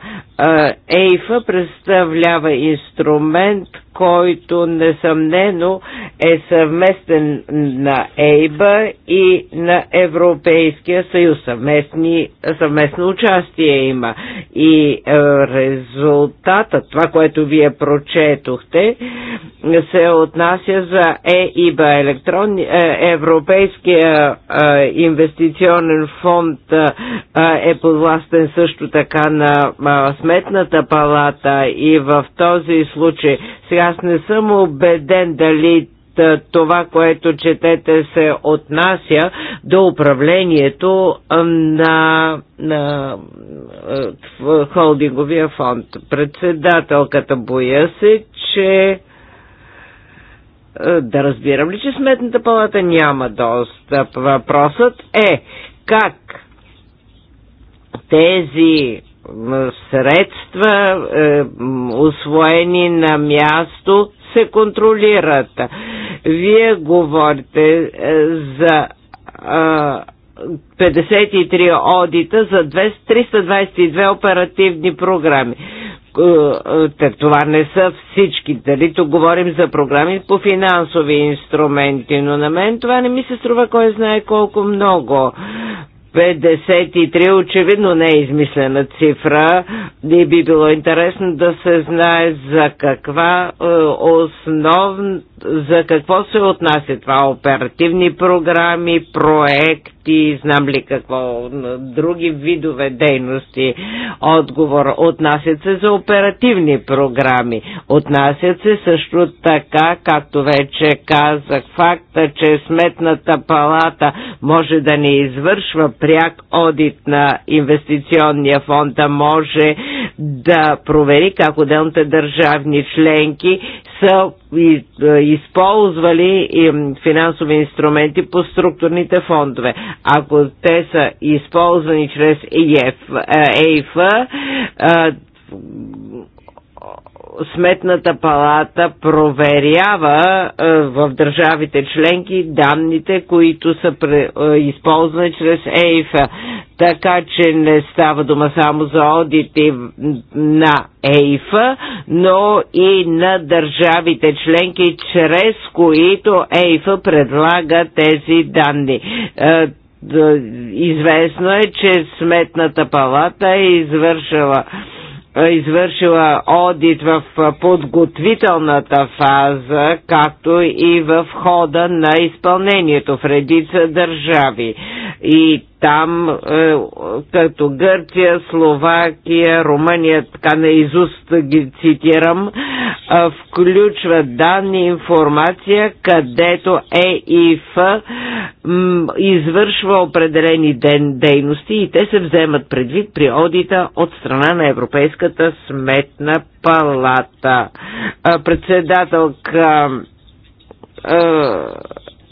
ЕИФА представлява инструмент, който несъмнено е съвместен на Ейба и на Европейския съюз. Съвместни, съвместно участие има. И е, резултатът, това, което вие прочетохте, се отнася за ЕИБА, електрон, е, Европейския е, инвестиционен фонд е, подвластен също така на Сметната палата и в този случай, сега аз не съм убеден дали това, което четете, се отнася до управлението на, на холдинговия фонд. Председателката боя се, че да разбирам ли, че Сметната палата няма достъп. Въпросът е как тези средства, освоени е, на място, се контролират. Вие говорите е, за 53 одита за 322 оперативни програми. Е, това не са всички. Дали то говорим за програми по финансови инструменти, но на мен това не ми се струва кой знае колко много. 53 очевидно не е измислена цифра и би било интересно да се знае за каква е, основ, за какво се отнася това. Оперативни програми, проекти, знам ли какво, други видове дейности. Отговор отнасят се за оперативни програми. Отнасят се също така, както вече казах, факта, че Сметната палата може да не извършва пряк одит на инвестиционния фонд да може да провери как отделните държавни членки са е, използвали финансови инструменти по структурните фондове. Ако те са използвани чрез е, ЕИФ, е, Сметната палата проверява е, в държавите членки данните, които са е, използвани чрез ЕИФа. Така че не става дума само за одити на ЕИФа, но и на държавите членки, чрез които ЕИФа предлага тези данни е, известно е, че Сметната палата е извършила е, извършила одит в е, подготвителната фаза, както и в хода на изпълнението в редица държави. И там, е, като Гърция, Словакия, Румъния, така на изуст ги цитирам, е, включва данни информация, където ЕИФ извършва определени ден дейности и те се вземат предвид при одита от страна на Европейската сметна палата. Е, председателка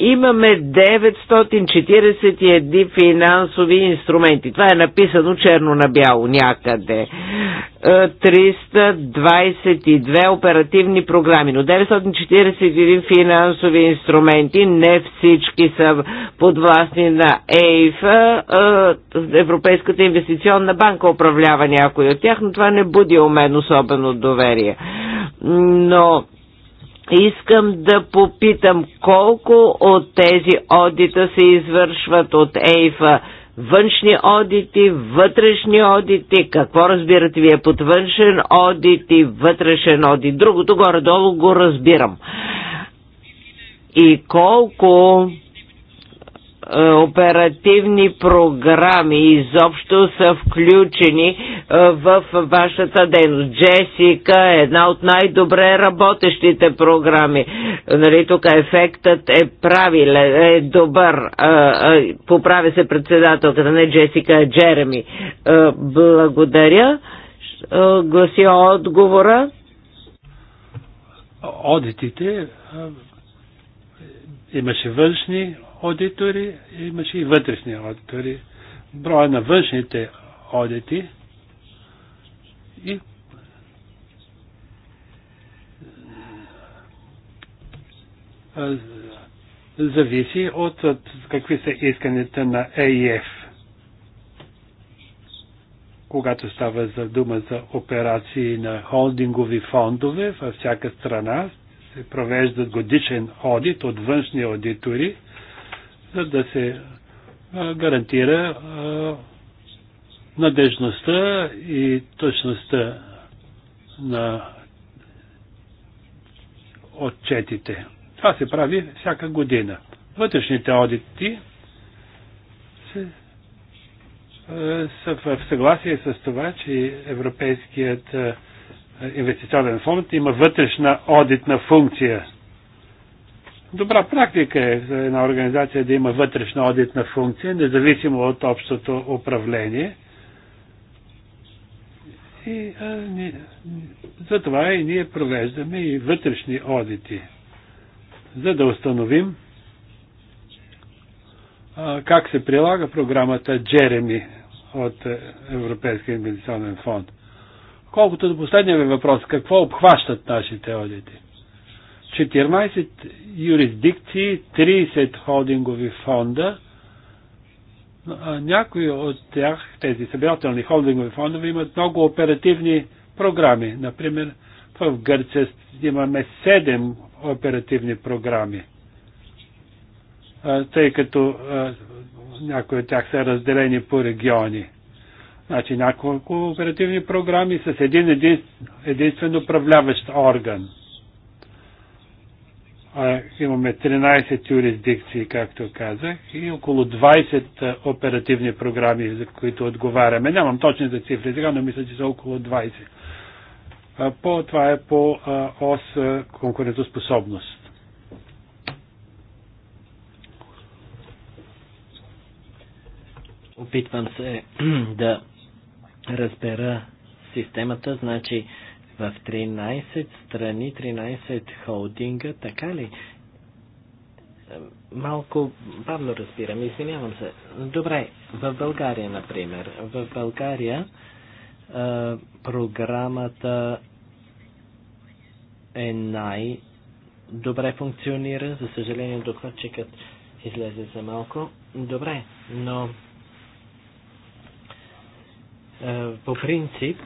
Имаме 941 финансови инструменти. Това е написано черно на бяло някъде. 322 е, оперативни програми, но 941 финансови инструменти, не всички са подвластни на ЕИФ, Европейската инвестиционна банка управлява някой от тях, но това не буди у мен особено доверие. Но Искам да попитам колко от тези одита се извършват от ЕЙФА външни одити, вътрешни одити, какво разбирате вие под външен одит и вътрешен одит. Другото горе-долу го разбирам. И колко е, оперативни програми изобщо са включени е, в вашата дейност. Джесика е една от най-добре работещите програми. Нали, тук ефектът е правилен, е добър. Е, поправя се председателката, не Джесика, а Джереми. Благодаря. Гласи отговора. Одитите имаше външни, аудитори, имаше и вътрешни аудитори. Броя на външните аудити и зависи от, от какви са исканите на ЕИФ. E Когато става за дума за операции на холдингови фондове във всяка страна, се провеждат годишен одит от външни аудитори – за да се гарантира надежността и точността на отчетите. Това се прави всяка година. Вътрешните одити се, са в съгласие с това, че Европейският инвестиционен фонд има вътрешна одитна функция. Добра практика е за една организация да има вътрешна одитна функция, независимо от общото управление. И а, ни, затова и ние провеждаме и вътрешни одити, за да установим а, как се прилага програмата Джереми от Европейския инвестиционен фонд. Колкото до последния ви въпрос, какво обхващат нашите одити? 14 юрисдикции, 30 холдингови фонда. Някои от тях, тези събирателни холдингови фондове, имат много оперативни програми. Например, в Гърция имаме 7 оперативни програми, тъй като някои от тях са разделени по региони. Значи няколко оперативни програми с един единствен управляващ орган – Имаме 13 юрисдикции, както казах, и около 20 оперативни програми, за които отговаряме. Нямам точните цифри сега, но мисля, че са около 20. По, това е по ОС конкурентоспособност. Опитвам се да разбера системата, значи в 13 страни, 13 холдинга, така ли? Малко бавно разбирам, извинявам се. Добре, в България, например. В България програмата е най-добре функционира. За съжаление, докладчикът излезе за малко. Добре, но по принцип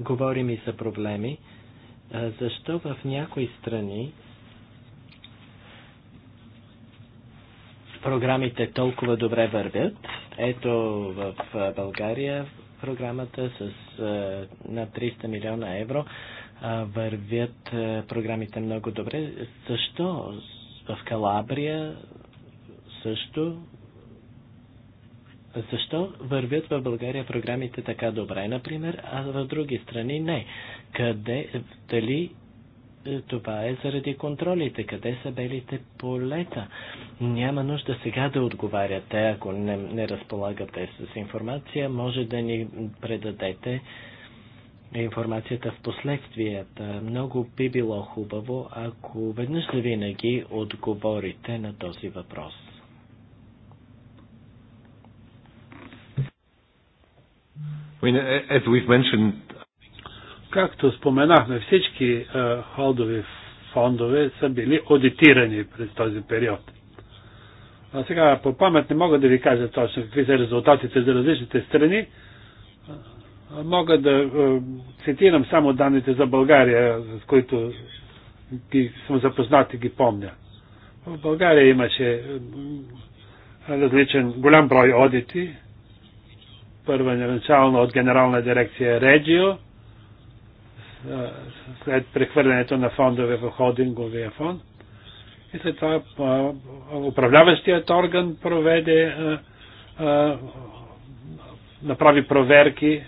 говорим и за проблеми, защо в някои страни програмите толкова добре вървят. Ето в България програмата с на 300 милиона евро вървят програмите много добре. Защо в Калабрия също защо вървят в България програмите така добре, например, а в други страни не? Къде, дали е, това е заради контролите. Къде са белите полета? Няма нужда сега да отговаряте. Ако не, не разполагате с информация, може да ни предадете информацията в последствията. Много би било хубаво, ако веднъж за винаги отговорите на този въпрос. Както споменахме, всички холдови фондове са били аудитирани през този период. А сега по памет не мога да ви кажа точно какви са резултатите за различните страни. Мога да цитирам само данните за България, с които ги съм запознат и ги помня. В България имаше различен голям брой одити, първоначално от генерална дирекция Реджио, след прехвърлянето на фондове в холдинговия фонд. И след това управляващият орган проведе, направи проверки,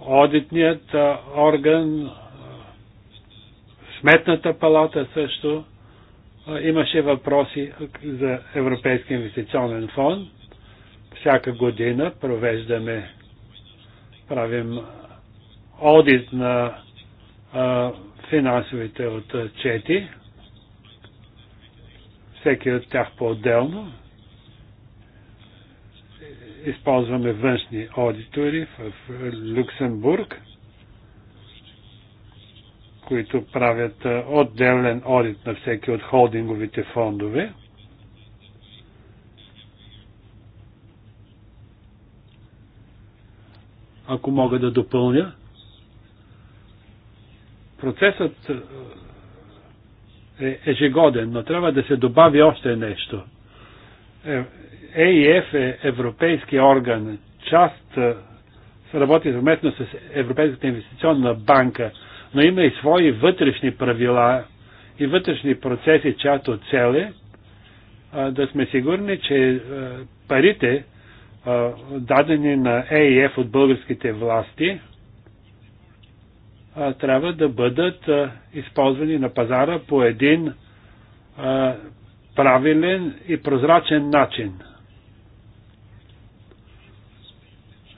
одитният орган, сметната палата също имаше въпроси за Европейския инвестиционен фонд всяка година провеждаме, правим одит на а, финансовите отчети, всеки от тях по-отделно. Използваме външни аудитори в Люксембург, които правят отделен одит на всеки от холдинговите фондове. ако мога да допълня. Процесът е, е ежегоден, но трябва да се добави още нещо. ЕИФ e е европейски орган, част е, се работи съвместно с Европейската инвестиционна банка, но има и свои вътрешни правила и вътрешни процеси, чиято цел е, е да сме сигурни, че парите, дадени на ЕИФ e от българските власти, трябва да бъдат използвани на пазара по един правилен и прозрачен начин.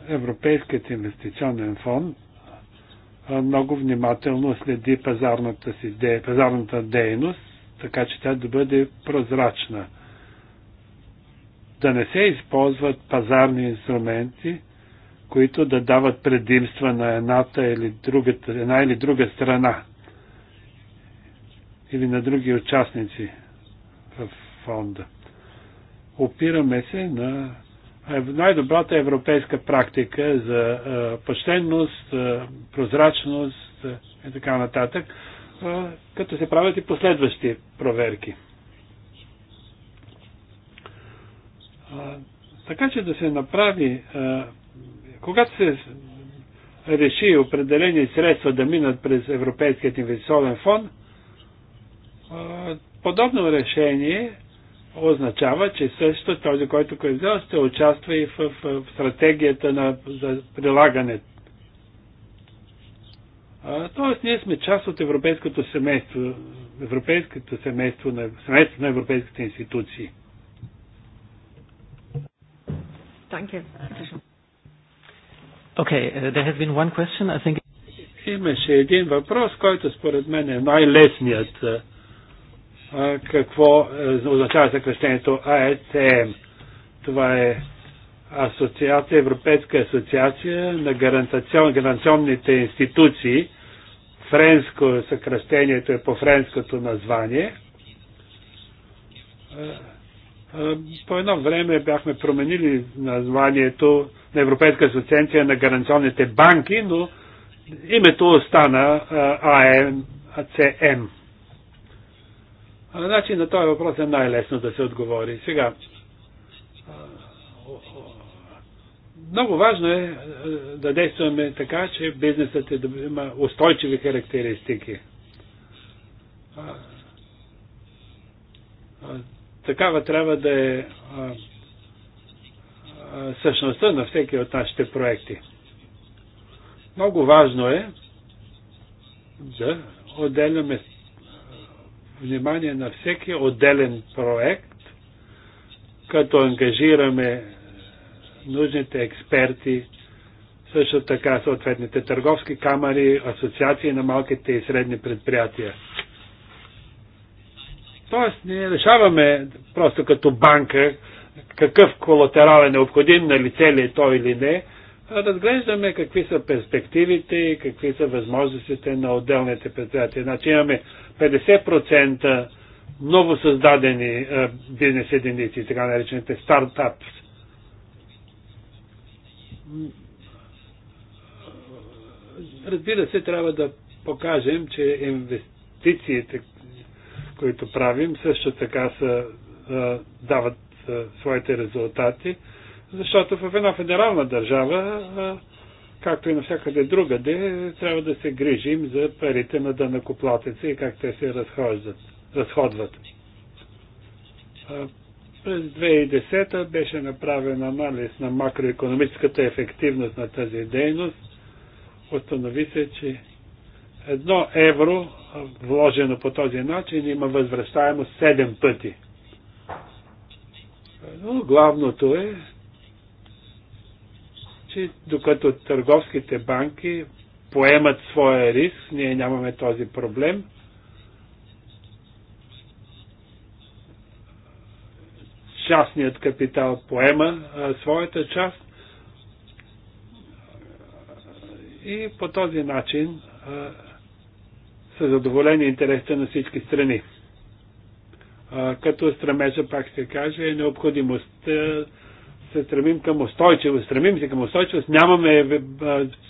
Европейският инвестиционен фонд много внимателно следи пазарната, си, пазарната дейност, така че тя да бъде прозрачна да не се използват пазарни инструменти, които да дават предимства на едната или другата, една или друга страна или на други участници в фонда. Опираме се на най-добрата европейска практика за почтенност, прозрачност и така нататък, като се правят и последващи проверки. А, така че да се направи, а, когато се реши определени средства да минат през Европейският инвестиционен фонд, а, подобно решение означава, че също този, който е взел, ще участва и в, в, в стратегията на, за прилагането. Тоест, ние сме част от европейското семейство, европейското семейство на, семейство на европейските институции. Danke. Okay, uh, there has been one question, I think. Имаше един въпрос, който според мен е най-лесният. Какво е, означава съкрещението АЕЦМ? Това е асоциация, Европейска асоциация на гарантацион, гаранционните институции. Френско съкръщението е по френското название по едно време бяхме променили названието на Европейска асоциация на гаранционните банки, но името остана АЕМ. Значи на този въпрос е най-лесно да се отговори. Сега, много важно е да действаме така, че бизнесът е да има устойчиви характеристики такава трябва да е същността на всеки от нашите проекти. Много важно е да отделяме внимание на всеки отделен проект, като ангажираме нужните експерти, също така съответните търговски камери, асоциации на малките и средни предприятия. Тоест, ние решаваме просто като банка какъв колатерал е необходим, на лице ли е то или не. Разглеждаме какви са перспективите и какви са възможностите на отделните предприятия. Значи имаме 50% ново създадени бизнес единици, така наречените стартапс. Разбира се, трябва да покажем, че инвестициите, които правим, също така са, дават своите резултати, защото в една федерална държава, както и навсякъде другаде, трябва да се грижим за парите на данакоплатеца и как те се разхождат, разходват. През 2010 беше направен анализ на макроекономическата ефективност на тази дейност. Установи се, че едно евро вложено по този начин, има възвръщаемост 7 пъти. Но главното е, че докато търговските банки поемат своя риск, ние нямаме този проблем. Частният капитал поема а, своята част и по този начин а, са задоволени интересите на всички страни. Като стремежа, пак ще кажа, е необходимост се стремим към устойчивост. Стремим се към устойчивост. Нямаме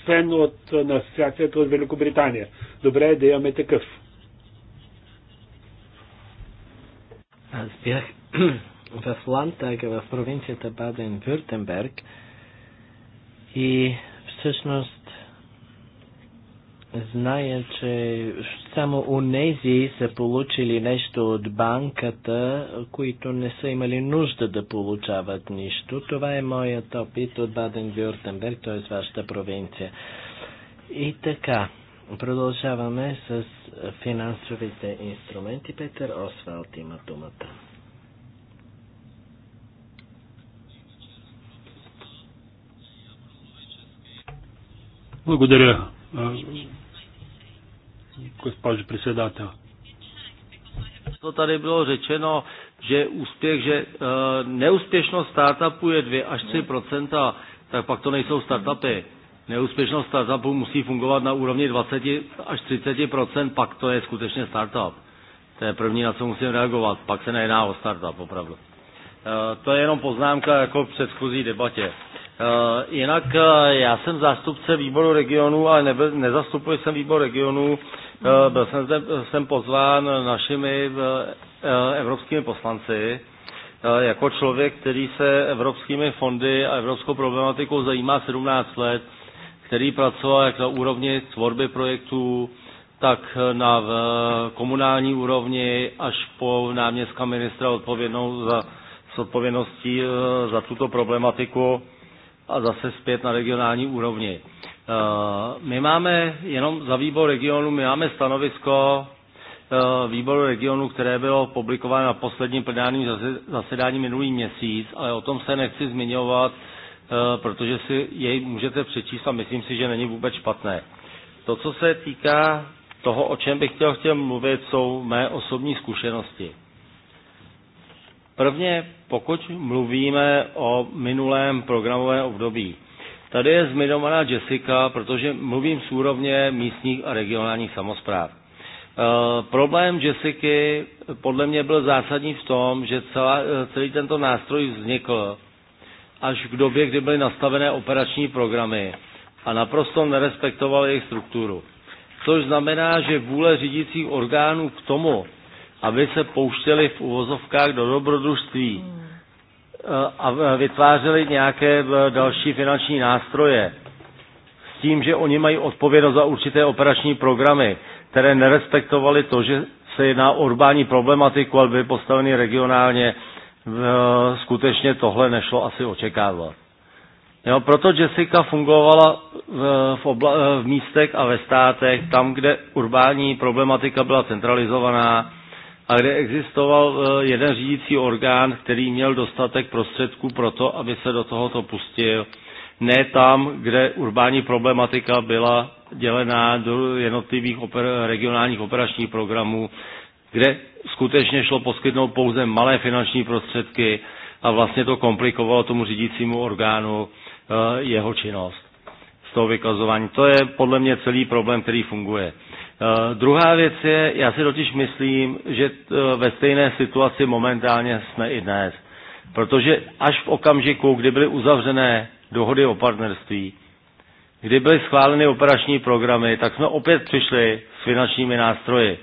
член от, на асоциацията от Великобритания. Добре е да имаме такъв. Аз бях в Лантаг, в провинцията Баден-Вюртенберг и всъщност Зная, че само унези са получили нещо от банката, които не са имали нужда да получават нищо. Това е моят опит от Баден-Вюртенберг, т.е. вашата провинция. И така, продължаваме с финансовите инструменти. Петър Освалт има думата. Благодаря, госпожо председател. To tady bylo řečeno, že, úspěch, že e, neúspěšnost startupu je 2 až 3 tak pak to nejsou startupy. Neúspěšnost startupu musí fungovat na úrovni 20 až 30 pak to je skutečně startup. To je první, na co musím reagovat. Pak se nejedná o startup, opravdu. E, to je jenom poznámka jako v předchozí debatě. E, Jinak já jsem zástupce výboru regionu, ale nebyl, nezastupuji jsem výbor regionu. Byl jsem, zde, jsem pozván našimi evropskými poslanci jako člověk, který se evropskými fondy a evropskou problematikou zajímá 17 let, který pracoval jak na úrovni tvorby projektů, tak na komunální úrovni až po náměstka ministra odpovědnou za, s odpovědností za tuto problematiku a zase zpět na regionální úrovni. My máme jenom za výbor regionu, my máme stanovisko výboru regionu, které bylo publikováno na posledním plenárním zasedání minulý měsíc, ale o tom se nechci zmiňovat, protože si jej můžete přečíst a myslím si, že není vůbec špatné. To, co se týká toho, o čem bych chtěl, chtěl mluvit, jsou mé osobní zkušenosti. Prvně, pokud mluvíme o minulém programovém období, tady je zmiňovaná Jessica, protože mluvím z úrovně místních a regionálních samozpráv. Problém Jessica podle mě byl zásadní v tom, že celá, celý tento nástroj vznikl až v době, kdy byly nastavené operační programy a naprosto nerespektoval jejich strukturu. Což znamená, že vůle řídících orgánů k tomu, aby se pouštěli v uvozovkách do dobrodružství a vytvářeli nějaké další finanční nástroje s tím, že oni mají odpovědnost za určité operační programy, které nerespektovaly to, že se jedná o urbání problematiku, ale byly postaveny regionálně, skutečně tohle nešlo asi očekávat. Jo, proto Jessica fungovala v, v, obla, v místech a ve státech, tam, kde urbání problematika byla centralizovaná, a kde existoval jeden řídící orgán, který měl dostatek prostředků pro to, aby se do tohoto pustil, ne tam, kde urbání problematika byla dělená do jednotlivých oper- regionálních operačních programů, kde skutečně šlo poskytnout pouze malé finanční prostředky a vlastně to komplikovalo tomu řídícímu orgánu jeho činnost z toho vykazování. To je podle mě celý problém, který funguje. Druhá věc je, já si totiž myslím, že ve stejné situaci momentálně jsme i dnes. Protože až v okamžiku, kdy byly uzavřené dohody o partnerství, kdy byly schváleny operační programy, tak jsme opět přišli s finančními nástroji.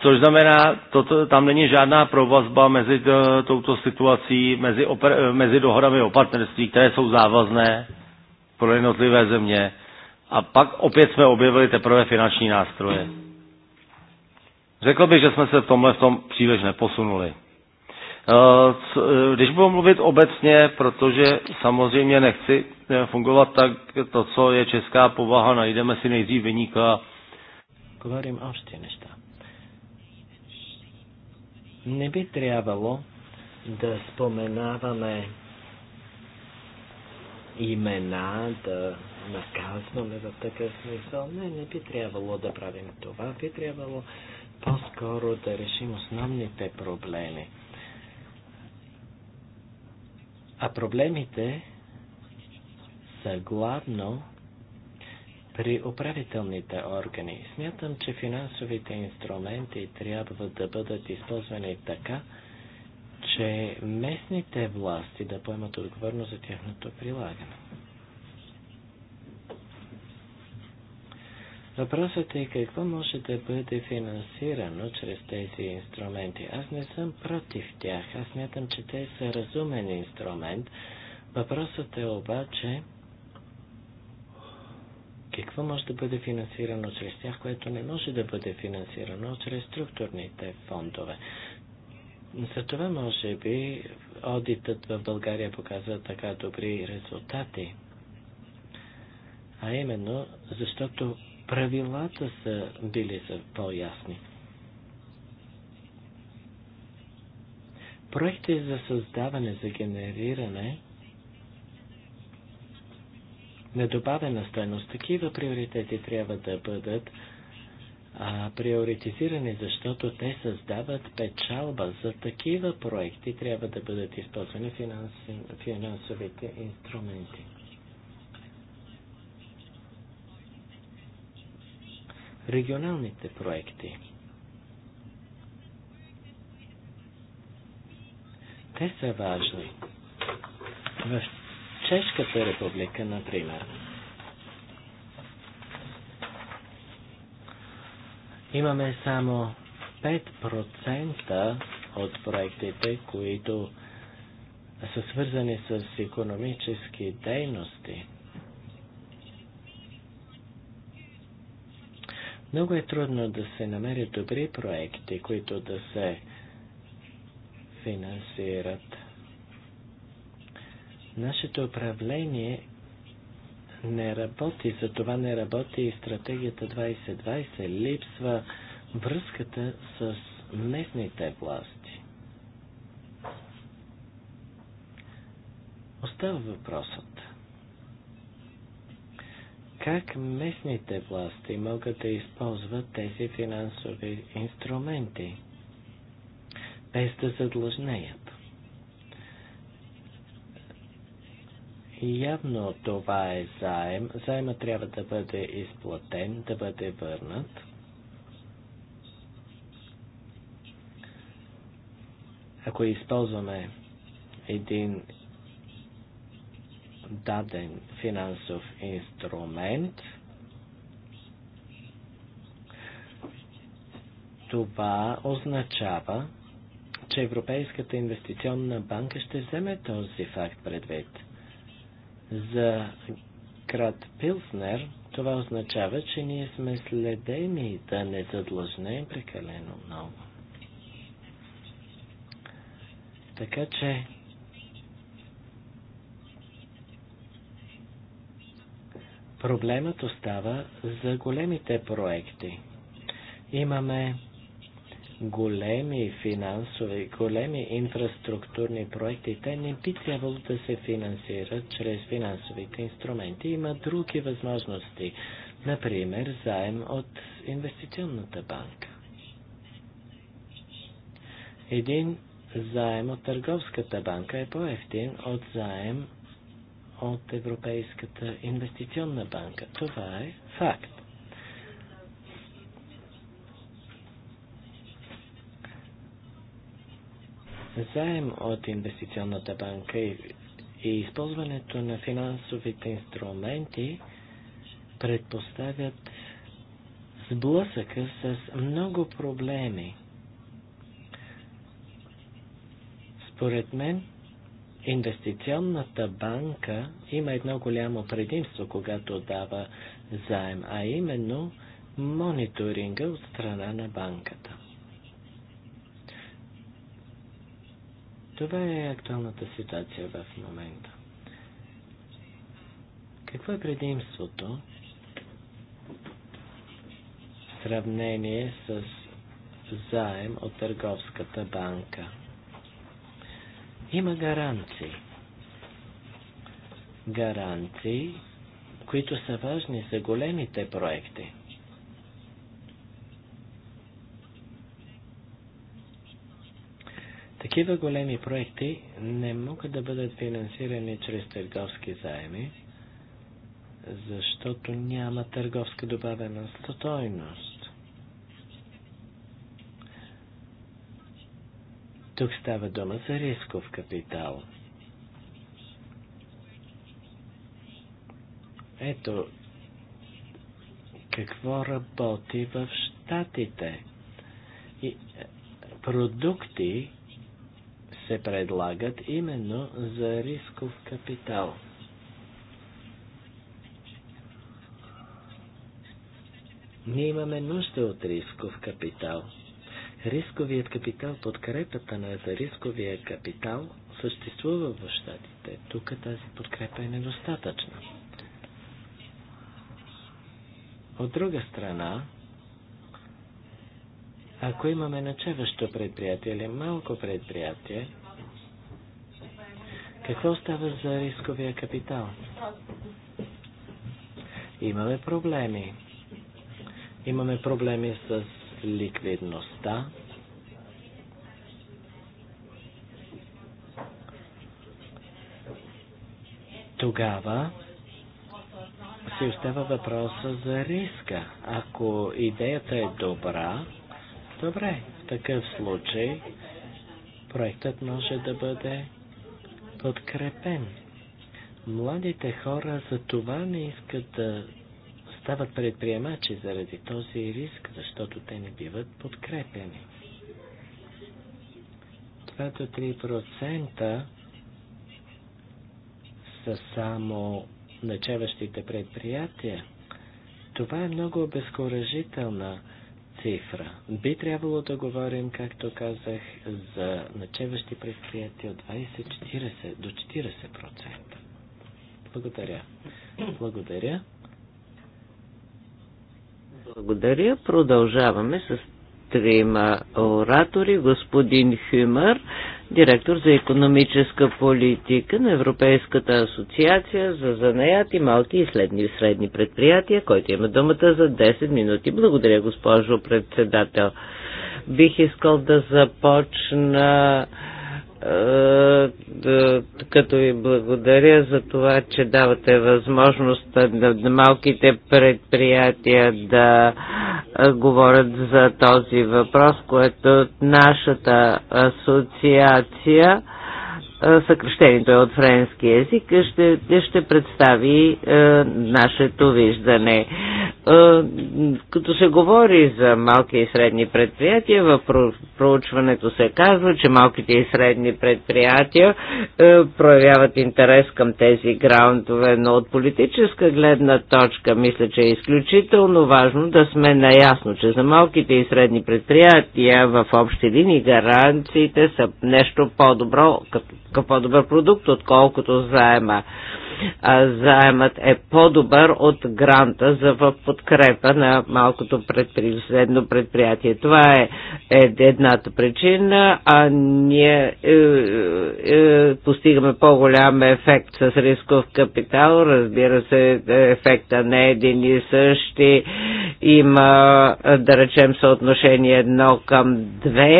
Což znamená, to, tam není žádná provazba mezi to, touto situací, mezi, oper, mezi dohodami o partnerství, které jsou závazné pro jednotlivé země, a pak opět jsme objevili teprve finanční nástroje. Řekl bych, že jsme se v tomhle v tom příliš neposunuli. Když budu mluvit obecně, protože samozřejmě nechci fungovat tak, to, co je česká povaha, najdeme si nejdřív vyníka. Говорим още неща. Не би трябвало да споменаваме имена, да наказваме в такъв смисъл. Не, не би трябвало да правим това. Би трябвало по-скоро да решим основните проблеми. А проблемите са главно при управителните органи. Смятам, че финансовите инструменти трябва да бъдат използвани така, че местните власти да поемат отговорност за тяхното прилагане. Въпросът е какво може да бъде финансирано чрез тези инструменти. Аз не съм против тях. Аз смятам, че те са разумен инструмент. Въпросът е обаче какво може да бъде финансирано чрез тях, което не може да бъде финансирано чрез структурните фондове. За това може би одитът в България показва така добри резултати. А именно, защото правилата са били са по-ясни. Проекти за създаване, за генериране на добавена стойност, такива приоритети трябва да бъдат а, приоритизирани, защото те създават печалба. За такива проекти трябва да бъдат използвани финанси, финансовите инструменти. регионалните проекти. Те са важни. В Чешката република, например, имаме само 5% от проектите, които са свързани с економически дейности. Много е трудно да се намерят добри проекти, които да се финансират. Нашето управление не работи, за това не работи и стратегията 2020. Липсва връзката с местните власти. Остава въпросът как местните власти могат да използват тези финансови инструменти, без да задлъжнеят. Явно това е заем. Заема трябва да бъде изплатен, да бъде върнат. Ако използваме един даден финансов инструмент, това означава, че Европейската инвестиционна банка ще вземе този факт предвид. За Крат Пилснер това означава, че ние сме следени да не задлъжнем прекалено много. Така че Проблемът остава за големите проекти. Имаме големи финансови, големи инфраструктурни проекти, те не би трябвало да се финансират чрез финансовите инструменти. Има други възможности, например заем от инвестиционната банка. Един заем от търговската банка е по-ефтин от заем от Европейската инвестиционна банка. Това е факт. Заем от инвестиционната банка и, и използването на финансовите инструменти предпоставят сблъсъка с много проблеми. Според мен, Инвестиционната банка има едно голямо предимство, когато дава заем, а именно мониторинга от страна на банката. Това е актуалната ситуация в момента. Какво е предимството в сравнение с заем от Търговската банка? Има гаранции. Гаранции, които са важни за големите проекти. Такива големи проекти не могат да бъдат финансирани чрез търговски заеми, защото няма търговска добавена стойност. Тук става дума за рисков капитал. Ето какво работи в Штатите. И е, продукти се предлагат именно за рисков капитал. Ние имаме нужда от рисков капитал. Рисковият капитал, подкрепата на за рисковия капитал съществува в щатите. Тук тази подкрепа е недостатъчна. От друга страна, ако имаме начеващо предприятие или малко предприятие, какво става за рисковия капитал? Имаме проблеми. Имаме проблеми с ликвидността. Тогава се остава въпроса за риска. Ако идеята е добра, добре, в такъв случай проектът може да бъде подкрепен. Младите хора за това не искат да стават предприемачи заради този риск, защото те не биват подкрепени. 2 до 3% са само начеващите предприятия. Това е много обезкуражителна цифра. Би трябвало да говорим, както казах, за начеващи предприятия от 20-40 до 40%. Благодаря. Благодаря. Благодаря. Продължаваме с трима оратори. Господин Хюмър, директор за економическа политика на Европейската асоциация за занаят и малки и следни, средни предприятия, който има думата за 10 минути. Благодаря, госпожо председател. Бих искал да започна е, е, като ви благодаря за това, че давате възможност на малките предприятия да е, говорят за този въпрос, което нашата асоциация съкрещението е от френски език, ще, ще представи е, нашето виждане. Е, като се говори за малки и средни предприятия, в проучването се казва, че малките и средни предприятия е, проявяват интерес към тези граундове, но от политическа гледна точка мисля, че е изключително важно да сме наясно, че за малките и средни предприятия в общи линии гаранциите са нещо по-добро като по-добър продукт, отколкото заема а заемът е по-добър от гранта за в подкрепа на малкото предпри... предприятие. Това е, е едната причина, а ние е, е, постигаме по-голям ефект с рисков капитал. Разбира се, ефекта не е един и същи. Има, да речем, съотношение едно към две.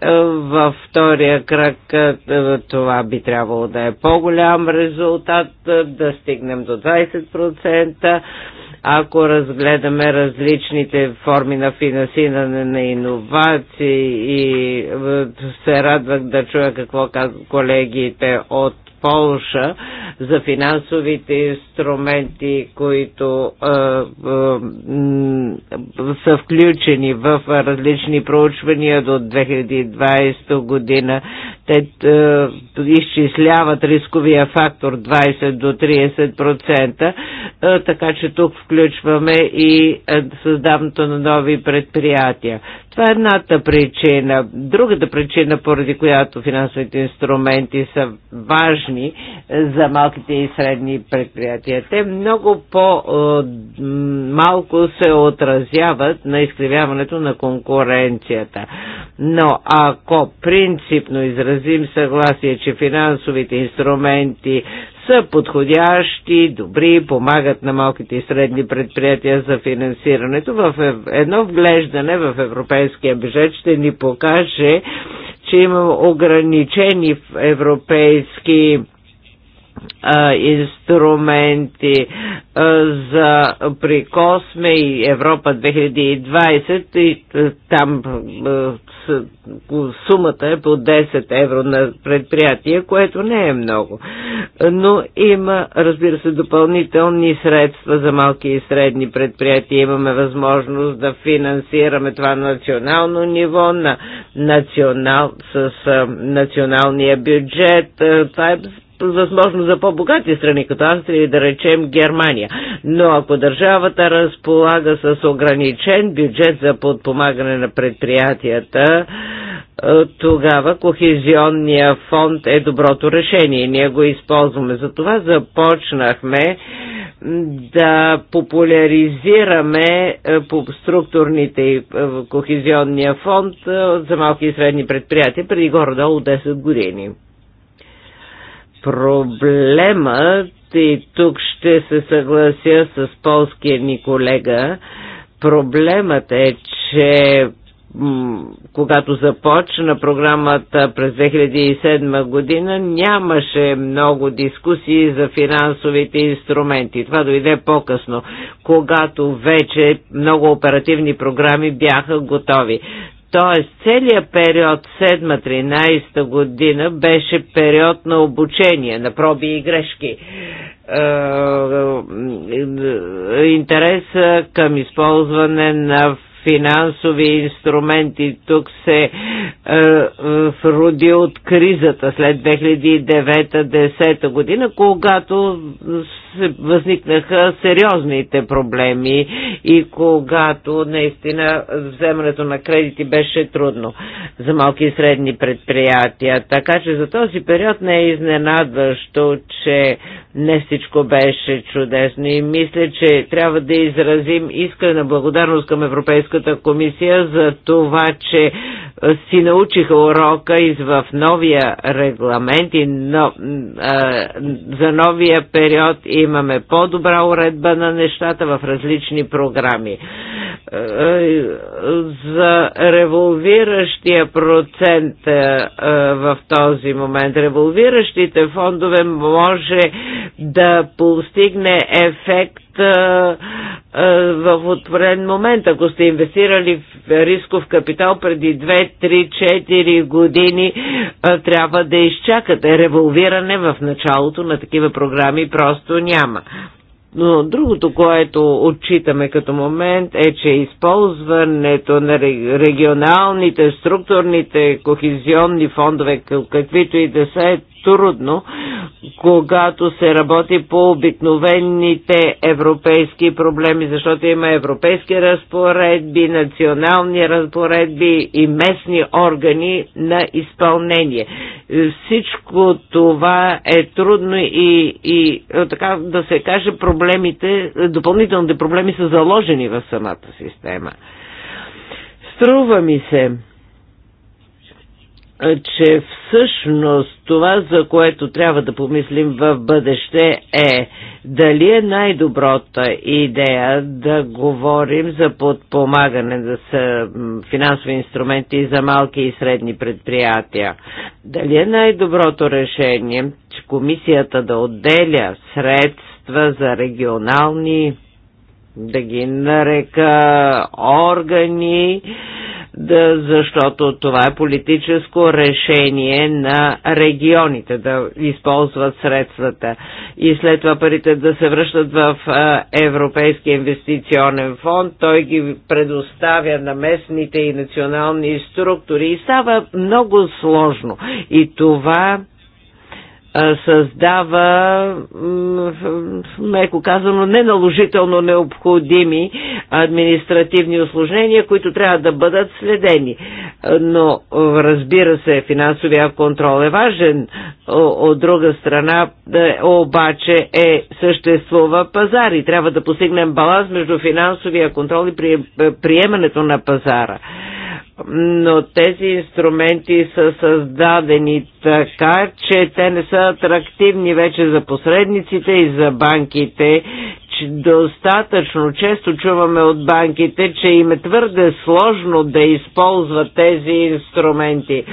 Е, във втория кръг е, това би трябвало да е по-голям резултат е, да стигнем до 20%, ако разгледаме различните форми на финансиране на иновации и е, се радвах да чуя какво казват колегите от Полша за финансовите инструменти, които е, е, са включени в различни проучвания до 2020 година те е, изчисляват рисковия фактор 20 до 30%, е, така че тук включваме и е, създаването на нови предприятия. Това е едната причина. Другата причина, поради която финансовите инструменти са важни е, за малките и средни предприятия, те много по-малко е, се отразяват на изкривяването на конкуренцията. Но ако принципно изразяваме изразим съгласие, че финансовите инструменти са подходящи, добри, помагат на малките и средни предприятия за финансирането. В едно вглеждане в европейския бюджет ще ни покаже, че има ограничени европейски инструменти за прикосме и Европа 2020 и там сумата е по 10 евро на предприятие, което не е много. Но има, разбира се, допълнителни средства за малки и средни предприятия. Имаме възможност да финансираме това на национално ниво, на национал, с националния бюджет. Това е възможно за по-богати страни, като Австрия и да речем Германия. Но ако държавата разполага с ограничен бюджет за подпомагане на предприятията, е, тогава Кохезионния фонд е доброто решение. Ние го използваме. Затова започнахме да популяризираме е, по структурните и е, Кохезионния фонд за малки и средни предприятия преди горе-долу 10 години. Проблемът, и тук ще се съглася с полския ни колега, проблемът е, че когато започна програмата през 2007 година, нямаше много дискусии за финансовите инструменти. Това дойде по-късно, когато вече много оперативни програми бяха готови. Т.е. целият период 7-13 година беше период на обучение, на проби и грешки. Е, е, интереса към използване на финансови инструменти. Тук се е, роди от кризата след 2009 2010 година, когато възникнаха сериозните проблеми и когато наистина вземането на кредити беше трудно за малки и средни предприятия. Така че за този период не е изненадващо, че не всичко беше чудесно и мисля, че трябва да изразим искрена благодарност към Европейската комисия за това, че си научиха урока и в новия регламент и но, а, за новия период и имаме по-добра уредба на нещата в различни програми. Е, за револвиращия процент е, е, в този момент, револвиращите фондове може да постигне ефект в отворен момент. Ако сте инвестирали в рисков капитал преди 2, 3, 4 години, трябва да изчакате. Револвиране в началото на такива програми просто няма. Но другото, което отчитаме като момент е, че използването на регионалните, структурните, кохезионни фондове, каквито и да са, е трудно, когато се работи по обикновените европейски проблеми, защото има европейски разпоредби, национални разпоредби и местни органи на изпълнение. Всичко това е трудно и, и е, така да се каже, проблемите, допълнителните проблеми са заложени в самата система. Струва ми се, че всъщност това, за което трябва да помислим в бъдеще е дали е най-добрата идея да говорим за подпомагане да са финансови инструменти за малки и средни предприятия. Дали е най-доброто решение, че комисията да отделя средства за регионални да ги нарека органи, да, защото това е политическо решение на регионите да използват средствата и след това парите да се връщат в Европейския инвестиционен фонд. Той ги предоставя на местните и национални структури и става много сложно. И това създава, меко казано, неналожително необходими административни осложнения, които трябва да бъдат следени. Но, разбира се, финансовия контрол е важен. От друга страна, е, обаче е съществува пазар и трябва да постигнем баланс между финансовия контрол и е, приемането на пазара но тези инструменти са създадени така, че те не са атрактивни вече за посредниците и за банките, достатъчно често чуваме от банките, че им е твърде сложно да използват тези инструменти.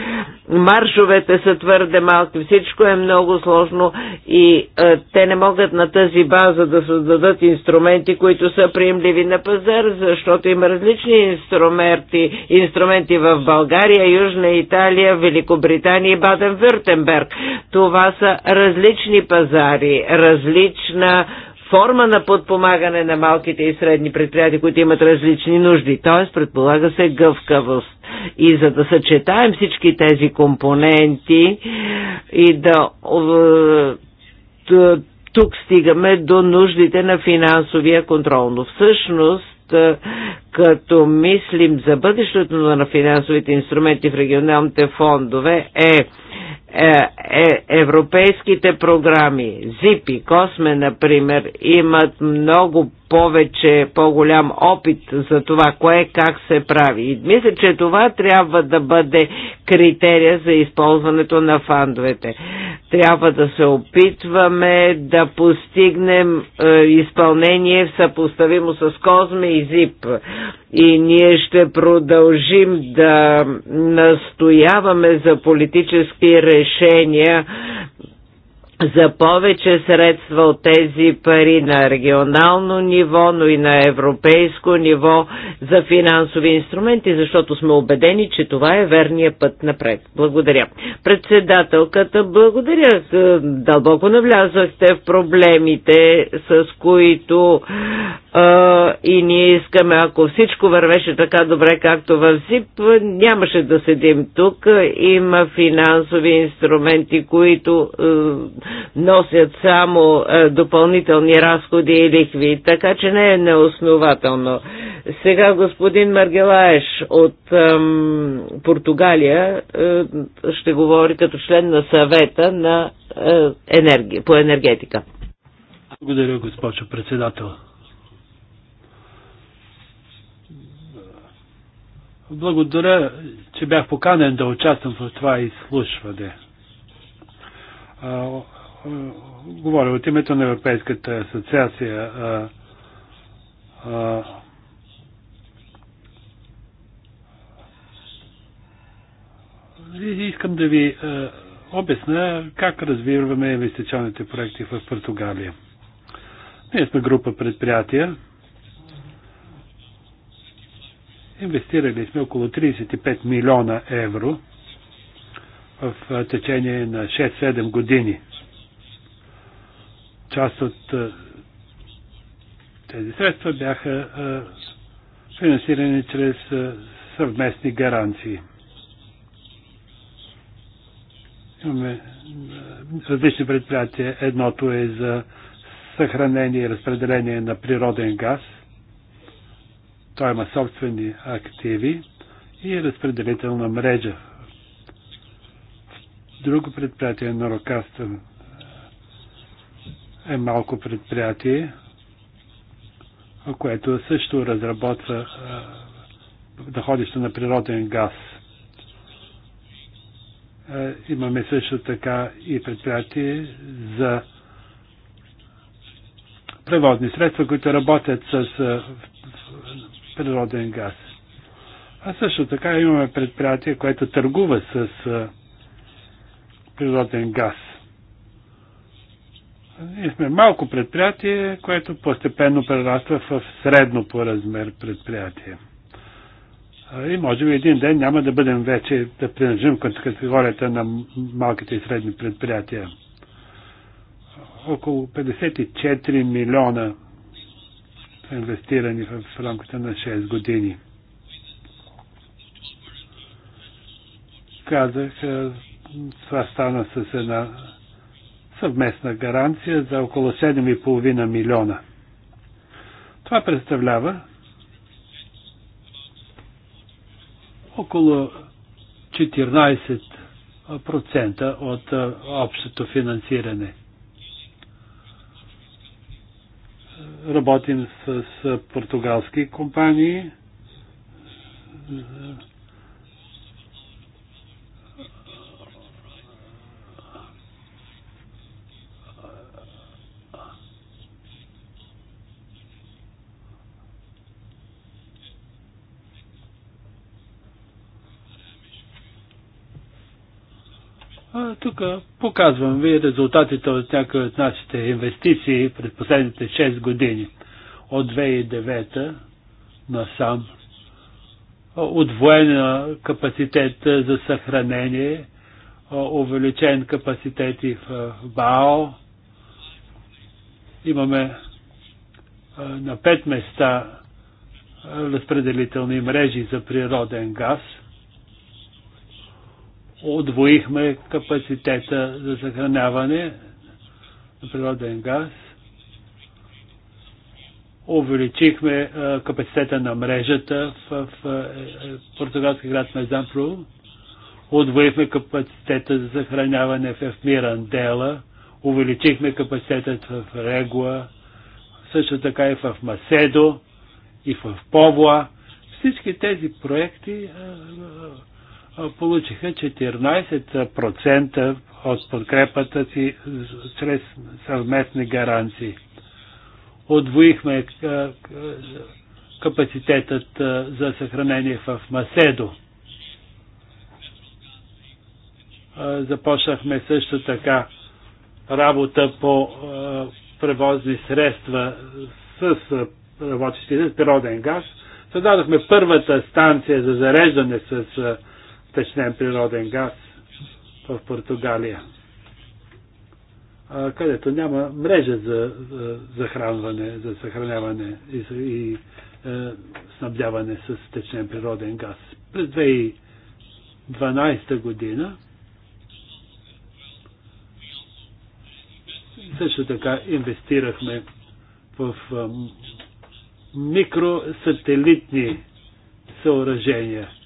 Маршовете са твърде малки, всичко е много сложно и е, те не могат на тази база да създадат инструменти, които са приемливи на пазар, защото има различни инструменти, инструменти в България, Южна Италия, Великобритания и Баден-Вюртенберг. Това са различни пазари, различна форма на подпомагане на малките и средни предприятия, които имат различни нужди. Т.е. предполага се гъвкавост. И за да съчетаем всички тези компоненти и да тук стигаме до нуждите на финансовия контрол. Но всъщност като мислим за бъдещето на финансовите инструменти в регионалните фондове е е, е европейските програми, ЗИПИ, Косме, например, имат много повече, по-голям опит за това, кое как се прави. И мисля, че това трябва да бъде критерия за използването на фандовете. Трябва да се опитваме да постигнем е, изпълнение в съпоставимо с Козме и ЗИП. И ние ще продължим да настояваме за политически решения за повече средства от тези пари на регионално ниво, но и на европейско ниво за финансови инструменти, защото сме убедени, че това е верния път напред. Благодаря. Председателката, благодаря. Е, дълбоко навлязахте в проблемите, с които а, е, и ние искаме, ако всичко вървеше така добре, както в ЗИП, нямаше да седим тук. Има финансови инструменти, които е, носят само е, допълнителни разходи и лихви, така че не е неоснователно. Сега господин Маргелаеш от ем, Португалия е, ще говори като член на съвета на, е, енерги, по енергетика. Благодаря, госпожо председател. Благодаря, че бях поканен да участвам в това изслушване говоря от името на Европейската асоциация. А, а, искам да ви а, обясна как развиваме инвестиционните проекти в Португалия. Ние сме група предприятия. Инвестирали сме около 35 милиона евро в течение на 6-7 години – част от е, тези средства бяха е, финансирани чрез е, съвместни гаранции. Имаме различни предприятия. Едното е за съхранение и разпределение на природен газ. Той има собствени активи и разпределителна мрежа. Друго предприятие на Рокастън е малко предприятие, което също разработва находище на природен газ. Имаме също така и предприятие за преводни средства, които работят с природен газ. А също така имаме предприятие, което търгува с природен газ – ние сме малко предприятие, което постепенно прераства в средно по размер предприятие. И може би един ден няма да бъдем вече да принадлежим към категорията на малките и средни предприятия. Около 54 милиона са инвестирани в рамките на 6 години. Казах, това стана с една съвместна гаранция за около 7,5 милиона. Това представлява около 14% от общото финансиране. Работим с португалски компании Тук показвам ви резултатите от някои от нашите инвестиции през последните 6 години. От 2009 насам отвоен капацитет за съхранение, увеличен капацитет и в БАО. Имаме на 5 места разпределителни мрежи за природен газ – Отвоихме капацитета за съхраняване на природен газ. Увеличихме капацитета на мрежата в португалски град Мезампру. Отвоихме капацитета за съхраняване в Мирандела. Увеличихме капацитета в Регуа. Също така и в Маседо и в Повла. Всички тези проекти а, получиха 14% от подкрепата си чрез съвместни гаранции. Отвоихме капацитетът за съхранение в Маседо. Започнахме също така работа по превозни средства с работещите с природен газ. Създадохме първата станция за зареждане с втечнен природен газ в Португалия, където няма мрежа за захранване, за съхраняване и, и е, снабдяване с втечнен природен газ. През 2012 година също така инвестирахме в е, микросателитни съоръжения –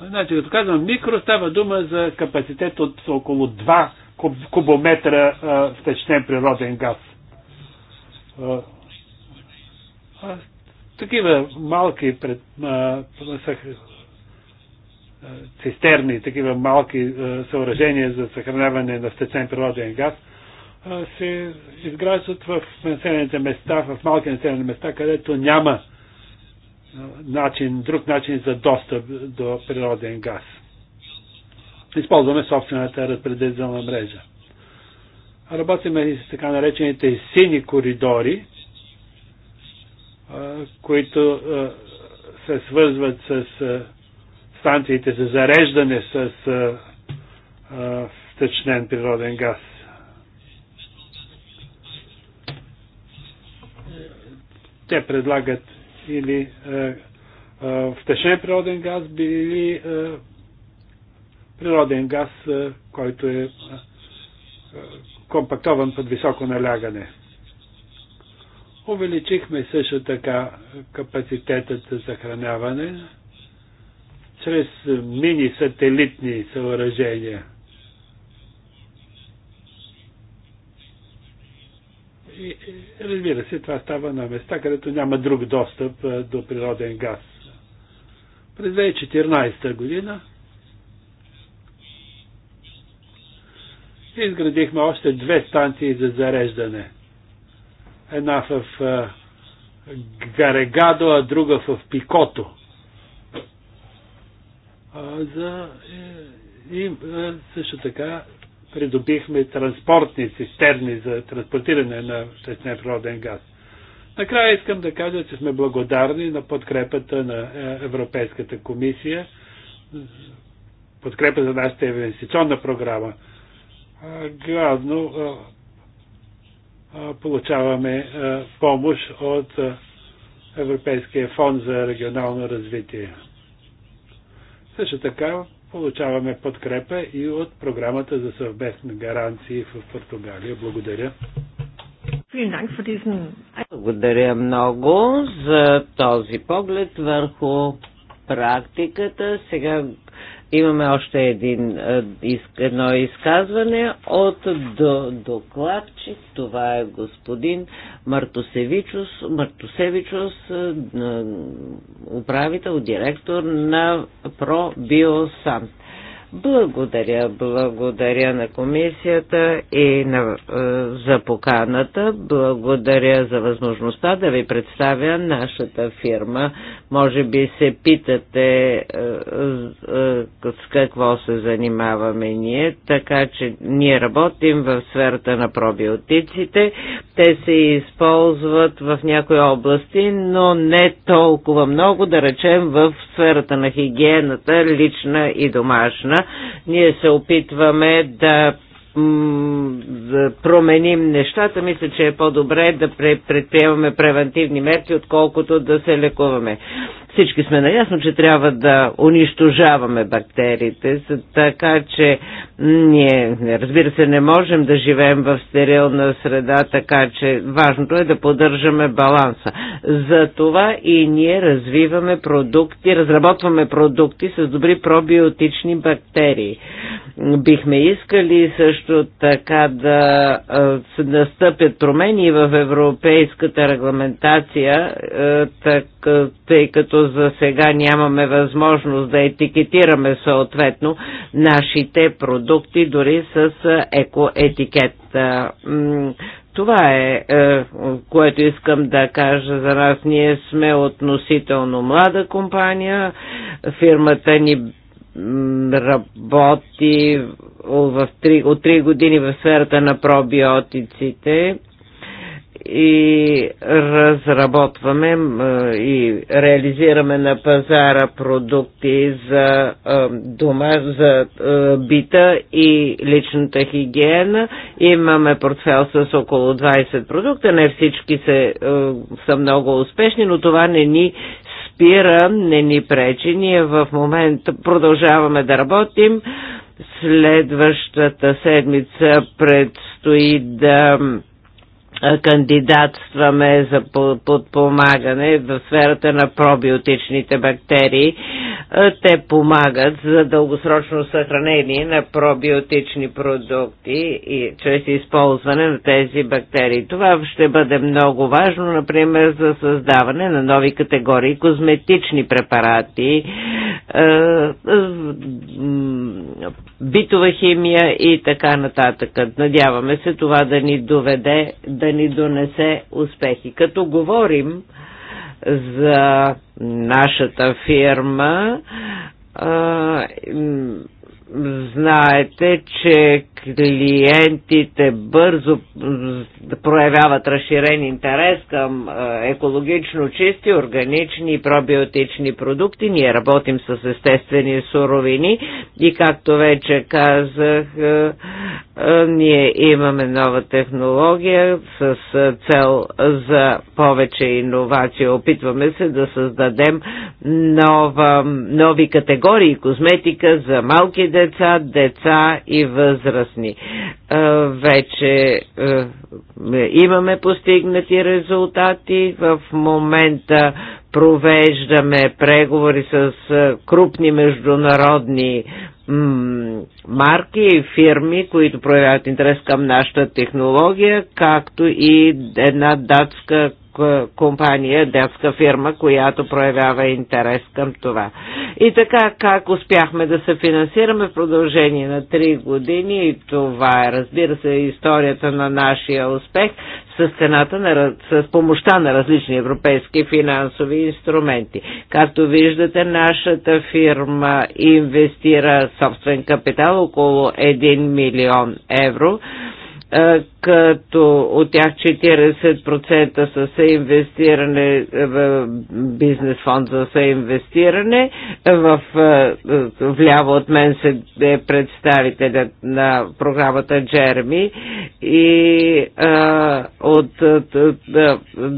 Значи, като казвам микро, става дума за капацитет от около 2 кубометра втечнен природен газ. А, а, такива малки пред, а, съх, цистерни, такива малки а, съоръжения за съхраняване на втечнен природен газ а, се изграждат в населените места, в малки населени места, където няма начин, друг начин за достъп до природен газ. Използваме собствената разпределителна мрежа. Работиме и с така наречените сини коридори, които се свързват с станциите за зареждане с втечнен природен газ. Те предлагат или е, е, втечнен природен газ, или е, природен газ, който е компактован под високо налягане. Увеличихме също така капацитетът за захраняване чрез мини-сателитни съоръжения – и, разбира се, това става на места, където няма друг достъп а, до природен газ. През 2014 година изградихме още две станции за зареждане. Една в а, Гарегадо, а друга в Пикото. А, за, е, и, също така придобихме транспортни цистерни за транспортиране на втечнен природен газ. Накрая искам да кажа, че сме благодарни на подкрепата на е, Европейската комисия, подкрепа за нашата инвестиционна програма. Главно получаваме е, помощ от е, Европейския фонд за регионално развитие. Също така получаваме подкрепа и от програмата за съвместни гаранции в Португалия. Благодаря. Благодаря много за този поглед върху практиката. Сега Имаме още един, е, едно изказване от до, докладчик. Това е господин Мартосевичус, Мартосевичус е, е, управител, директор на ProBioSan. Благодаря, благодаря на комисията и на, е, за поканата. Благодаря за възможността да ви представя нашата фирма. Може би се питате е, е, с какво се занимаваме ние, така че ние работим в сферата на пробиотиците. Те се използват в някои области, но не толкова много, да речем в сферата на хигиената, лична и домашна ние се опитваме да да променим нещата, мисля, че е по-добре да предприемаме превентивни мерки, отколкото да се лекуваме. Всички сме наясно, че трябва да унищожаваме бактериите, така че ние, разбира се, не можем да живеем в стерилна среда, така че важното е да поддържаме баланса. За това и ние развиваме продукти, разработваме продукти с добри пробиотични бактерии Бихме искали също така да се настъпят промени в европейската регламентация, так, тъй като за сега нямаме възможност да етикетираме съответно нашите продукти дори с екоетикет. Това е, което искам да кажа за нас. Ние сме относително млада компания. Фирмата ни работи в 3, от 3 години в сферата на пробиотиците и разработваме и реализираме на пазара продукти за дома, за бита и личната хигиена. Имаме портфел с около 20 продукта. Не всички се, са много успешни, но това не ни спира, не ни пречи. Ние в момента продължаваме да работим. Следващата седмица предстои да кандидатстваме за подпомагане в сферата на пробиотичните бактерии. Те помагат за дългосрочно съхранение на пробиотични продукти и чрез използване на тези бактерии. Това ще бъде много важно, например, за създаване на нови категории козметични препарати, битова химия и така нататък. Надяваме се това да ни доведе, да ни донесе успехи. Като говорим за нашата фирма, а, знаете, че клиентите бързо проявяват разширен интерес към е, екологично чисти, органични и пробиотични продукти. Ние работим с естествени суровини и както вече казах, е, е, ние имаме нова технология с цел за повече иновация. Опитваме се да създадем нова, нови категории козметика за малки деца, деца и възраст съгласни. Вече имаме постигнати резултати. В момента провеждаме преговори с крупни международни марки и фирми, които проявяват интерес към нашата технология, както и една датска е, компания, детска фирма, която проявява интерес към това. И така, как успяхме да се финансираме в продължение на 3 години, и това е, разбира се, историята на нашия успех с, цената на, с помощта на различни европейски финансови инструменти. Както виждате, нашата фирма инвестира собствен капитал около 1 милион евро е, като от тях 40% са съинвестиране в бизнес фонд за съинвестиране. В, е, вляво от мен се е представителят на програмата Джерми и е, от, от, от,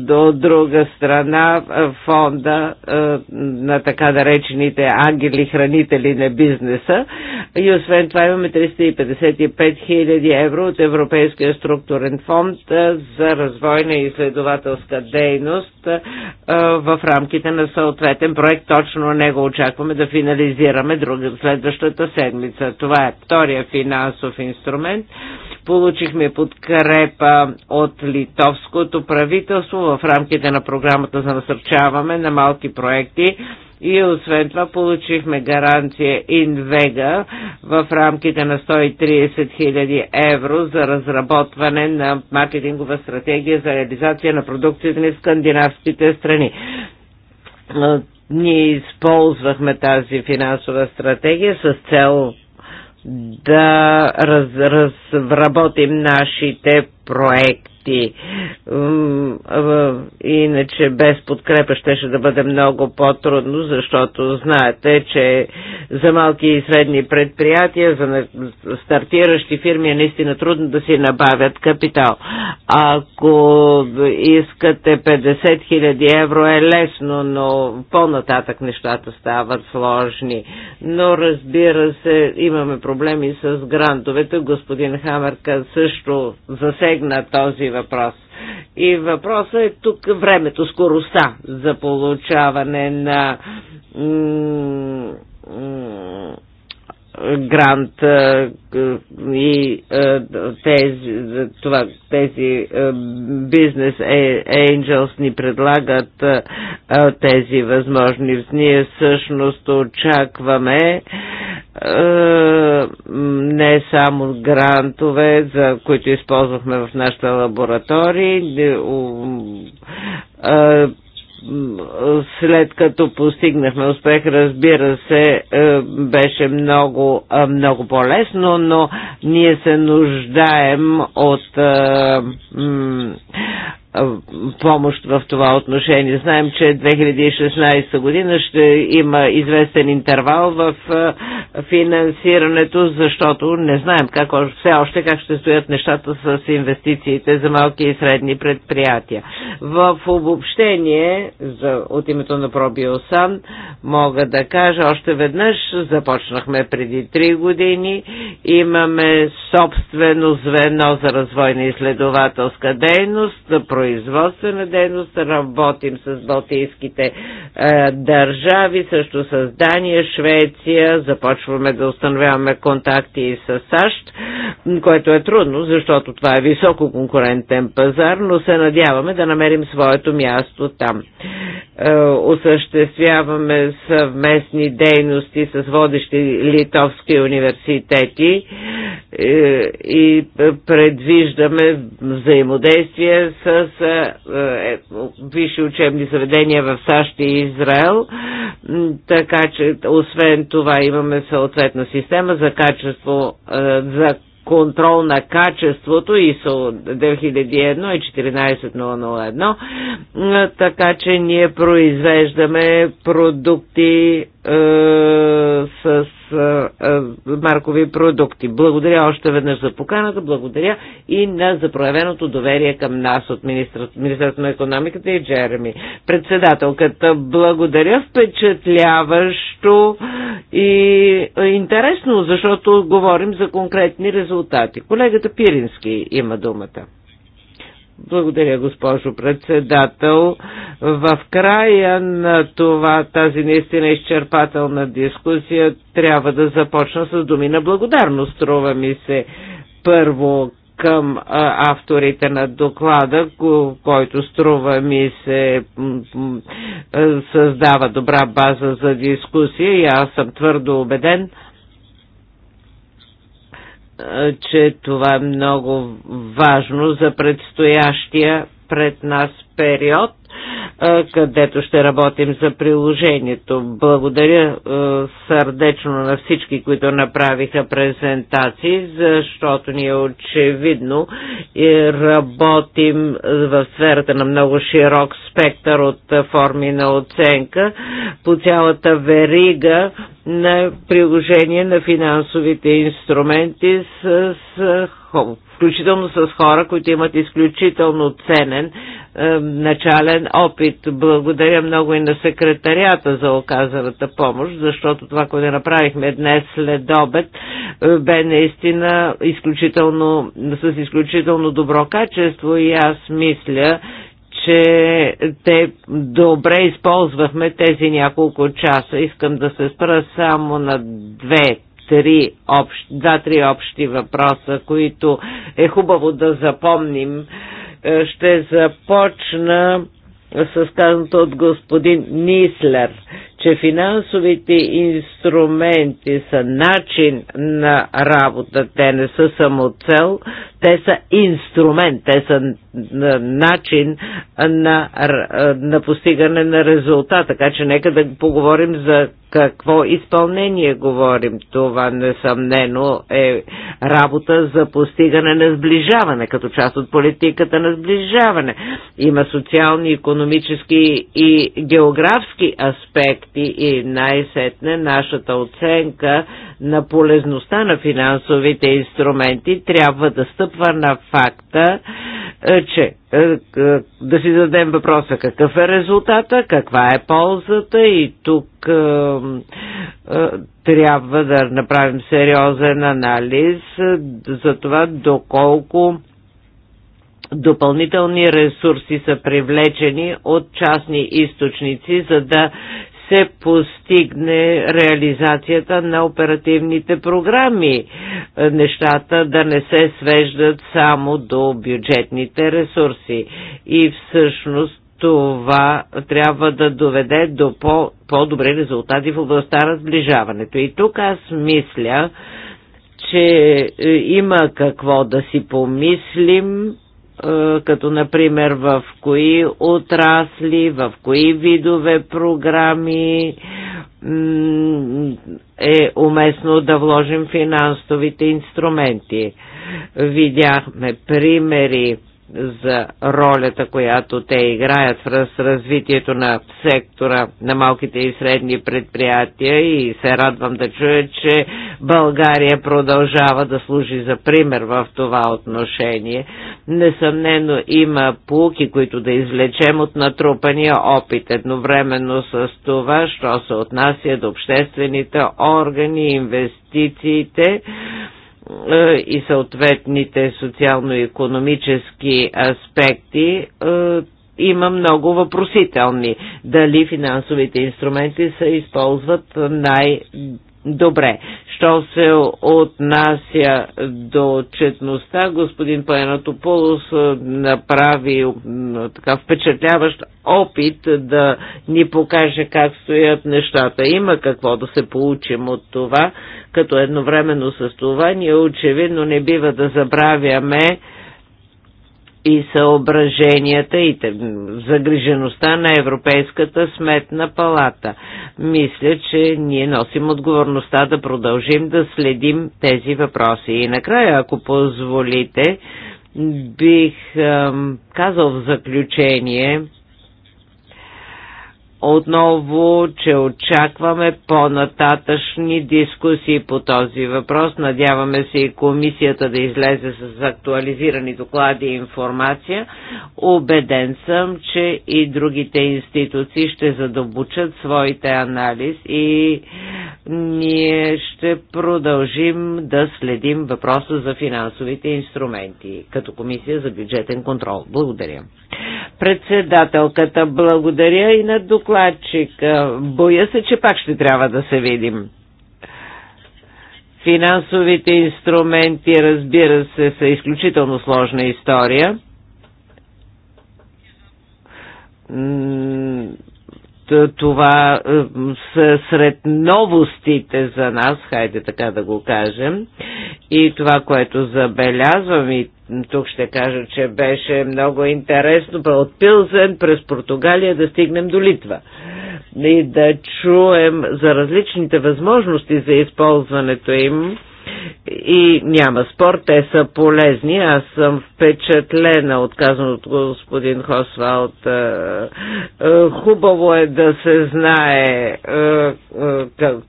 до друга страна фонда на така наречените ангели хранители на бизнеса и освен това имаме 355 000 евро от Европейския Европейския структурен фонд за развойна и изследователска дейност в рамките на съответен проект. Точно него очакваме да финализираме друга, следващата седмица. Това е втория финансов инструмент. Получихме подкрепа от литовското правителство в рамките на програмата за насърчаване на малки проекти и освен това получихме гаранция Инвега в рамките на 130 000 евро за разработване на маркетингова стратегия за реализация на продукцията ни в скандинавските страни ние използвахме тази финансова стратегия с цел да разработим нашите проекти ти. Иначе без подкрепа щеше да бъде много по-трудно, защото знаете, че за малки и средни предприятия, за стартиращи фирми е наистина трудно да си набавят капитал. Ако искате 50 000 евро е лесно, но по-нататък нещата стават сложни. Но разбира се, имаме проблеми с грантовете. Господин Хамърка също засегна този въпрос въпрос. И въпросът е тук времето, скоростта за получаване на грант и тези, това, тези бизнес е, angels ни предлагат тези възможности. Ние всъщност очакваме не само грантове, за които използвахме в нашата лаборатория, след като постигнахме успех, разбира се, е, беше много, много по-лесно, но ние се нуждаем от помощ в това отношение. Знаем, че 2016 година ще има известен интервал в финансирането, защото не знаем как, все още как ще стоят нещата с инвестициите за малки и средни предприятия. В обобщение за, от името на Пробиосан мога да кажа още веднъж, започнахме преди 3 години, имаме собствено звено за развойна изследователска дейност, производствена дейност, работим с балтийските е, държави, също с Дания, Швеция, започваме да установяваме контакти и с САЩ, което е трудно, защото това е високо конкурентен пазар, но се надяваме да намерим своето място там. Е, осъществяваме съвместни дейности с водещи литовски университети е, и предвиждаме взаимодействие с са е, е, висши учебни заведения в САЩ и Израел. Така че, освен това, имаме съответна система за качество, е, за контрол на качеството ISO 2001 и 14001, така че ние произвеждаме продукти е, с е, е, маркови продукти. Благодаря още веднъж за поканата, благодаря и на за проявеното доверие към нас от Министерството на економиката и Джереми. Председателката, благодаря впечатляващо и интересно, защото говорим за конкретни резултати. Колегата Пирински има думата. Благодаря, госпожо председател. В края на това, тази наистина изчерпателна дискусия, трябва да започна с думи на благодарност, струва ми се. Първо, към а, авторите на доклада, който струва ми се създава добра база за дискусия и аз съм твърдо убеден, че това е много важно за предстоящия пред нас период където ще работим за приложението. Благодаря сърдечно на всички, които направиха презентации, защото ние очевидно е, работим в сферата на много широк спектър от форми на оценка по цялата верига на приложение на финансовите инструменти с, с включително с хора, които имат изключително ценен е, начален опит. Благодаря много и на секретарията за оказаната помощ, защото това, което направихме днес след обед, е, бе наистина изключително, с изключително добро качество и аз мисля, че те добре използвахме тези няколко часа. Искам да се спра само на две три общ, два-три общи въпроса, които е хубаво да запомним. Е, ще започна с казаното от господин Нислер, че финансовите инструменти са начин на работа, те не са само цел, те са инструмент, те са начин на, на постигане на резултат. Така че нека да поговорим за какво изпълнение говорим. Това несъмнено е работа за постигане на сближаване, като част от политиката на сближаване. Има социални, економически и географски аспекти и най-сетне нашата оценка на полезността на финансовите инструменти трябва да стъпва на факта, е, че е, е, да си зададем въпроса какъв е резултата, каква е ползата и тук трябва да направим сериозен анализ за това доколко допълнителни ресурси са привлечени от частни източници, за да се постигне реализацията на оперативните програми. Е, нещата да не се свеждат само до бюджетните ресурси. И всъщност това трябва да доведе до по- по-добри резултати в областта на сближаването. И тук аз мисля, че е, има какво да си помислим е, като например в кои отрасли, в кои видове програми е уместно да вложим финансовите инструменти. Видяхме примери за ролята, която те играят в развитието на сектора на малките и средни предприятия и се радвам да чуя, че България продължава да служи за пример в това отношение. Несъмнено има пулки, които да извлечем от натрупания опит. Едновременно с това, що се отнася до обществените органи, инвестициите, е, и съответните социално-економически аспекти, е, има много въпросителни. Дали финансовите инструменти се използват най- Добре, Що се отнася до четността, господин Паенатополос е, направи така впечатляващ опит да ни покаже как стоят нещата. Има какво да се получим от това, като едновременно с това ние очевидно не бива да забравяме и съображенията и загрижеността на Европейската сметна палата. Мисля, че ние носим отговорността да продължим да следим тези въпроси. И накрая, ако позволите, бих ам, казал в заключение, отново, че очакваме по-нататъчни дискусии по този въпрос. Надяваме се и комисията да излезе с актуализирани доклади и информация. Обеден съм, че и другите институции ще задобучат своите анализ и ние ще продължим да следим въпроса за финансовите инструменти като комисия за бюджетен контрол. Благодаря. Председателката, благодаря и на докладчика. Боя се, че пак ще трябва да се видим. Финансовите инструменти, разбира се, са изключително сложна история е, това е, са сред новостите за нас, хайде така да го кажем. И това, което забелязвам и тук ще кажа, че беше много интересно от Пилзен през Португалия да стигнем до Литва и да чуем за различните възможности за използването им и няма спор, те са полезни. Аз съм впечатлена от казаното господин Хосвалд. Е, е, хубаво е да се знае, е,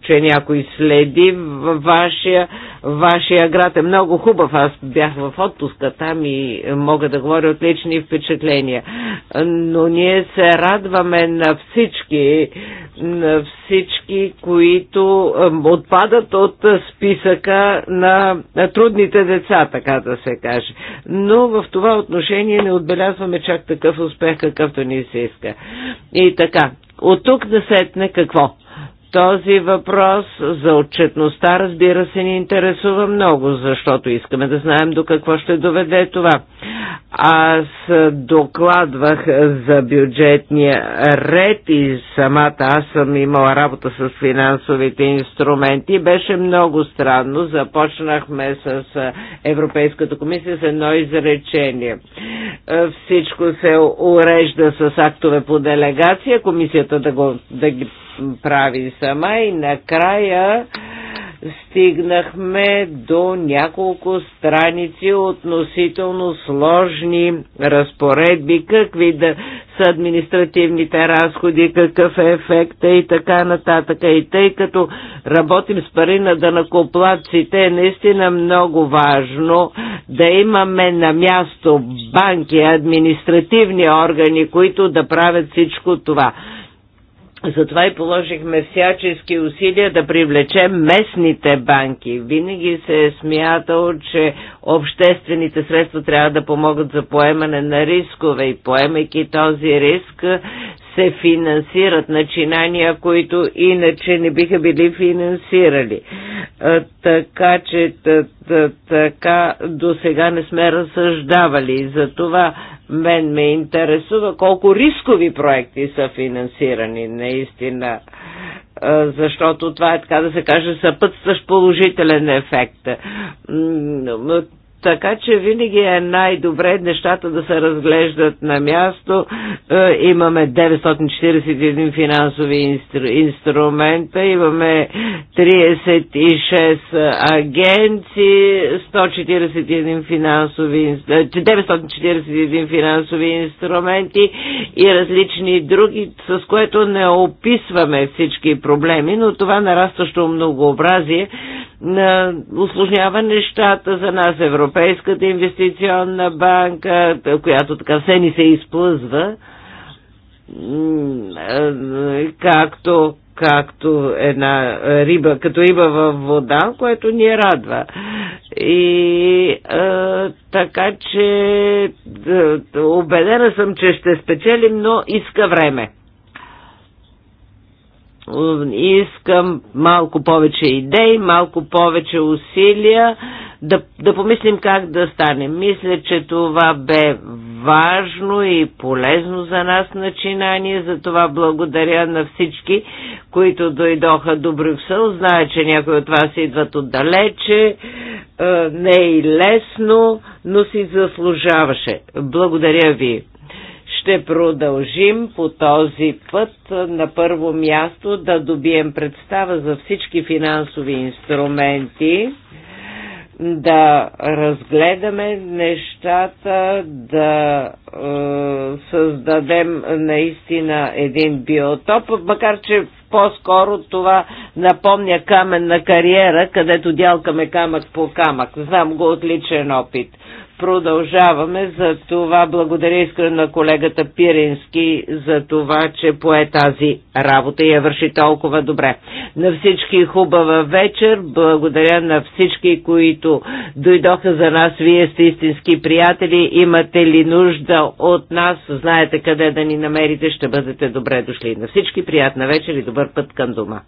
че някой следи вашия, вашия град. Е много хубав. Аз бях в отпуска там и мога да говоря от лични впечатления. Но ние се радваме на всички, на всички, които отпадат от списъка на, трудните деца, така да се каже. Но в това отношение не отбелязваме чак такъв успех, какъвто ни се иска. И така, от тук насетне какво? Този въпрос за отчетността, разбира се, ни интересува много, защото искаме да знаем до какво ще доведе това. Аз докладвах за бюджетния ред и самата аз съм имала работа с финансовите инструменти. Беше много странно. Започнахме с Европейската комисия с едно изречение. Всичко се урежда с актове по делегация. Комисията да, го, да ги прави сама и накрая стигнахме до няколко страници относително сложни разпоредби, какви да са административните разходи, какъв е ефекта и така нататък. И тъй като работим с пари на дънакоплаците, е наистина много важно да имаме на място банки, административни органи, които да правят всичко това. Затова и положихме всячески усилия да привлечем местните банки. Винаги се е смятал, че обществените средства трябва да помогат за поемане на рискове и поемайки този риск се финансират начинания, които иначе не биха били финансирали. Така че така до сега не сме разсъждавали. За това мен ме интересува колко рискови проекти са финансирани наистина защото това е така да се каже съпътстващ положителен ефект. Така че винаги е най-добре нещата да се разглеждат на място. Е, имаме 941 финансови инстру, инструмента, имаме 36 агенции, 141 финансови, 941 е, финансови инструменти и различни други, с което не описваме всички проблеми, но това нарастващо многообразие е, усложнява нещата за нас, европейски. Европейската инвестиционна банка, която така все ни се изплъзва, е, както както една риба, като риба във вода, което ни е радва. И а, е, така че е, убедена съм, че ще спечелим, но иска време искам малко повече идеи, малко повече усилия, да, да помислим как да стане. Мисля, че това бе важно и полезно за нас начинание, за това благодаря на всички, които дойдоха до Брюксел. Зная, че някои от вас идват отдалече, е, не е и лесно, но си заслужаваше. Благодаря ви. Ще продължим по този път на първо място да добием представа за всички финансови инструменти, да разгледаме нещата, да е, създадем наистина един биотоп, макар че по-скоро това напомня каменна кариера, където дялкаме камък по камък. Знам го от личен опит продължаваме. За това благодаря искрено на колегата Пирински за това, че пое тази работа и я върши толкова добре. На всички хубава вечер. Благодаря на всички, които дойдоха за нас. Вие сте истински приятели. Имате ли нужда от нас? Знаете къде да ни намерите. Ще бъдете добре дошли. На всички приятна вечер и добър път към дома.